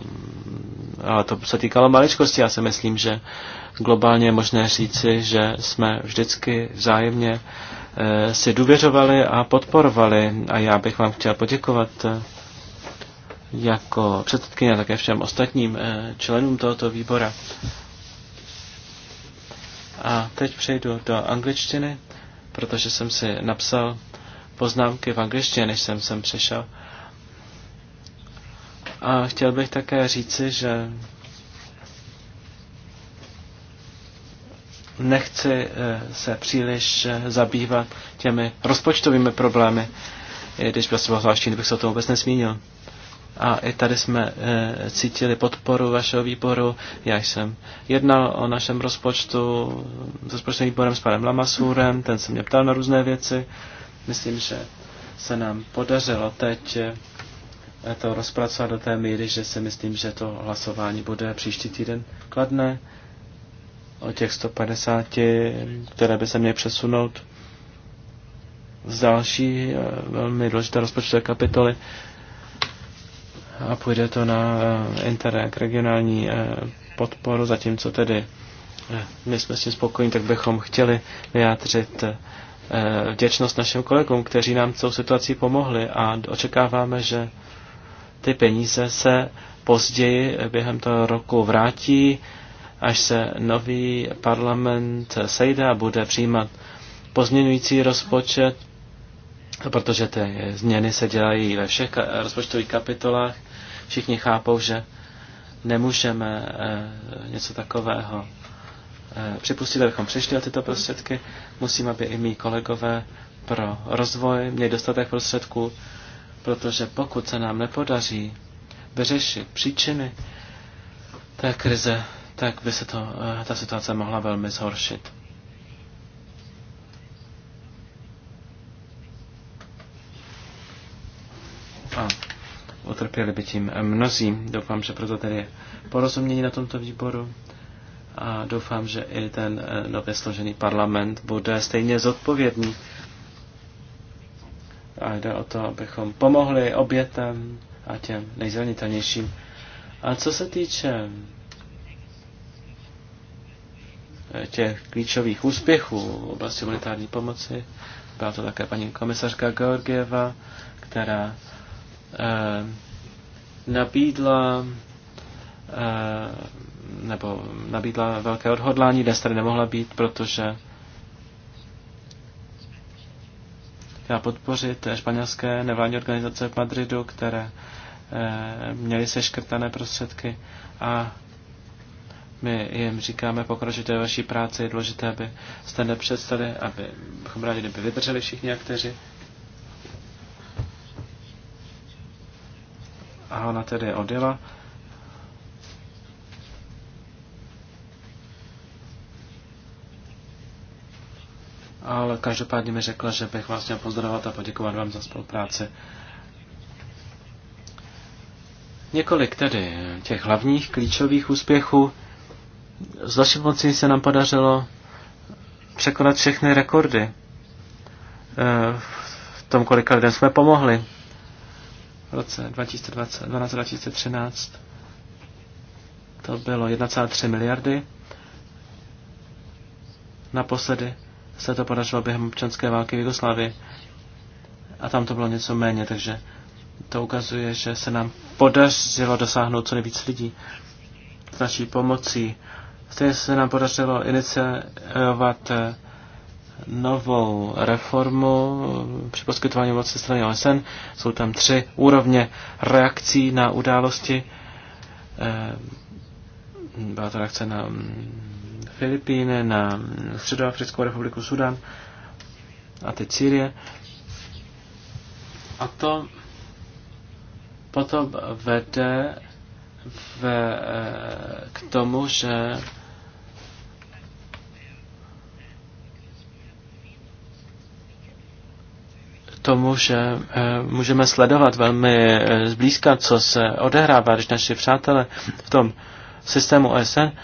ale to se týkalo maličkosti. Já si myslím, že globálně je možné říci, že jsme vždycky vzájemně eh, si důvěřovali a podporovali. A já bych vám chtěl poděkovat eh, jako předsedkyně také všem ostatním eh, členům tohoto výbora. A teď přejdu do angličtiny protože jsem si napsal poznámky v angličtině, než jsem sem přišel. A chtěl bych také říci, že nechci eh, se příliš eh, zabývat těmi rozpočtovými problémy, i když byl se zvláštní, kdybych se o tom vůbec nesmínil. A i tady jsme e, cítili podporu vašeho výboru. Já jsem jednal o našem rozpočtu s rozpočtovým výborem s panem Lamasurem, ten se mě ptal na různé věci. Myslím, že se nám podařilo teď eh, to rozpracovat do té míry, že si myslím, že to hlasování bude příští týden kladné o těch 150, které by se měly přesunout z další eh, velmi důležité rozpočtové kapitoly a půjde to na eh, interreg regionální eh, podporu, zatímco tedy eh, my jsme s tím spokojení, tak bychom chtěli vyjádřit vděčnost našim kolegům, kteří nám celou situací pomohli a očekáváme, že ty peníze se později během toho roku vrátí, až se nový parlament sejde a bude přijímat pozměňující rozpočet, protože ty změny se dělají ve všech rozpočtových kapitolách všichni chápou, že nemůžeme eh, něco takového eh, připustit, abychom přišli o tyto prostředky. Musím, aby i mý kolegové pro rozvoj měli dostatek prostředků, protože pokud se nám nepodaří vyřešit příčiny té krize, tak by se to, eh, ta situace mohla velmi zhoršit. A utrpěli by tím mnozí. Doufám, že proto je porozumění na tomto výboru a doufám, že i ten eh, nově složený parlament bude stejně zodpovědný. A jde o to, abychom pomohli obětem a těm nejzranitelnějším. A co se týče eh, těch klíčových úspěchů v oblasti humanitární pomoci, byla to také paní komisařka Georgieva, která Eh, nabídla eh, nebo nabídla velké odhodlání, dnes tady nemohla být, protože chtěla podpořit španělské nevládní organizace v Madridu, které eh, měly seškrtané prostředky a my jim říkáme, pokračujte vaší práci, je důležité, abyste nepřestali, abychom rádi, kdyby vydrželi všichni akteři. A ona tedy odjela. Ale každopádně mi řekla, že bych vás chtěl pozdravovat a poděkovat vám za spolupráci. Několik tedy těch hlavních klíčových úspěchů. Z vaší pomocí se nám podařilo překonat všechny rekordy eh, v tom, kolika lidem jsme pomohli v roce 2012-2013 to bylo 1,3 miliardy. Naposledy se to podařilo během občanské války v Jugoslávii a tam to bylo něco méně, takže to ukazuje, že se nám podařilo dosáhnout co nejvíc lidí s naší pomocí. Stejně se nám podařilo iniciovat eh, novou reformu při poskytování pomoci strany OSN. Jsou tam tři úrovně reakcí na události. Eh, byla to reakce na mm, Filipíny, na Středoafrickou republiku Sudan a teď Sýrie. A to potom vede v, eh, k tomu, že tomu, že eh, můžeme sledovat velmi eh, zblízka, co se odehrává, když naši přátelé v tom systému OSN eh,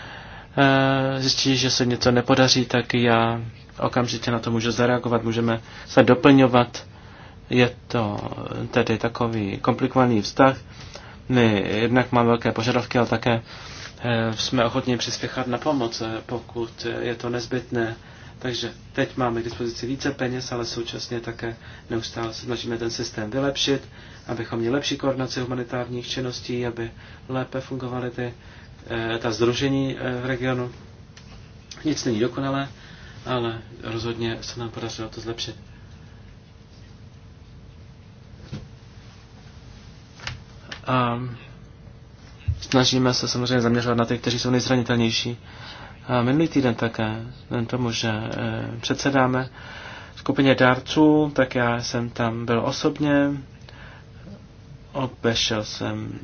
zjistí, že se něco nepodaří, tak já okamžitě na to můžu zareagovat, můžeme se doplňovat. Je to tedy takový komplikovaný vztah. My jednak máme velké požadavky, ale také jsme ochotní přispěchat na pomoc, pokud je to nezbytné. Takže teď máme k dispozici více peněz, ale současně také neustále se snažíme ten systém vylepšit, abychom měli lepší koordinaci humanitárních činností, aby lépe fungovaly ty, eh, ta združení eh, v regionu. Nic není dokonalé, ale rozhodně se nám podařilo to zlepšit. A snažíme se samozřejmě zaměřovat na ty, kteří jsou nejzranitelnější a minulý týden také, jen tomu, že e, předsedáme skupině dárců, tak já jsem tam byl osobně, obešel jsem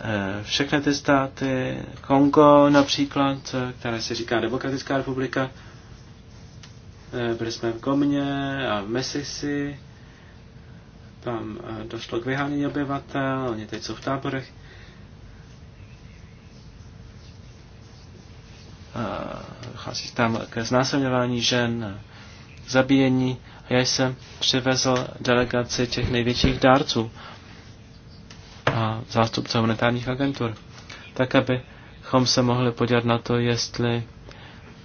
e, všechny ty státy, Kongo například, které se říká Demokratická republika, e, byli jsme v Gomě a v Mesisi, tam došlo k vyhánění obyvatel, oni teď jsou v táborech. chází tam ke znásilňování žen, zabíjení. A já jsem přivezl delegaci těch největších dárců a zástupce humanitárních agentur, tak abychom se mohli podívat na to, jestli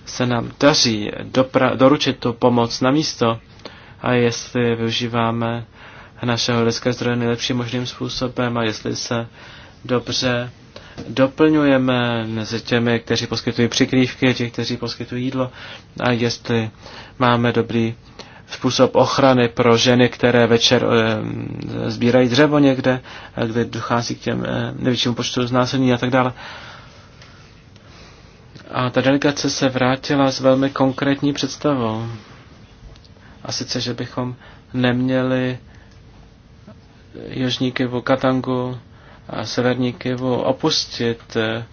se nám daří dopra- doručit tu pomoc na místo a jestli využíváme našeho lidské zdroje nejlepším možným způsobem a jestli se dobře doplňujeme mezi těmi, kteří poskytují přikrývky těch, kteří poskytují jídlo a jestli máme dobrý způsob ochrany pro ženy, které večer e, sbírají dřevo někde, eh, kde dochází k těm e, největšímu počtu znásilnění a tak dále. A ta delegace se vrátila s velmi konkrétní představou. A sice, že bychom neměli jožníky v Katangu, severní Kivu opustit, eh,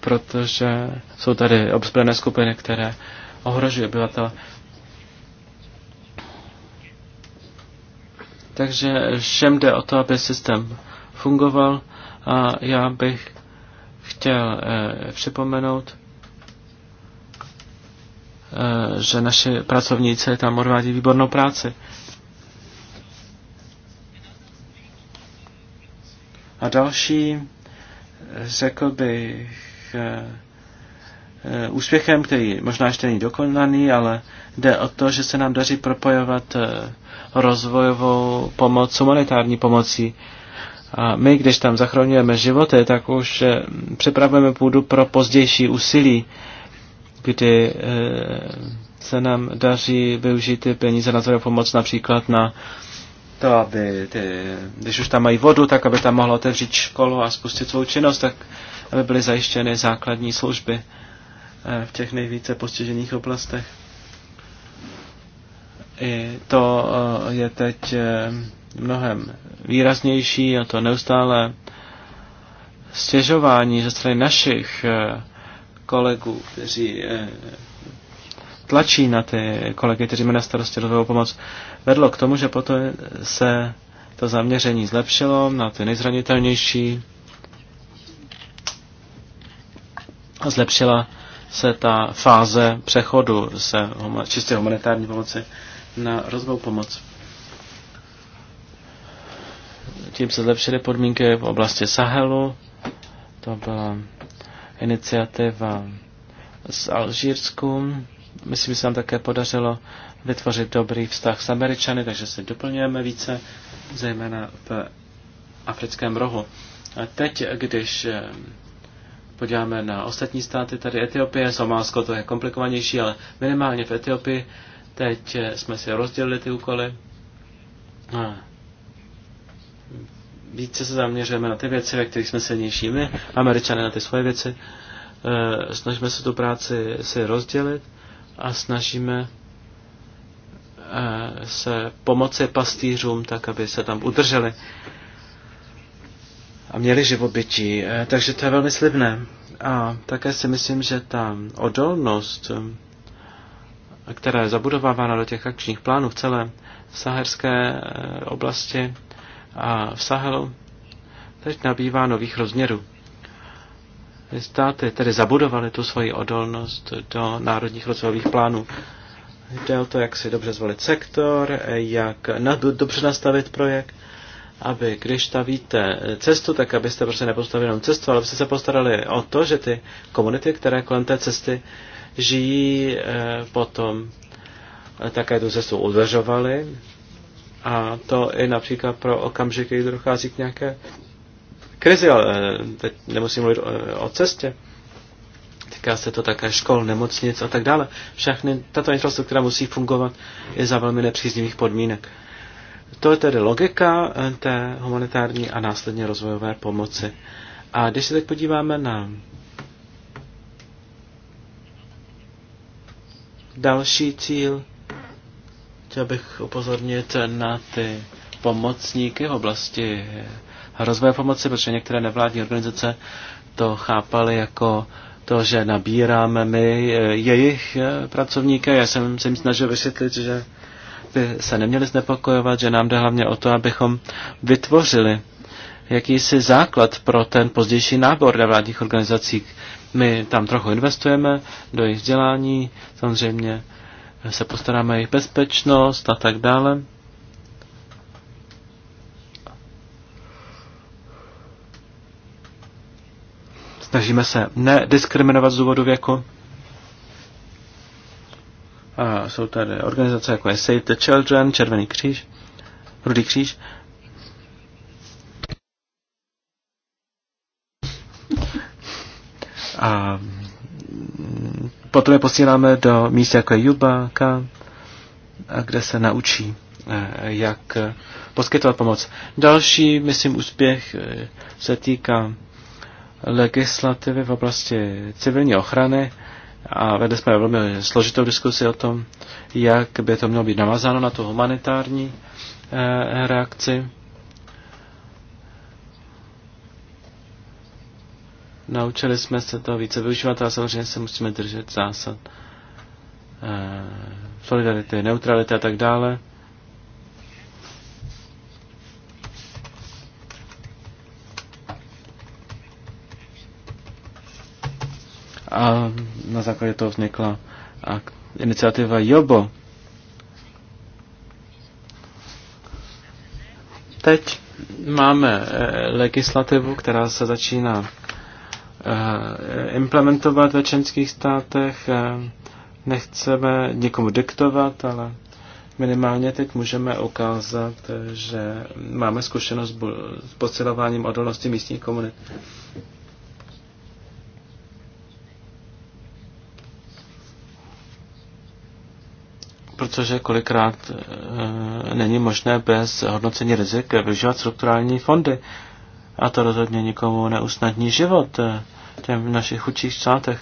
protože jsou tady obzbrojené skupiny, které ohrožují obyvatele. Takže všem jde o to, aby systém fungoval a já bych chtěl eh, připomenout, eh, že naše pracovníci tam odvádí výbornou práci. A další, eh, řekl bych, eh, eh, úspěchem, který možná ještě není dokonaný, ale jde o to, že se nám daří propojovat rozvojovou pomoc s humanitární pomocí. A my, když tam zachraňujeme životy, tak už připravujeme půdu pro pozdější úsilí, kdy se nám daří využít ty peníze na pomoc například na to, aby ty, když už tam mají vodu, tak aby tam mohla otevřít školu a spustit svou činnost, tak aby byly zajištěny základní služby eh, v těch nejvíce postižených oblastech. I to eh, je teď eh, mnohem výraznější a to neustále stěžování ze strany našich kolegů, kteří tlačí na ty kolegy, kteří mají na starosti rozvojovou pomoc, vedlo k tomu, že potom se to zaměření zlepšilo na ty nejzranitelnější. Zlepšila se ta fáze přechodu se čistě humanitární pomoci na rozvoj pomoc. Tím se zlepšily podmínky v oblasti Sahelu. To byla iniciativa s Alžírskou. Myslím, že se nám také podařilo vytvořit dobrý vztah s Američany, takže se doplňujeme více, zejména v africkém rohu. A teď, když eh, podíváme na ostatní státy, tady Etiopie, Somálsko, to je komplikovanější, ale minimálně v Etiopii teď eh, jsme si rozdělili ty úkoly. A více se zaměřujeme na ty věci, ve kterých jsme silnější my, američané na ty svoje věci. Eh, snažíme se tu práci si rozdělit a snažíme Eh, se pomoci pastýřům, tak aby se tam udrželi a měli živobytí. Eh, takže to je velmi slibné. A také si myslím, že ta odolnost, eh, která je zabudovávána do těch akčních plánů v celé saherské oblasti a v Sahelu, teď nabývá nových rozměrů. Státy tedy zabudovaly tu svoji odolnost do národních rozvojových plánů. Jde o to, jak si dobře zvolit sektor, jak na, dobře nastavit projekt, aby když stavíte cestu, tak abyste prostě nepostavili jenom cestu, ale abyste se postarali o to, že ty komunity, které kolem té cesty žijí, eh, potom eh, také tu cestu udržovali. A to i například pro okamžiky, kdy dochází k nějaké krizi, ale eh, teď nemusím mluvit o cestě. Týká se to také škol, nemocnic a tak dále. Všechny tato infrastruktura musí fungovat i za velmi nepříznivých podmínek. To je tedy logika eh, té humanitární a následně rozvojové pomoci. A když se tak podíváme na další cíl, chtěl bych upozornit na ty pomocníky v oblasti rozvoje pomoci, protože některé nevládní organizace to chápaly jako to, že nabíráme my eh, jejich eh, pracovníky. Já jsem se jim snažil vysvětlit, že by se neměli znepokojovat, že nám jde hlavně o to, abychom vytvořili jakýsi základ pro ten pozdější nábor nevládních organizací. My tam trochu investujeme do jejich vzdělání, samozřejmě se postaráme o jejich bezpečnost a tak dále. Snažíme se nediskriminovat z důvodu věku. A jsou tady organizace jako je Save the Children, Červený kříž, Rudý kříž. A potom je posíláme do míst jako je Juba, kde se naučí, eh, jak poskytovat pomoc. Další, myslím, úspěch eh, se týká legislativy v oblasti civilní ochrany a vedli jsme velmi složitou diskusi o tom, jak by to mělo být navazáno na tu humanitární eh, reakci. Naučili jsme se to více využívat a samozřejmě se musíme držet zásad eh, solidarity, neutrality a tak dále. a na základě toho vznikla iniciativa JOBO. Teď máme eh, legislativu, která se začíná eh, implementovat ve členských státech. Eh, nechceme nikomu diktovat, ale minimálně teď můžeme ukázat, že máme zkušenost s posilováním odolnosti místních komunit. protože kolikrát e, není možné bez hodnocení rizik využívat strukturální fondy. A to rozhodně nikomu neusnadní život e, těm v našich chudších státech.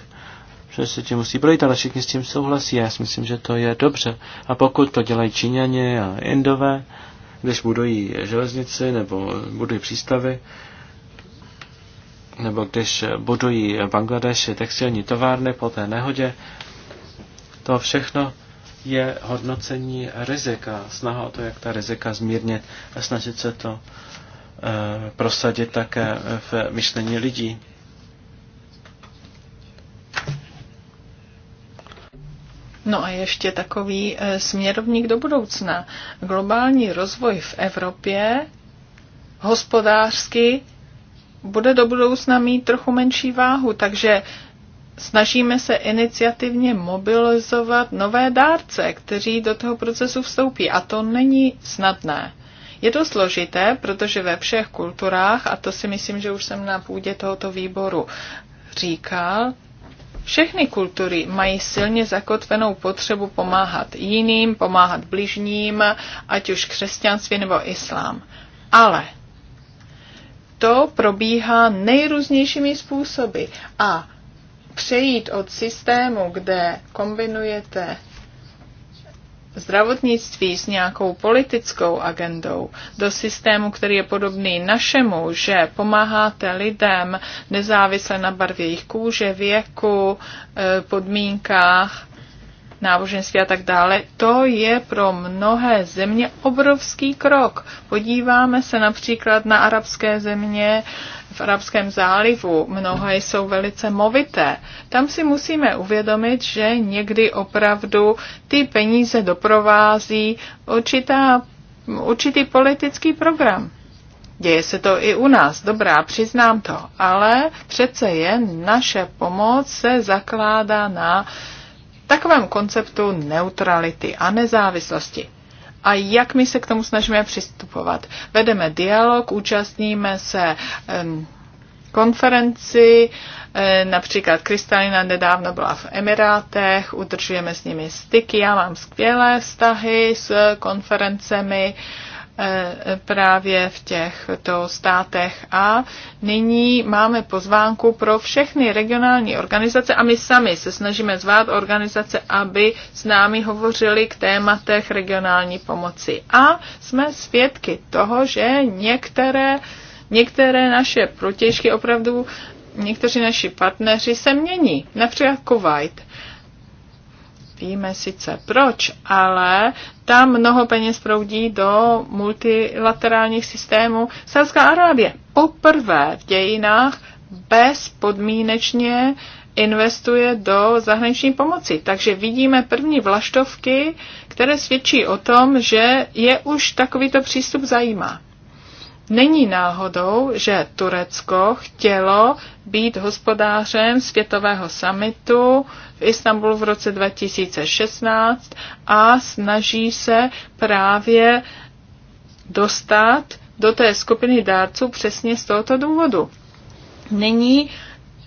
Že se tím musí projít, ale všichni s tím souhlasí. Já si myslím, že to je dobře. A pokud to dělají Číňani a Indové, když budují železnici nebo budují přístavy, nebo když budují Bangladeši textilní továrny po té nehodě, to všechno je hodnocení rizika, snaha o to, jak ta rizika zmírnit a snažit se to e, prosadit také v myšlení lidí. No a ještě takový e, směrovník do budoucna. Globální rozvoj v Evropě hospodářsky bude do budoucna mít trochu menší váhu, takže Snažíme se iniciativně mobilizovat nové dárce, kteří do toho procesu vstoupí. A to není snadné. Je to složité, protože ve všech kulturách, a to si myslím, že už jsem na půdě tohoto výboru říkal, všechny kultury mají silně zakotvenou potřebu pomáhat jiným, pomáhat bližním, ať už křesťanství nebo islám. Ale to probíhá nejrůznějšími způsoby a přejít od systému, kde kombinujete zdravotnictví s nějakou politickou agendou do systému, který je podobný našemu, že pomáháte lidem nezávisle na barvě jejich kůže, věku, eh, podmínkách, náboženství a tak dále, to je pro mnohé země obrovský krok. Podíváme se například na arabské země, v Arabském zálivu, mnohé jsou velice movité. Tam si musíme uvědomit, že někdy opravdu ty peníze doprovází určitá, určitý politický program. Děje se to i u nás, dobrá, přiznám to, ale přece jen naše pomoc se zakládá na takovém konceptu neutrality a nezávislosti a jak my se k tomu snažíme přistupovat. Vedeme dialog, účastníme se konferenci, například Kristalina nedávno byla v Emirátech, udržujeme s nimi styky, já mám skvělé vztahy s konferencemi, E, právě v těchto státech. A nyní máme pozvánku pro všechny regionální organizace a my sami se snažíme zvát organizace, aby s námi hovořili k tématech regionální pomoci. A jsme svědky toho, že některé, některé naše protěžky opravdu Někteří naši partneři se mění, například Kuwait víme sice proč, ale tam mnoho peněz proudí do multilaterálních systémů. Saudská Arábie poprvé v dějinách bezpodmínečně investuje do zahraniční pomoci. Takže vidíme první vlaštovky, které svědčí o tom, že je už takovýto přístup zajímá. Není náhodou, že Turecko chtělo být hospodářem světového samitu v Istanbulu v roce 2016 a snaží se právě dostat do té skupiny dárců přesně z tohoto důvodu. Nyní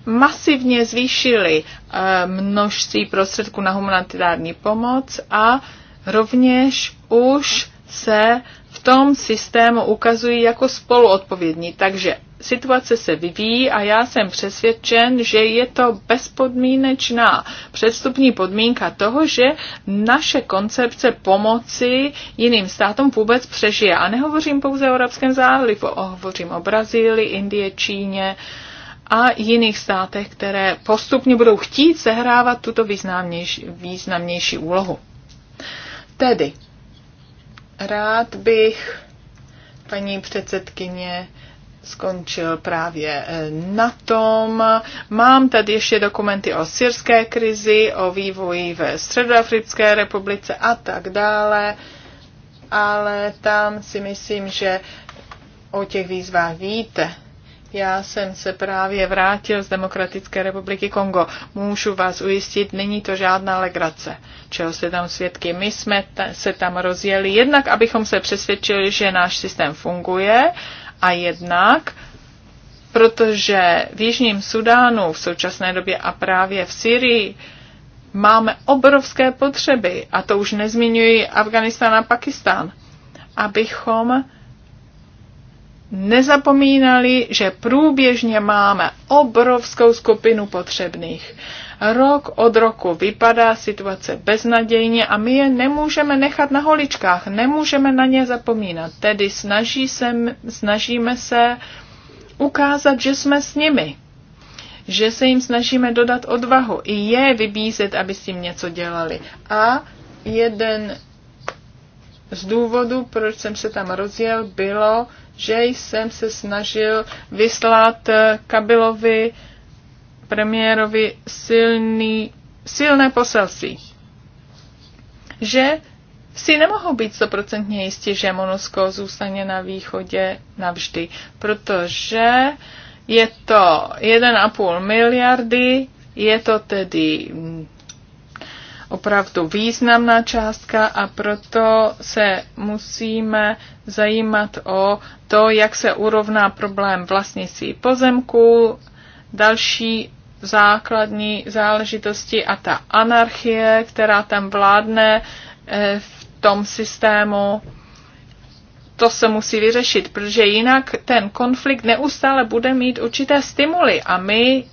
masivně zvýšili eh, množství prostředků na humanitární pomoc a rovněž už se v tom systému ukazují jako spoluodpovědní. Takže situace se vyvíjí a já jsem přesvědčen, že je to bezpodmínečná předstupní podmínka toho, že naše koncepce pomoci jiným státům vůbec přežije. A nehovořím pouze o Arabském zálivu, hovořím o Brazílii, Indie, Číně a jiných státech, které postupně budou chtít sehrávat tuto významnější, významnější úlohu. Tedy, rád bych, paní předsedkyně, skončil právě eh, na tom. Mám tady ještě dokumenty o syrské krizi, o vývoji ve Středoafrické republice a tak dále, ale tam si myslím, že o těch výzvách víte. Já jsem se právě vrátil z Demokratické republiky Kongo. Můžu vás ujistit, není to žádná legrace, čeho se tam svědky. My jsme se tam rozjeli jednak, abychom se přesvědčili, že náš systém funguje, a jednak protože v Jižním Sudánu v současné době a právě v Syrii máme obrovské potřeby, a to už nezmiňuji Afganistán a Pakistán, abychom nezapomínali, že průběžně máme obrovskou skupinu potřebných. Rok od roku vypadá situace beznadějně a my je nemůžeme nechat na holičkách, nemůžeme na ně zapomínat. Tedy snaží se, snažíme se ukázat, že jsme s nimi, že se jim snažíme dodat odvahu i je vybízet, aby s tím něco dělali. A jeden z důvodů, proč jsem se tam rozjel, bylo, že jsem se snažil vyslat Kabilovi premiérovi silný, silné poselství, že si nemohou být stoprocentně jistí, že Monusko zůstane na východě navždy, protože je to 1,5 miliardy, je to tedy mm, opravdu významná částka a proto se musíme zajímat o to, jak se urovná problém vlastnictví pozemků, další základní záležitosti a ta anarchie, která tam vládne eh, v tom systému, to se musí vyřešit, protože jinak ten konflikt neustále bude mít určité stimuly a my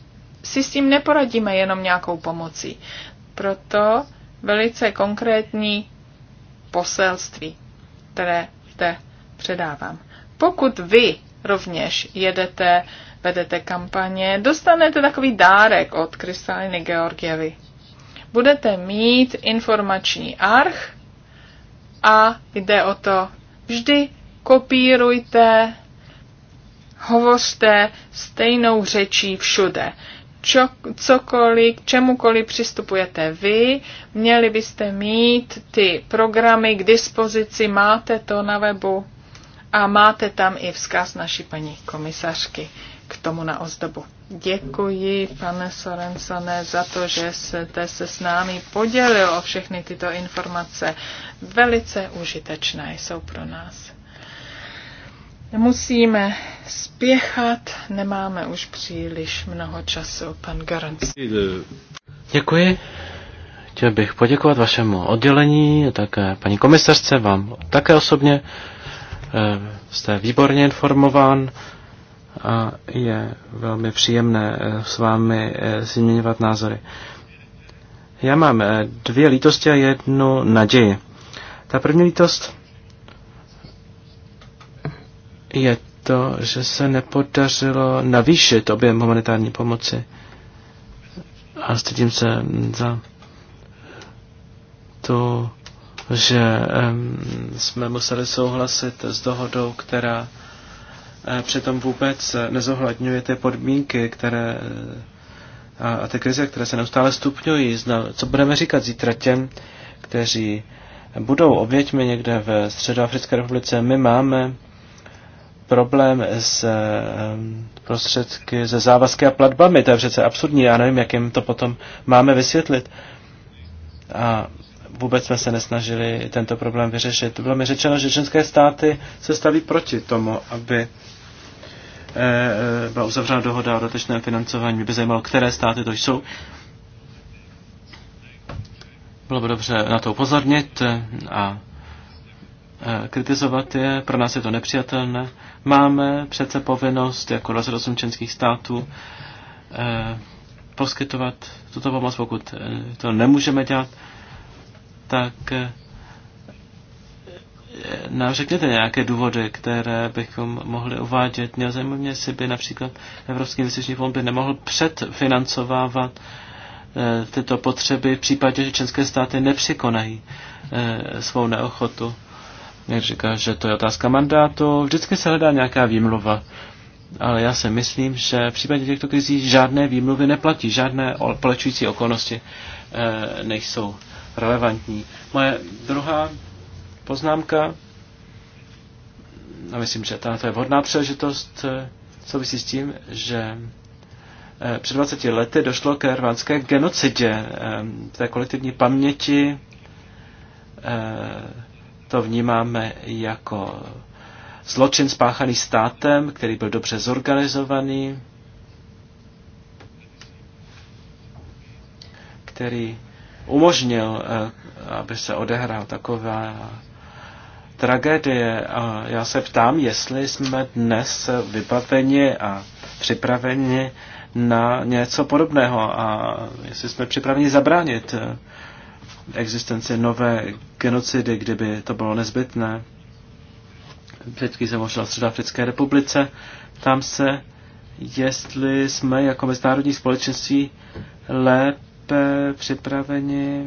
si s tím neporadíme jenom nějakou pomocí. Proto velice konkrétní poselství, které zde předávám. Pokud vy rovněž jedete uh, vedete kampaně, dostanete takový dárek od Kristaliny Georgievy. Budete mít informační arch a jde o to, vždy kopírujte, hovořte stejnou řečí všude. Čo, cokoliv, k čemukoliv přistupujete vy, měli byste mít ty programy k dispozici, máte to na webu a máte tam i vzkaz naší paní komisařky k tomu na ozdobu. Děkuji, pane Sorensone, za to, že jste se s námi podělil o všechny tyto informace. Velice užitečné jsou pro nás. Musíme spěchat, nemáme už příliš mnoho času, pan Garanc. Děkuji. Chtěl bych poděkovat vašemu oddělení, a také paní komisařce, vám také osobně. Eh, jste výborně informován a je velmi příjemné eh, s vámi eh, změňovat názory. Já mám eh, dvě lítosti a jednu naději. Ta první lítost je to, že se nepodařilo navýšit objem humanitární pomoci. A stydím se za to, že um, jsme museli souhlasit s dohodou, která přitom vůbec nezohledňujete podmínky, které a, a ty krize, které se neustále stupňují. Zna, co budeme říkat zítra těm, kteří budou oběťmi někde ve Středoafrické republice? My máme problém s prostředky, se závazky a platbami. To je přece absurdní. Já nevím, jak jim to potom máme vysvětlit. A vůbec jsme se nesnažili tento problém vyřešit. Bylo mi řečeno, že členské státy se staví proti tomu, aby E, e, byla uzavřena dohoda o dotečném financování. Mě by zajímalo, které státy to jsou. Bylo by dobře na to upozornit a e, kritizovat je. Pro nás je to nepřijatelné. Máme přece povinnost jako 28 členských států poskytovat tuto pomoc, pokud to nemůžeme dělat, tak nám no, řekněte nějaké důvody, které bychom mohli uvádět. Měl zajímavě, mě, jestli by například Evropský investiční fond by nemohl předfinancovávat eh, tyto potřeby v případě, že české státy nepřekonají eh, svou neochotu. Jak říká, že to je otázka mandátu, vždycky se hledá nějaká výmluva. Ale já si myslím, že v případě těchto krizí žádné výmluvy neplatí, žádné polečující okolnosti eh, nejsou relevantní. Moje druhá poznámka. A myslím, že tato je vhodná příležitost eh, souvisí s tím, že eh, před 20 lety došlo k rvánské genocidě eh, té kolektivní paměti. To vnímáme jako zločin spáchaný státem, který byl dobře zorganizovaný, který umožnil, aby se odehrál taková tragédie a já se ptám, jestli jsme dnes vybaveni a připraveni na něco podobného a jestli jsme připraveni zabránit existenci nové genocidy, kdyby to bylo nezbytné. Vždycky jsem možná v Středoafrické republice. Tam se, jestli jsme jako mezinárodní společenství lépe připraveni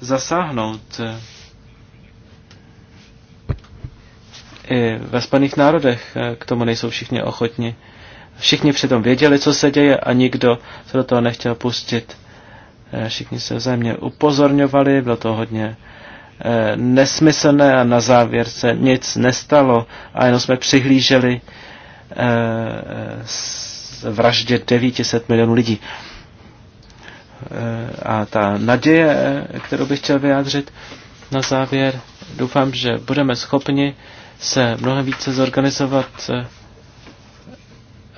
zasáhnout I ve Spojených národech eh, k tomu nejsou všichni ochotni. Všichni přitom věděli, co se děje a nikdo se do toho nechtěl pustit. Eh, všichni se vzájemně upozorňovali, bylo to hodně eh, nesmyslné a na závěr se nic nestalo a jenom jsme přihlíželi vraždě 900 milionů lidí. A ta naděje, kterou bych chtěl vyjádřit na závěr, doufám, že budeme schopni se mnohem více zorganizovat eh,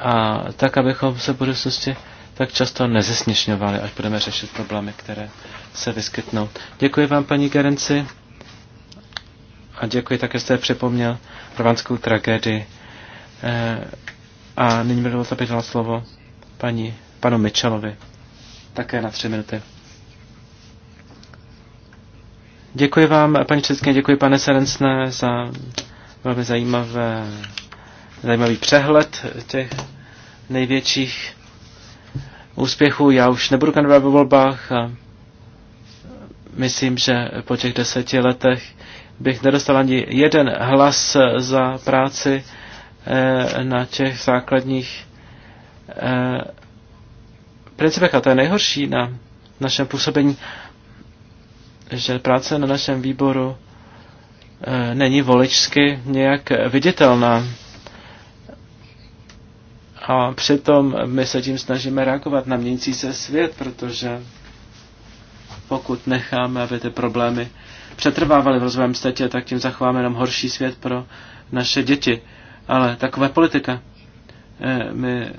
a tak, abychom se v budoucnosti tak často nezesněšňovali, až budeme řešit problémy, které se vyskytnou. Děkuji vám, paní Gerenci, a děkuji také, že jste připomněl rovanskou tragédii. E, a nyní mi dovolte, abych dala slovo paní, panu Mičelovi, také na tři minuty. Děkuji vám, paní předsedkyně, děkuji pane Serencné, za velmi zajímavé, zajímavý přehled těch největších úspěchů. Já už nebudu kandidovat ve volbách a myslím, že po těch deseti letech bych nedostal ani jeden hlas za práci eh, na těch základních eh, principech. A to je nejhorší na našem působení, že práce na našem výboru Eh, není voličsky nějak viditelná. A přitom my se tím snažíme reagovat na měnící se svět, protože pokud necháme, aby ty problémy přetrvávaly v rozvojem státě, tak tím zachováme jenom horší svět pro naše děti. Ale taková politika. Eh, my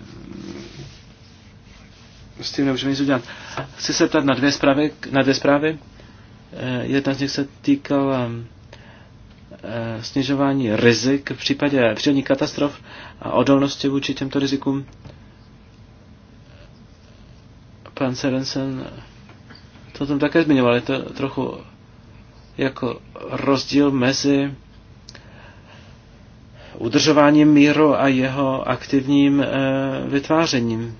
s tím nemůžeme nic udělat. Chci se ptat na dvě zprávy. Na dvě zprávy. Eh, jedna z nich se týkala Eh, snižování rizik v případě přírodních katastrof a odolnosti vůči těmto rizikům. Pan Serensen to tam také zmiňoval. Je to trochu jako rozdíl mezi udržováním míru a jeho aktivním eh, vytvářením.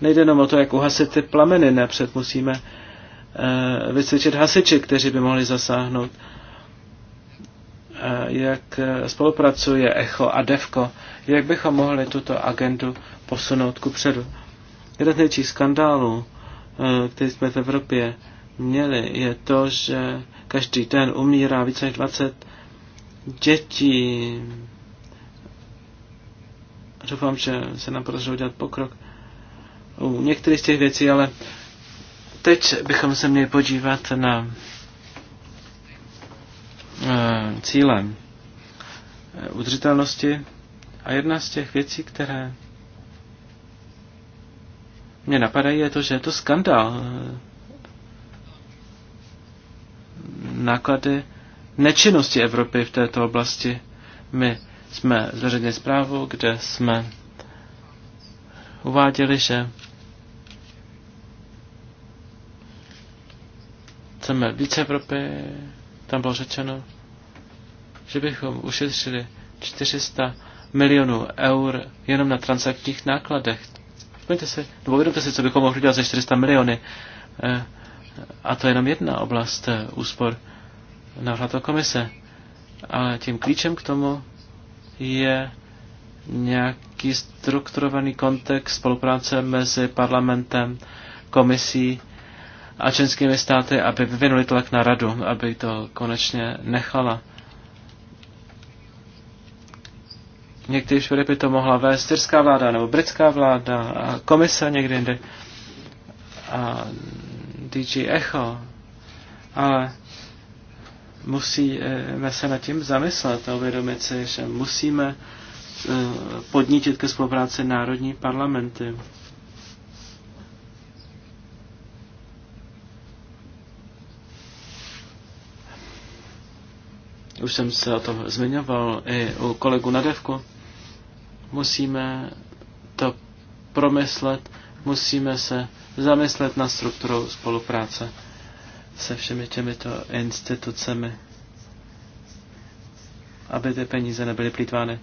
Nejde jenom o to, jak uhasit ty plameny, napřed musíme Eh, vycvičit hasiči, kteří by mohli zasáhnout. Eh, jak eh, spolupracuje ECHO a DEVKO, jak bychom mohli tuto agendu posunout ku předu. Jeden z největších skandálů, který jsme v Evropě měli, je to, že každý den umírá více než 20 dětí. Doufám, že se nám podařilo dělat pokrok u některých z těch věcí, ale Teď bychom se měli podívat na eh, cíle eh, udržitelnosti a jedna z těch věcí, které mě napadají, je to, že je to skandál. Náklady nečinnosti Evropy v této oblasti. My jsme zveřejnili zprávu, kde jsme uváděli, že Chceme více Evropy, tam bylo řečeno, že bychom ušetřili 400 milionů eur jenom na transakčních nákladech. Vzpomeňte si, nebo vědomte si, co bychom mohli dělat ze 400 miliony. Eh, a to je jenom jedna oblast eh, úspor na hlato komise. Ale tím klíčem k tomu je nějaký strukturovaný kontext spolupráce mezi parlamentem, komisí a členskými státy, aby vyvinuli tlak na radu, aby to konečně nechala. Někdy už by to mohla vést syrská vláda nebo britská vláda a komise někdy jinde a DG Echo, ale musíme eh, se nad tím zamyslet a uvědomit si, že musíme eh, podnítit ke spolupráci národní parlamenty. už jsem se o tom zmiňoval i u kolegu na devku, musíme to promyslet, musíme se zamyslet na strukturu spolupráce se všemi těmito institucemi, aby ty peníze nebyly plítvány.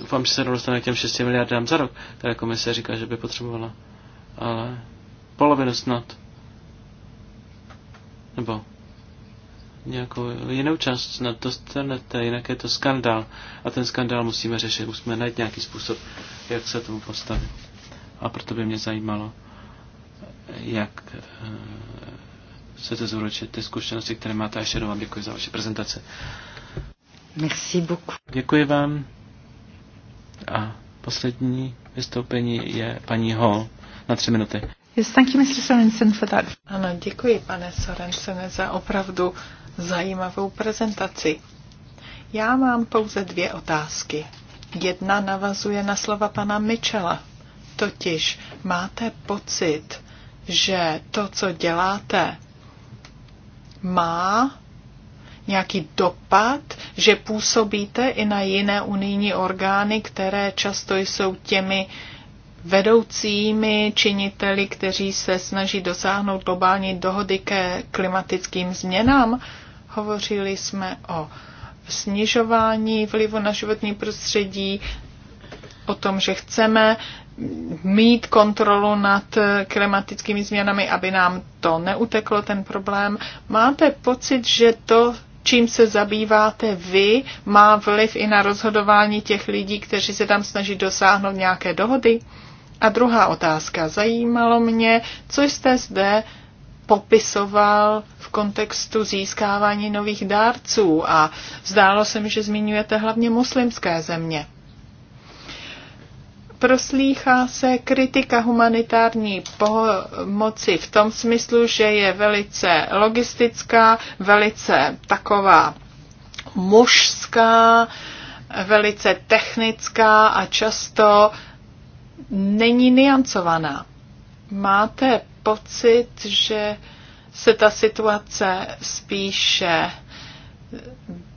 Doufám, že se dostane k těm 6 miliardám za rok, které komise říká, že by potřebovala. Ale polovinu snad nebo nějakou jinou část na dostanete, jinak je to skandál. A ten skandál musíme řešit, musíme najít nějaký způsob, jak se tomu postavit. A proto by mě zajímalo, jak se eh, to zúročit ty zkušenosti, které máte. A ještě jednou vám děkuji za vaši prezentace. Merci beaucoup. Děkuji vám. A poslední vystoupení je paní Ho na tři minuty. Yes, thank you, Mr. Sorensen, for that. Ano, děkuji, pane Sorensene, za opravdu zajímavou prezentaci. Já mám pouze dvě otázky. Jedna navazuje na slova pana Michela. Totiž máte pocit, že to, co děláte, má nějaký dopad, že působíte i na jiné unijní orgány, které často jsou těmi uh, vedoucími činiteli, kteří se snaží dosáhnout globální dohody ke klimatickým změnám. Hovořili jsme o snižování vlivu na životní prostředí, o tom, že chceme mít kontrolu nad klimatickými změnami, aby nám to neuteklo, ten problém. Máte pocit, že to, čím se zabýváte vy, má vliv i na rozhodování těch lidí, kteří se tam snaží dosáhnout nějaké dohody? A druhá otázka. Zajímalo mě, co jste zde popisoval v kontextu získávání nových dárců a zdálo se mi, že zmiňujete hlavně muslimské země. Proslýchá se kritika humanitární pomoci v tom smyslu, že je velice logistická, velice taková mužská, velice technická a často uh, není niancovaná. Máte pocit, že se ta situace spíše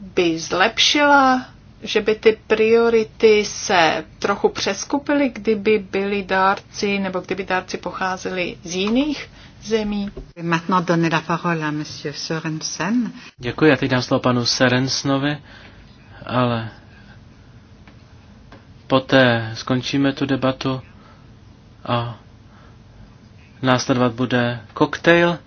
by zlepšila, že by ty priority se trochu přeskupily, kdyby byli dárci nebo kdyby dárci pocházeli z jiných zemí. Děkuji, já teď dám slovo panu Serensnovi, ale Poté skončíme tu debatu a následovat bude koktejl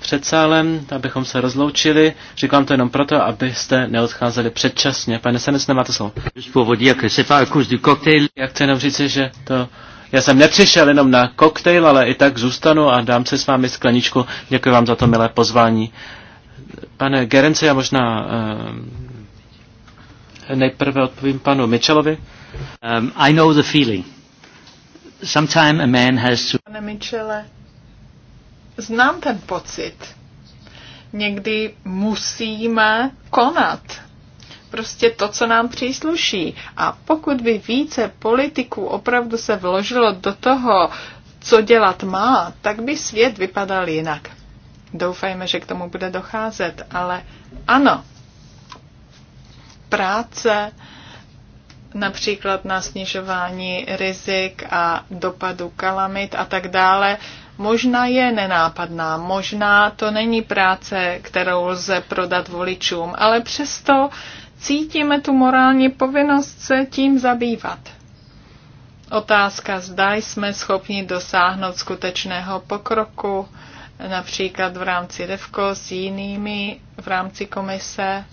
před sálem, abychom se rozloučili. Říkám to jenom proto, abyste neodcházeli předčasně. Pane Senes, nemáte slovo. Já chci jenom říct, že to... Já jsem nepřišel jenom na koktejl, ale i tak zůstanu a dám se s vámi skleničku. Děkuji vám za to milé pozvání. Pane Gerence, já možná eh, nejprve odpovím panu Michelovi. Um, I know the feeling. Sometime a man has to... Pane Michele, znám ten pocit. Někdy musíme konat. Prostě to, co nám přísluší. A pokud by více politiků opravdu se vložilo do toho, co dělat má, tak by svět vypadal jinak. Doufejme, že k tomu bude docházet, ale ano, práce, například na snižování rizik a dopadu kalamit a tak dále, možná je nenápadná, možná to není práce, kterou lze prodat voličům, ale přesto cítíme tu morální povinnost se tím zabývat. Otázka, zda jsme schopni dosáhnout skutečného pokroku, například v rámci DEVKO s jinými v rámci komise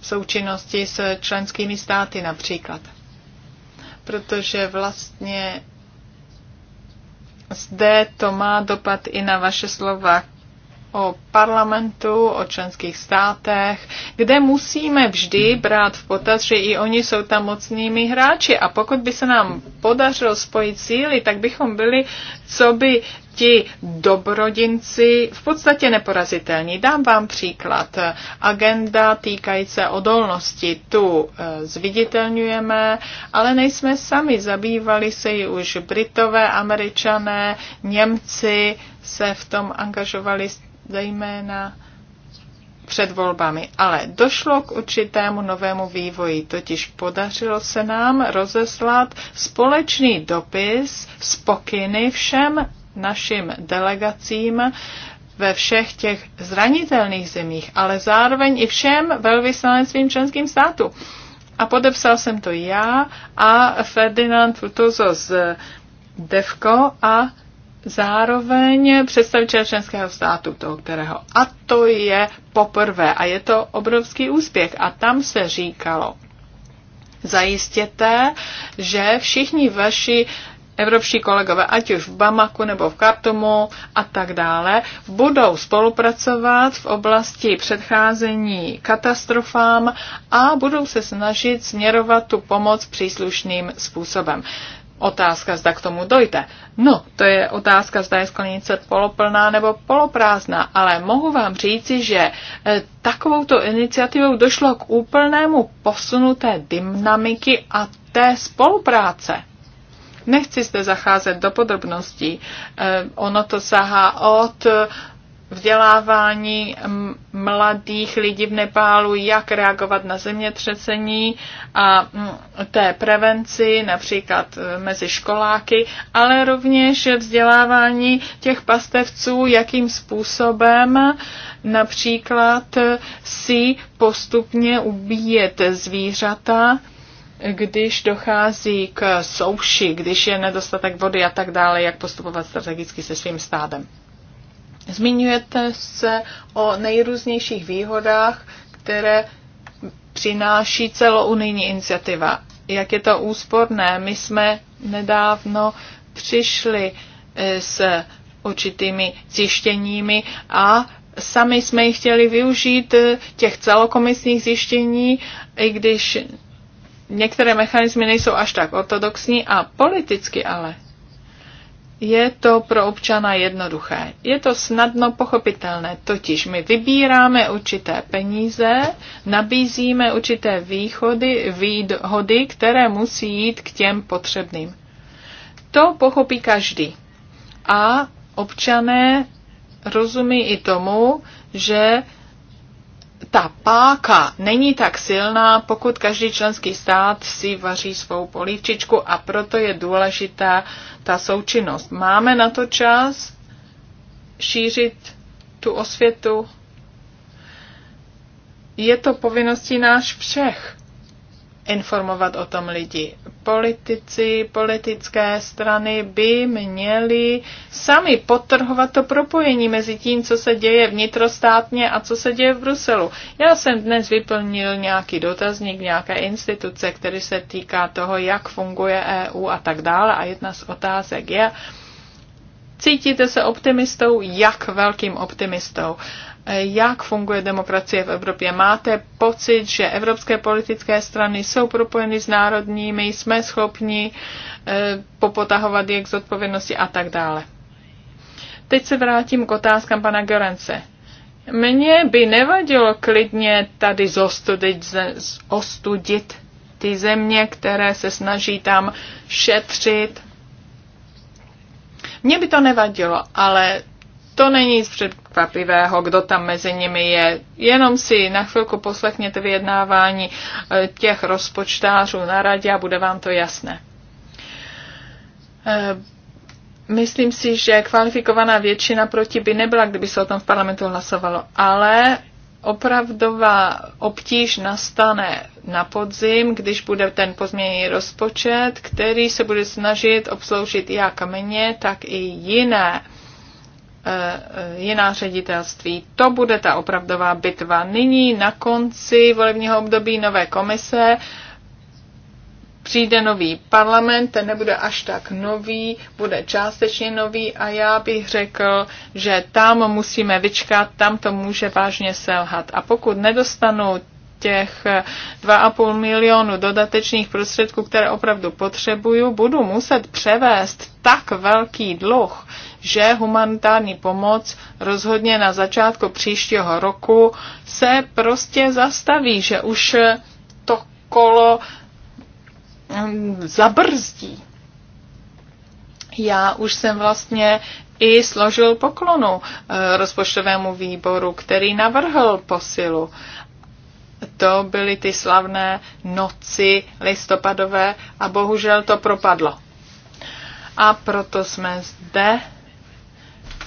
v součinnosti s členskými státy například protože vlastně zde to má dopad i na vaše slova o parlamentu, o členských státech, kde musíme vždy brát v potaz, že i oni jsou tam mocnými hráči. A pokud by se nám podařilo spojit síly, tak bychom byli co by ti dobrodinci v podstatě neporazitelní. Dám vám příklad. Agenda týkající odolnosti tu e, zviditelňujeme, ale nejsme sami. Zabývali se ji už Britové, Američané, Němci se v tom angažovali zejména před volbami. Ale došlo k určitému novému vývoji, totiž podařilo se nám rozeslat společný dopis s pokyny všem našim delegacím ve všech těch zranitelných zemích, ale zároveň i všem velvyslanectvím členským státu. A podepsal jsem to já a Ferdinand Futozo z DEVKO a zároveň představitel členského státu, toho kterého. A to je poprvé a je to obrovský úspěch. A tam se říkalo, zajistěte, že všichni vaši evropští kolegové, ať už v Bamaku nebo v Kartumu a tak dále, budou spolupracovat v oblasti předcházení katastrofám a budou se snažit směrovat tu pomoc příslušným způsobem. Otázka, zda k tomu dojde. No, to je otázka, zda je sklenice poloplná nebo poloprázdná, ale mohu vám říci, že eh, takovouto iniciativou došlo k úplnému posunu té dynamiky a té spolupráce Nechci zde zacházet do podrobností. Eh, ono to sahá od eh, vzdělávání mladých lidí v Nepálu, jak reagovat na zemětřesení a mm, té prevenci, například eh, mezi školáky, ale rovněž vzdělávání těch pastevců, jakým způsobem například si postupně ubíjet zvířata, když dochází k souši, když je nedostatek vody a tak dále, jak postupovat strategicky se svým stádem. Zmiňujete se o nejrůznějších výhodách, které přináší celounijní iniciativa. Jak je to úsporné? My jsme nedávno přišli eh, s určitými zjištěními a sami jsme ji chtěli využít eh, těch celokomisních zjištění, i když některé mechanismy nejsou až tak ortodoxní a politicky ale je to pro občana jednoduché. Je to snadno pochopitelné, totiž my vybíráme určité peníze, nabízíme určité východy, výhody, které musí jít k těm potřebným. To pochopí každý. A občané rozumí i tomu, že ta páka není tak silná, pokud každý členský stát si vaří svou polívčičku a proto je důležitá ta součinnost. Máme na to čas šířit tu osvětu. Je to povinností náš všech informovat o tom lidi politici, politické strany by měli sami potrhovat to propojení mezi tím, co se děje vnitrostátně a co se děje v Bruselu. Já jsem dnes vyplnil nějaký dotazník nějaké instituce, který se týká toho, jak funguje EU a tak dále. A jedna z otázek je, cítíte se optimistou, jak velkým optimistou. Uh, jak funguje demokracie v Evropě. Máte pocit, že evropské politické strany jsou propojeny s národními, jsme schopni eh, popotahovat je k zodpovědnosti a tak dále. Teď se vrátím k otázkám pana Gorence. Mně by nevadilo klidně tady zostudit, zostudit ty země, které se snaží tam šetřit. Mně by to nevadilo, ale to není nic překvapivého, kdo tam mezi nimi je. Jenom si na chvilku poslechněte vyjednávání eh, těch rozpočtářů na radě a bude vám to jasné. Eh, myslím si, že kvalifikovaná většina proti by nebyla, kdyby se o tom v parlamentu hlasovalo, ale opravdová obtíž nastane na podzim, když bude ten pozměněný rozpočet, který se bude snažit obsloužit jak mě, tak i jiné Eh, eh, jiná ředitelství. To bude ta opravdová bitva. Nyní na konci volebního období nové komise přijde nový parlament, ten nebude až tak nový, bude částečně nový a já bych řekl, že tam musíme vyčkat, tam to může vážně selhat. A pokud nedostanu těch 2,5 milionu dodatečných prostředků, které opravdu potřebuju, budu muset převést tak velký dluh, že humanitární pomoc rozhodně na začátku příštího roku se prostě zastaví, že už to kolo mm, zabrzdí. Já už jsem vlastně i složil poklonu eh, rozpočtovému výboru, který navrhl posilu. To byly ty slavné noci listopadové a bohužel to propadlo. A proto jsme zde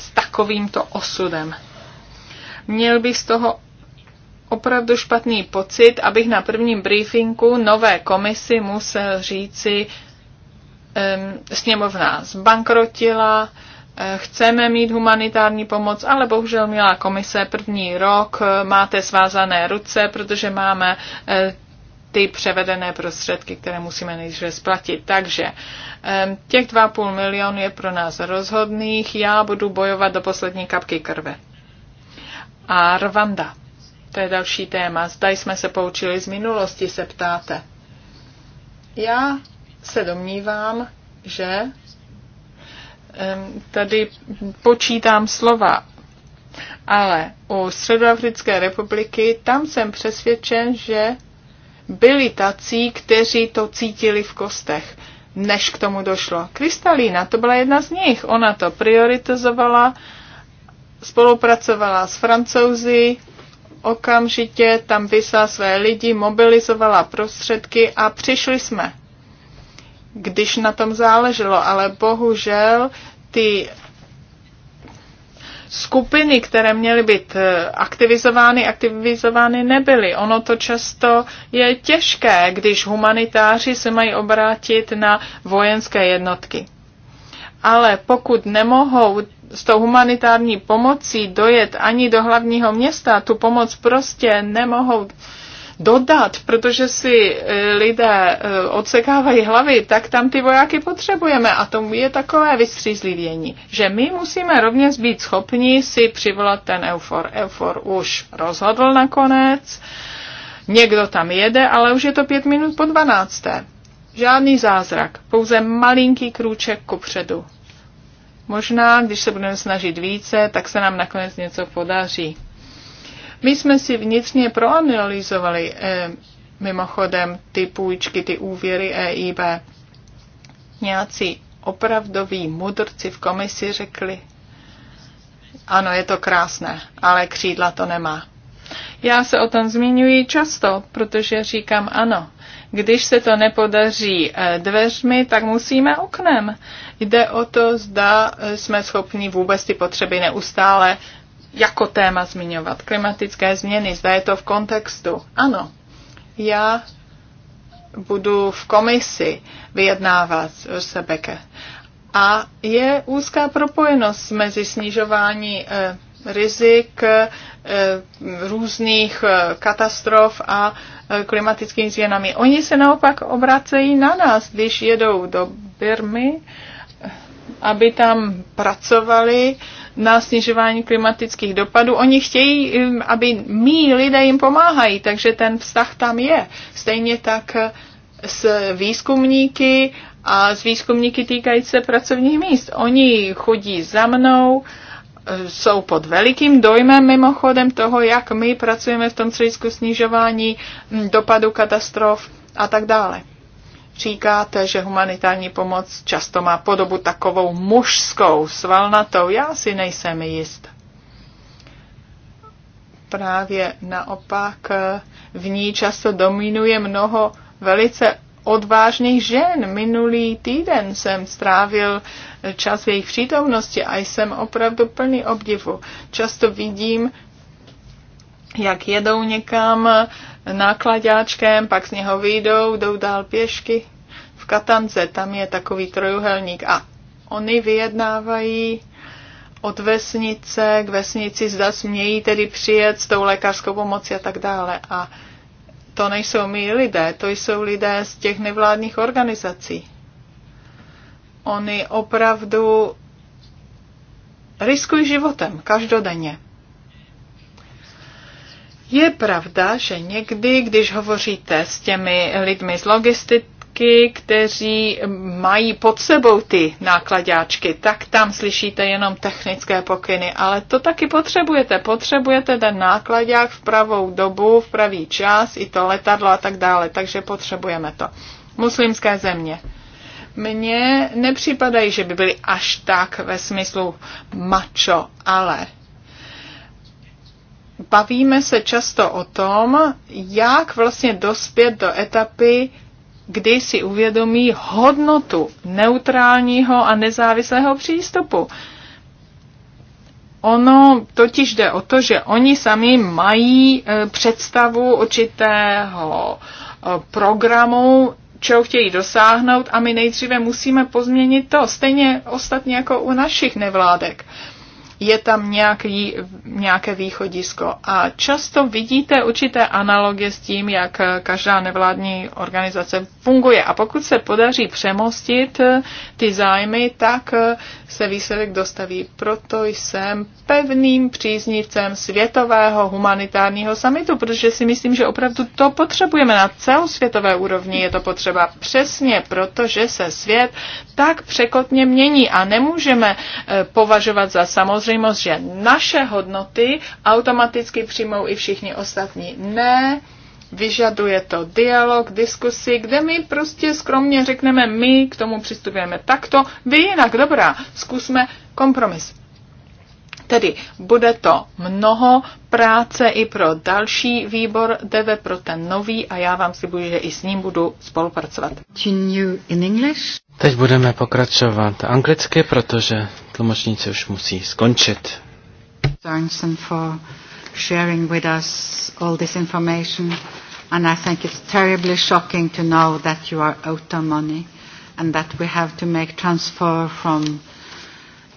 s takovýmto osudem. Měl bych z toho opravdu špatný pocit, abych na prvním briefingu nové komisi musel říci, um, sněmovna zbankrotila, eh, chceme mít humanitární pomoc, ale bohužel, milá komise, první rok eh, máte svázané ruce, protože máme eh, ty převedené prostředky, které musíme nejdříve splatit. Takže těch 2,5 milionu je pro nás rozhodných. Já budu bojovat do poslední kapky krve. A Rwanda. To je další téma. Zda jsme se poučili z minulosti, se ptáte. Já se domnívám, že tady počítám slova, ale u Středoafrické republiky tam jsem přesvědčen, že byli tací, kteří to cítili v kostech, než k tomu došlo. Kristalína, to byla jedna z nich, ona to prioritizovala, spolupracovala s francouzi, okamžitě tam vysla své lidi, mobilizovala prostředky a přišli jsme. Když na tom záleželo, ale bohužel ty skupiny, které měly být eh, aktivizovány, aktivizovány nebyly. Ono to často je těžké, když humanitáři se mají obrátit na vojenské jednotky. Ale pokud nemohou s tou humanitární pomocí dojet ani do hlavního města, tu pomoc prostě nemohou dodat, protože si e, lidé e, odsekávají hlavy, tak tam ty vojáky potřebujeme a to je takové vystřízlivění, že my musíme rovněž být schopni si přivolat ten eufor. Eufor už rozhodl nakonec, někdo tam jede, ale už je to pět minut po dvanácté. Žádný zázrak, pouze malinký krůček předu. Možná, když se budeme snažit více, tak se nám nakonec něco podaří. My jsme si vnitřně proanalyzovali eh, mimochodem ty půjčky, ty úvěry EIB. Nějací opravdoví mudrci v komisi řekli, ano, je to krásné, ale křídla to nemá. Já se o tom zmiňuji často, protože říkám ano. Když se to nepodaří eh, dveřmi, tak musíme oknem. Jde o to, zda eh, jsme schopni vůbec ty potřeby neustále jako téma zmiňovat. Klimatické změny, zda je to v kontextu. Ano, já budu v komisi vyjednávat s Sebeke. A je úzká propojenost mezi snižování eh, rizik eh, různých eh, katastrof a eh, klimatickými změnami. Oni se naopak obracejí na nás, když jedou do Birmy, eh, aby tam pracovali eh, na snižování klimatických dopadů. Oni chtějí, um, aby mý lidé jim pomáhají, takže ten vztah tam je. Stejně tak eh, s výzkumníky a s výzkumníky týkající se pracovních míst. Oni chodí za mnou, eh, jsou pod velikým dojmem mimochodem toho, jak my pracujeme v tom středisku snižování hm, dopadu katastrof a tak dále. Říkáte, že humanitární pomoc často má podobu takovou mužskou, svalnatou. Já si nejsem jist. Právě naopak v ní často dominuje mnoho velice odvážných žen. Minulý týden jsem strávil čas v jejich přítomnosti a jsem opravdu plný obdivu. Často vidím, jak jedou někam nákladáčkem, pak z něho vyjdou, jdou dál pěšky. Katance, tam je takový trojuhelník a oni vyjednávají od vesnice k vesnici, zda smějí tedy přijet s tou lékařskou pomocí a tak dále. A to nejsou my lidé, to jsou lidé z těch nevládních organizací. Oni opravdu riskují životem každodenně. Je pravda, že někdy, když hovoříte s těmi lidmi z logistiky, kolegy, kteří mají pod sebou ty nákladáčky, tak tam slyšíte jenom technické pokyny, ale to taky potřebujete. Potřebujete ten nákladák v pravou dobu, v pravý čas, i to letadlo a tak dále, takže potřebujeme to. Muslimské země. Mně nepřipadají, že by byly až tak ve smyslu mačo, ale bavíme se často o tom, jak vlastně dospět do etapy kdy si uvědomí hodnotu neutrálního a nezávislého přístupu. Ono totiž jde o to, že oni sami mají e, představu určitého e, programu, čeho chtějí dosáhnout a my nejdříve musíme pozměnit to, stejně ostatně jako u našich nevládek je tam nějaký, nějaké východisko. A často vidíte určité analogie s tím, jak každá nevládní organizace funguje. A pokud se podaří přemostit ty zájmy, tak se výsledek dostaví. Proto jsem pevným příznivcem světového humanitárního samitu, protože si myslím, že opravdu to potřebujeme na celosvětové úrovni. Je to potřeba přesně, protože se svět tak překotně mění a nemůžeme e, považovat za samozřejmost, že naše hodnoty automaticky přijmou i všichni ostatní. Ne, Vyžaduje to dialog, diskusi, kde my prostě skromně řekneme, my k tomu přistupujeme takto, vy jinak, dobrá, zkusme kompromis. Tedy bude to mnoho práce i pro další výbor DV pro ten nový a já vám slibuji, že i s ním budu spolupracovat. In English. Teď budeme pokračovat anglicky, protože tlumočníci už musí skončit. Thanks for sharing with us all this information. And I think it's terribly shocking to know that you are out of money and that we have to make transfer from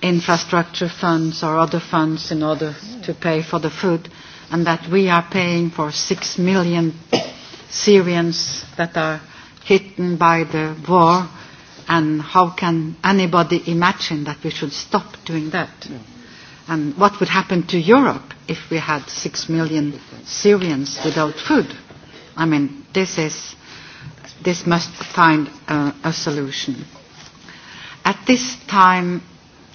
infrastructure funds or other funds in order to pay for the food and that we are paying for six million Syrians that are hit by the war and how can anybody imagine that we should stop doing that? Yeah. And what would happen to Europe if we had six million Syrians without food? I mean, this, is, this must find a, a solution. At this time,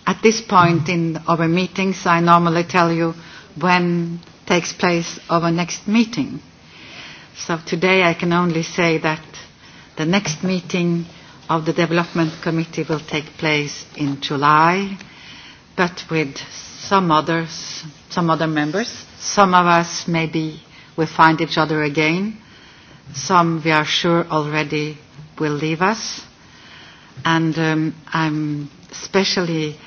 at this point in our meetings, I normally tell you when takes place our next meeting. So today I can only say that the next meeting of the Development Committee will take place in July, but with some others some other members. Some of us maybe we find each other again. Some we are sure already will leave us. And um, I'm especially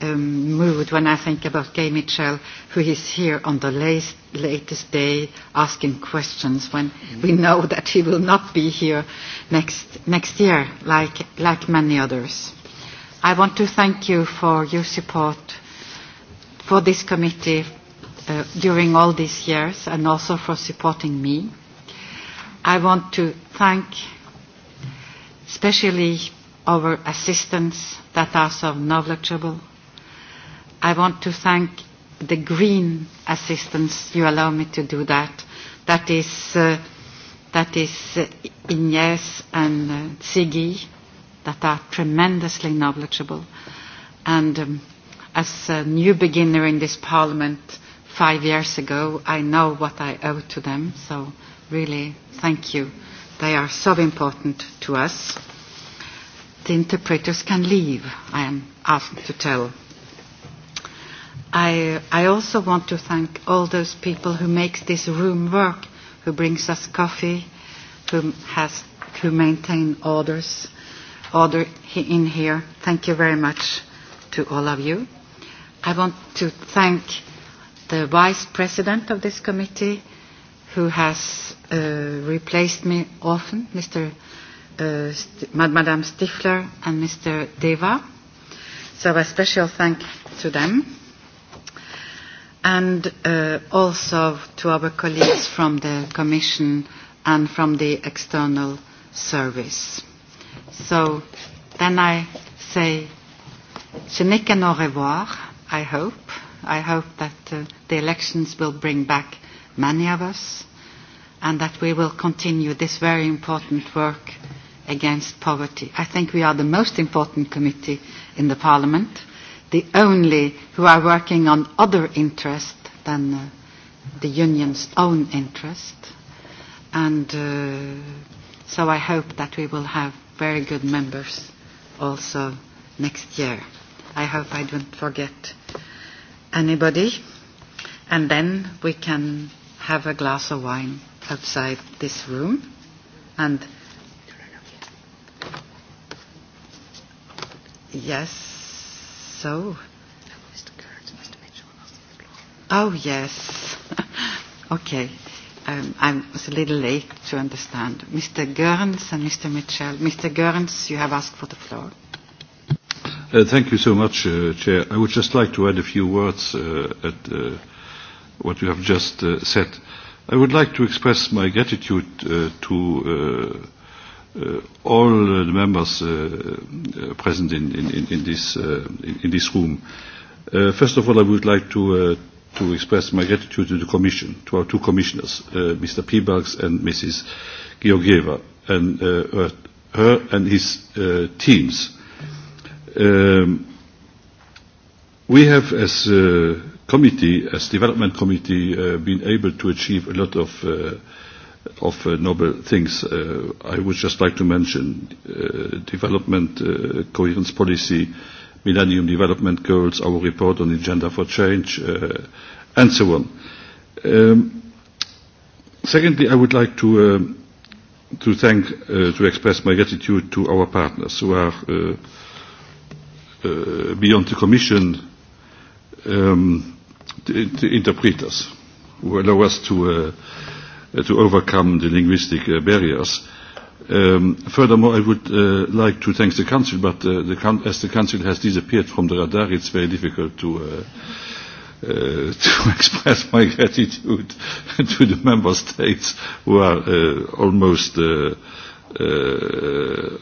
um, moved when I think about Gay Mitchell, who is here on the late, latest day asking questions when we mm. know that he will not be here next, next year, like, like many others. I want to thank you for your support for this committee uh, during all these years and also for supporting me. I want to thank especially our assistants that are so knowledgeable. I want to thank the green assistants, you allow me to do that, that is, uh, that is uh, Ines and uh, Ziggy, that are tremendously knowledgeable. And um, as a new beginner in this parliament five years ago, I know what I owe to them. So really, thank you. They are so important to us. The interpreters can leave, I am asked to tell. I, I also want to thank all those people who make this room work, who brings us coffee, who, has, who maintain orders, order in here. Thank you very much to all of you. I want to thank the Vice President of this committee, who has uh, replaced me often, Mr. Uh, St Madame Stifler and Mr. Deva. So a special thank to them. And uh, also to our colleagues from the Commission and from the External Service. So then I say, je n'ai qu'un au revoir i hope. I hope that uh, the elections will bring back many of us and that we will continue this very important work against poverty. I think we are the most important committee in the Parliament, the only who are working on other interests than uh, the Union's own interest. And uh, so I hope that we will have very good members also next year. I hope I don't forget Anybody? And then we can have a glass of wine outside this room. And yes, so. Oh, yes. okay. Um, I was a little late to understand. Mr. Gerns and Mr. Mitchell. Mr. Gerns, you have asked for the floor. Uh, thank you so much, uh, Chair. I would just like to add a few words uh, at uh, what you have just uh, said. I would like to express my gratitude uh, to uh, uh, all uh, the members uh, uh, present in, in, in, this, uh, in, in this room. Uh, first of all, I would like to, uh, to express my gratitude to the Commission, to our two commissioners, uh, Mr. Piebalgs and Mrs. Georgieva, and uh, her and his uh, teams Um, we have, as a uh, committee, as development committee, uh, been able to achieve a lot of uh, of uh, noble things. Uh, I would just like to mention uh, development uh, coherence policy, Millennium Development Goals, our report on the agenda for change, uh, and so on. Um, secondly, I would like to uh, to thank, uh, to express my gratitude to our partners who are. Uh, uh, beyond the Commission um, to, to interpret us, who allow us to, uh, uh, to overcome the linguistic uh, barriers. Um, furthermore, I would uh, like to thank the Council, but uh, the con- as the Council has disappeared from the radar, it's very difficult to, uh, uh, to express my gratitude to the Member States who are uh, almost uh, uh, uh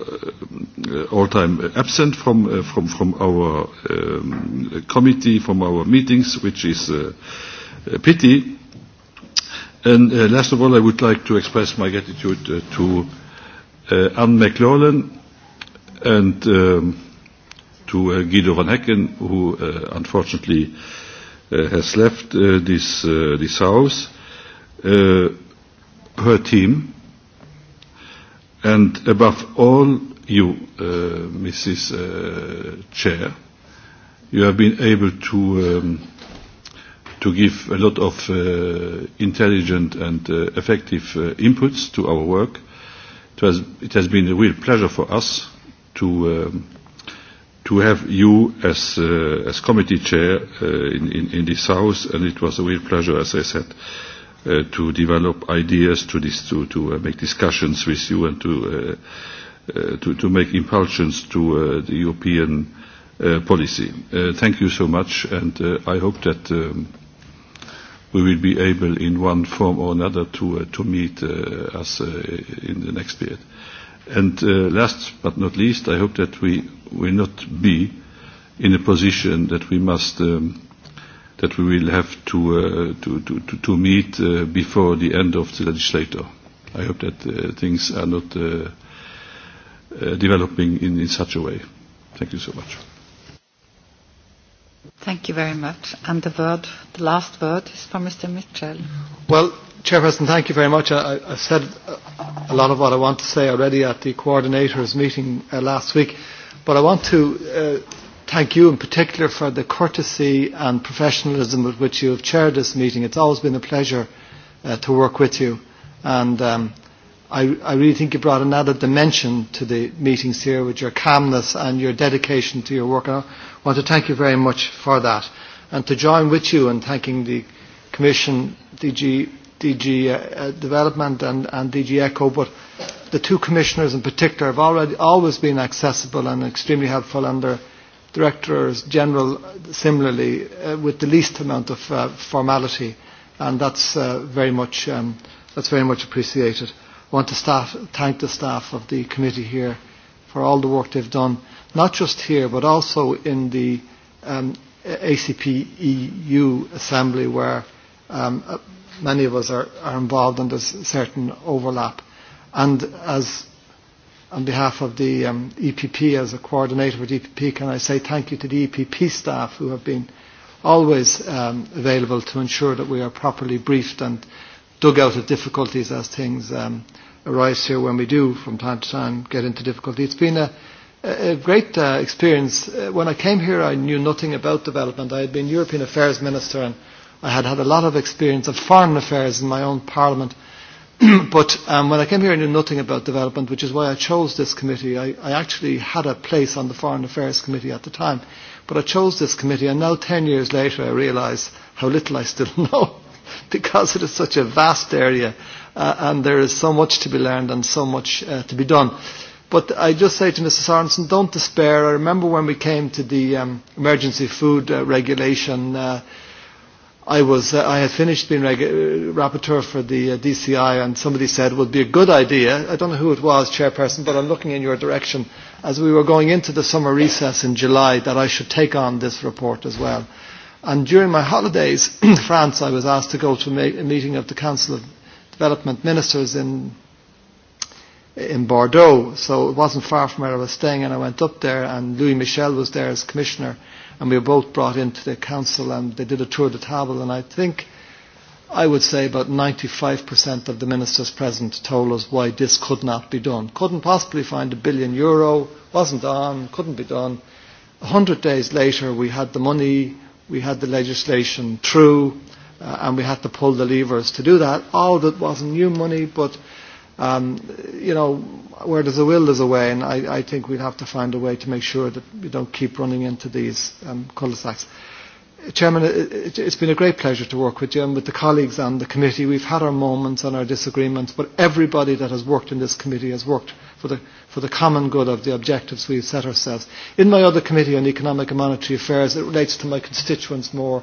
all time absent from, uh, from, from our um, committee, from our meetings, which is uh, a pity. And uh, last of all, I would like to express my gratitude uh, to uh, Anne McLaughlin and um, to uh, Guido van Hecken, who uh, unfortunately uh, has left uh, this, uh, this house, uh, her team, And above all, you, uh, Mrs. Uh, Chair, you have been able to um, to give a lot of uh, intelligent and uh, effective uh, inputs to our work. It has, it has been a real pleasure for us to um, to have you as uh, as committee chair uh, in, in in this house, and it was a real pleasure, as I said uh, to develop ideas, to, dis to, to uh, make discussions with you and to, uh, uh, to, to make impulsions to uh, the European uh, policy. Uh, thank you so much, and uh, I hope that um, we will be able in one form or another to, uh, to meet uh, us uh, in the next period. And uh, last but not least, I hope that we will not be in a position that we must um, that we will have to, uh, to, to, to meet uh, before the end of the legislature. I hope that uh, things are not uh, uh, developing in, in such a way. Thank you so much. Thank you very much. And the word, the last word is for Mr. Mitchell. Well, Chairperson, thank you very much. I, I said a lot of what I want to say already at the coordinators meeting uh, last week, but I want to uh, thank you in particular for the courtesy and professionalism with which you have chaired this meeting. It's always been a pleasure uh, to work with you. And um, I, I really think you brought another dimension to the meetings here with your calmness and your dedication to your work. And I want to thank you very much for that. And to join with you in thanking the Commission, DG, DG uh, uh, Development and, and DG ECHO, but the two commissioners in particular have already always been accessible and extremely helpful under. their directors general similarly uh, with the least amount of uh, formality and that's uh, very much um, that's very much appreciated. I want to staff, thank the staff of the committee here for all the work they've done, not just here but also in the um, ACP EU assembly where um, uh, many of us are, are involved and there's certain overlap. And as on behalf of the um, EPP, as a coordinator with EPP, can I say thank you to the EPP staff who have been always um, available to ensure that we are properly briefed and dug out of difficulties as things um, arise here when we do from time to time get into difficulty. It's been a, a great uh, experience. Uh, when I came here, I knew nothing about development. I had been European Affairs Minister and I had had a lot of experience of foreign affairs in my own parliament but um, when I came here, I knew nothing about development, which is why I chose this committee. I, I actually had a place on the Foreign Affairs Committee at the time, but I chose this committee, and now 10 years later, I realise how little I still know because it is such a vast area uh, and there is so much to be learned and so much uh, to be done. But I just say to Mrs. Sorensen, don't despair. I remember when we came to the um, emergency food uh, regulation. Uh, i was uh, I had finished being reg- uh, rapporteur for the uh, DCI, and somebody said it would be a good idea. I don't know who it was, chairperson, but I'm looking in your direction as we were going into the summer recess in July that I should take on this report as well. And during my holidays in France, I was asked to go to a, a meeting of the Council of Development Ministers in in Bordeaux, so it wasn't far from where I was staying, and I went up there, and Louis Michel was there as commissioner and we were both brought into the council and they did a tour of the table and I think I would say about 95% of the ministers present told us why this could not be done. Couldn't possibly find a billion euro, wasn't on, couldn't be done. A hundred days later we had the money, we had the legislation through uh, and we had to pull the levers to do that. All that wasn't new money but um, you know, where there's a will, there's a way, and I, I think we'd have to find a way to make sure that we don't keep running into these um, cul-de-sacs. Chairman, it, it's been a great pleasure to work with you and with the colleagues on the committee. We've had our moments and our disagreements, but everybody that has worked in this committee has worked for the, for the common good of the objectives we've set ourselves. In my other committee on economic and monetary affairs, it relates to my constituents more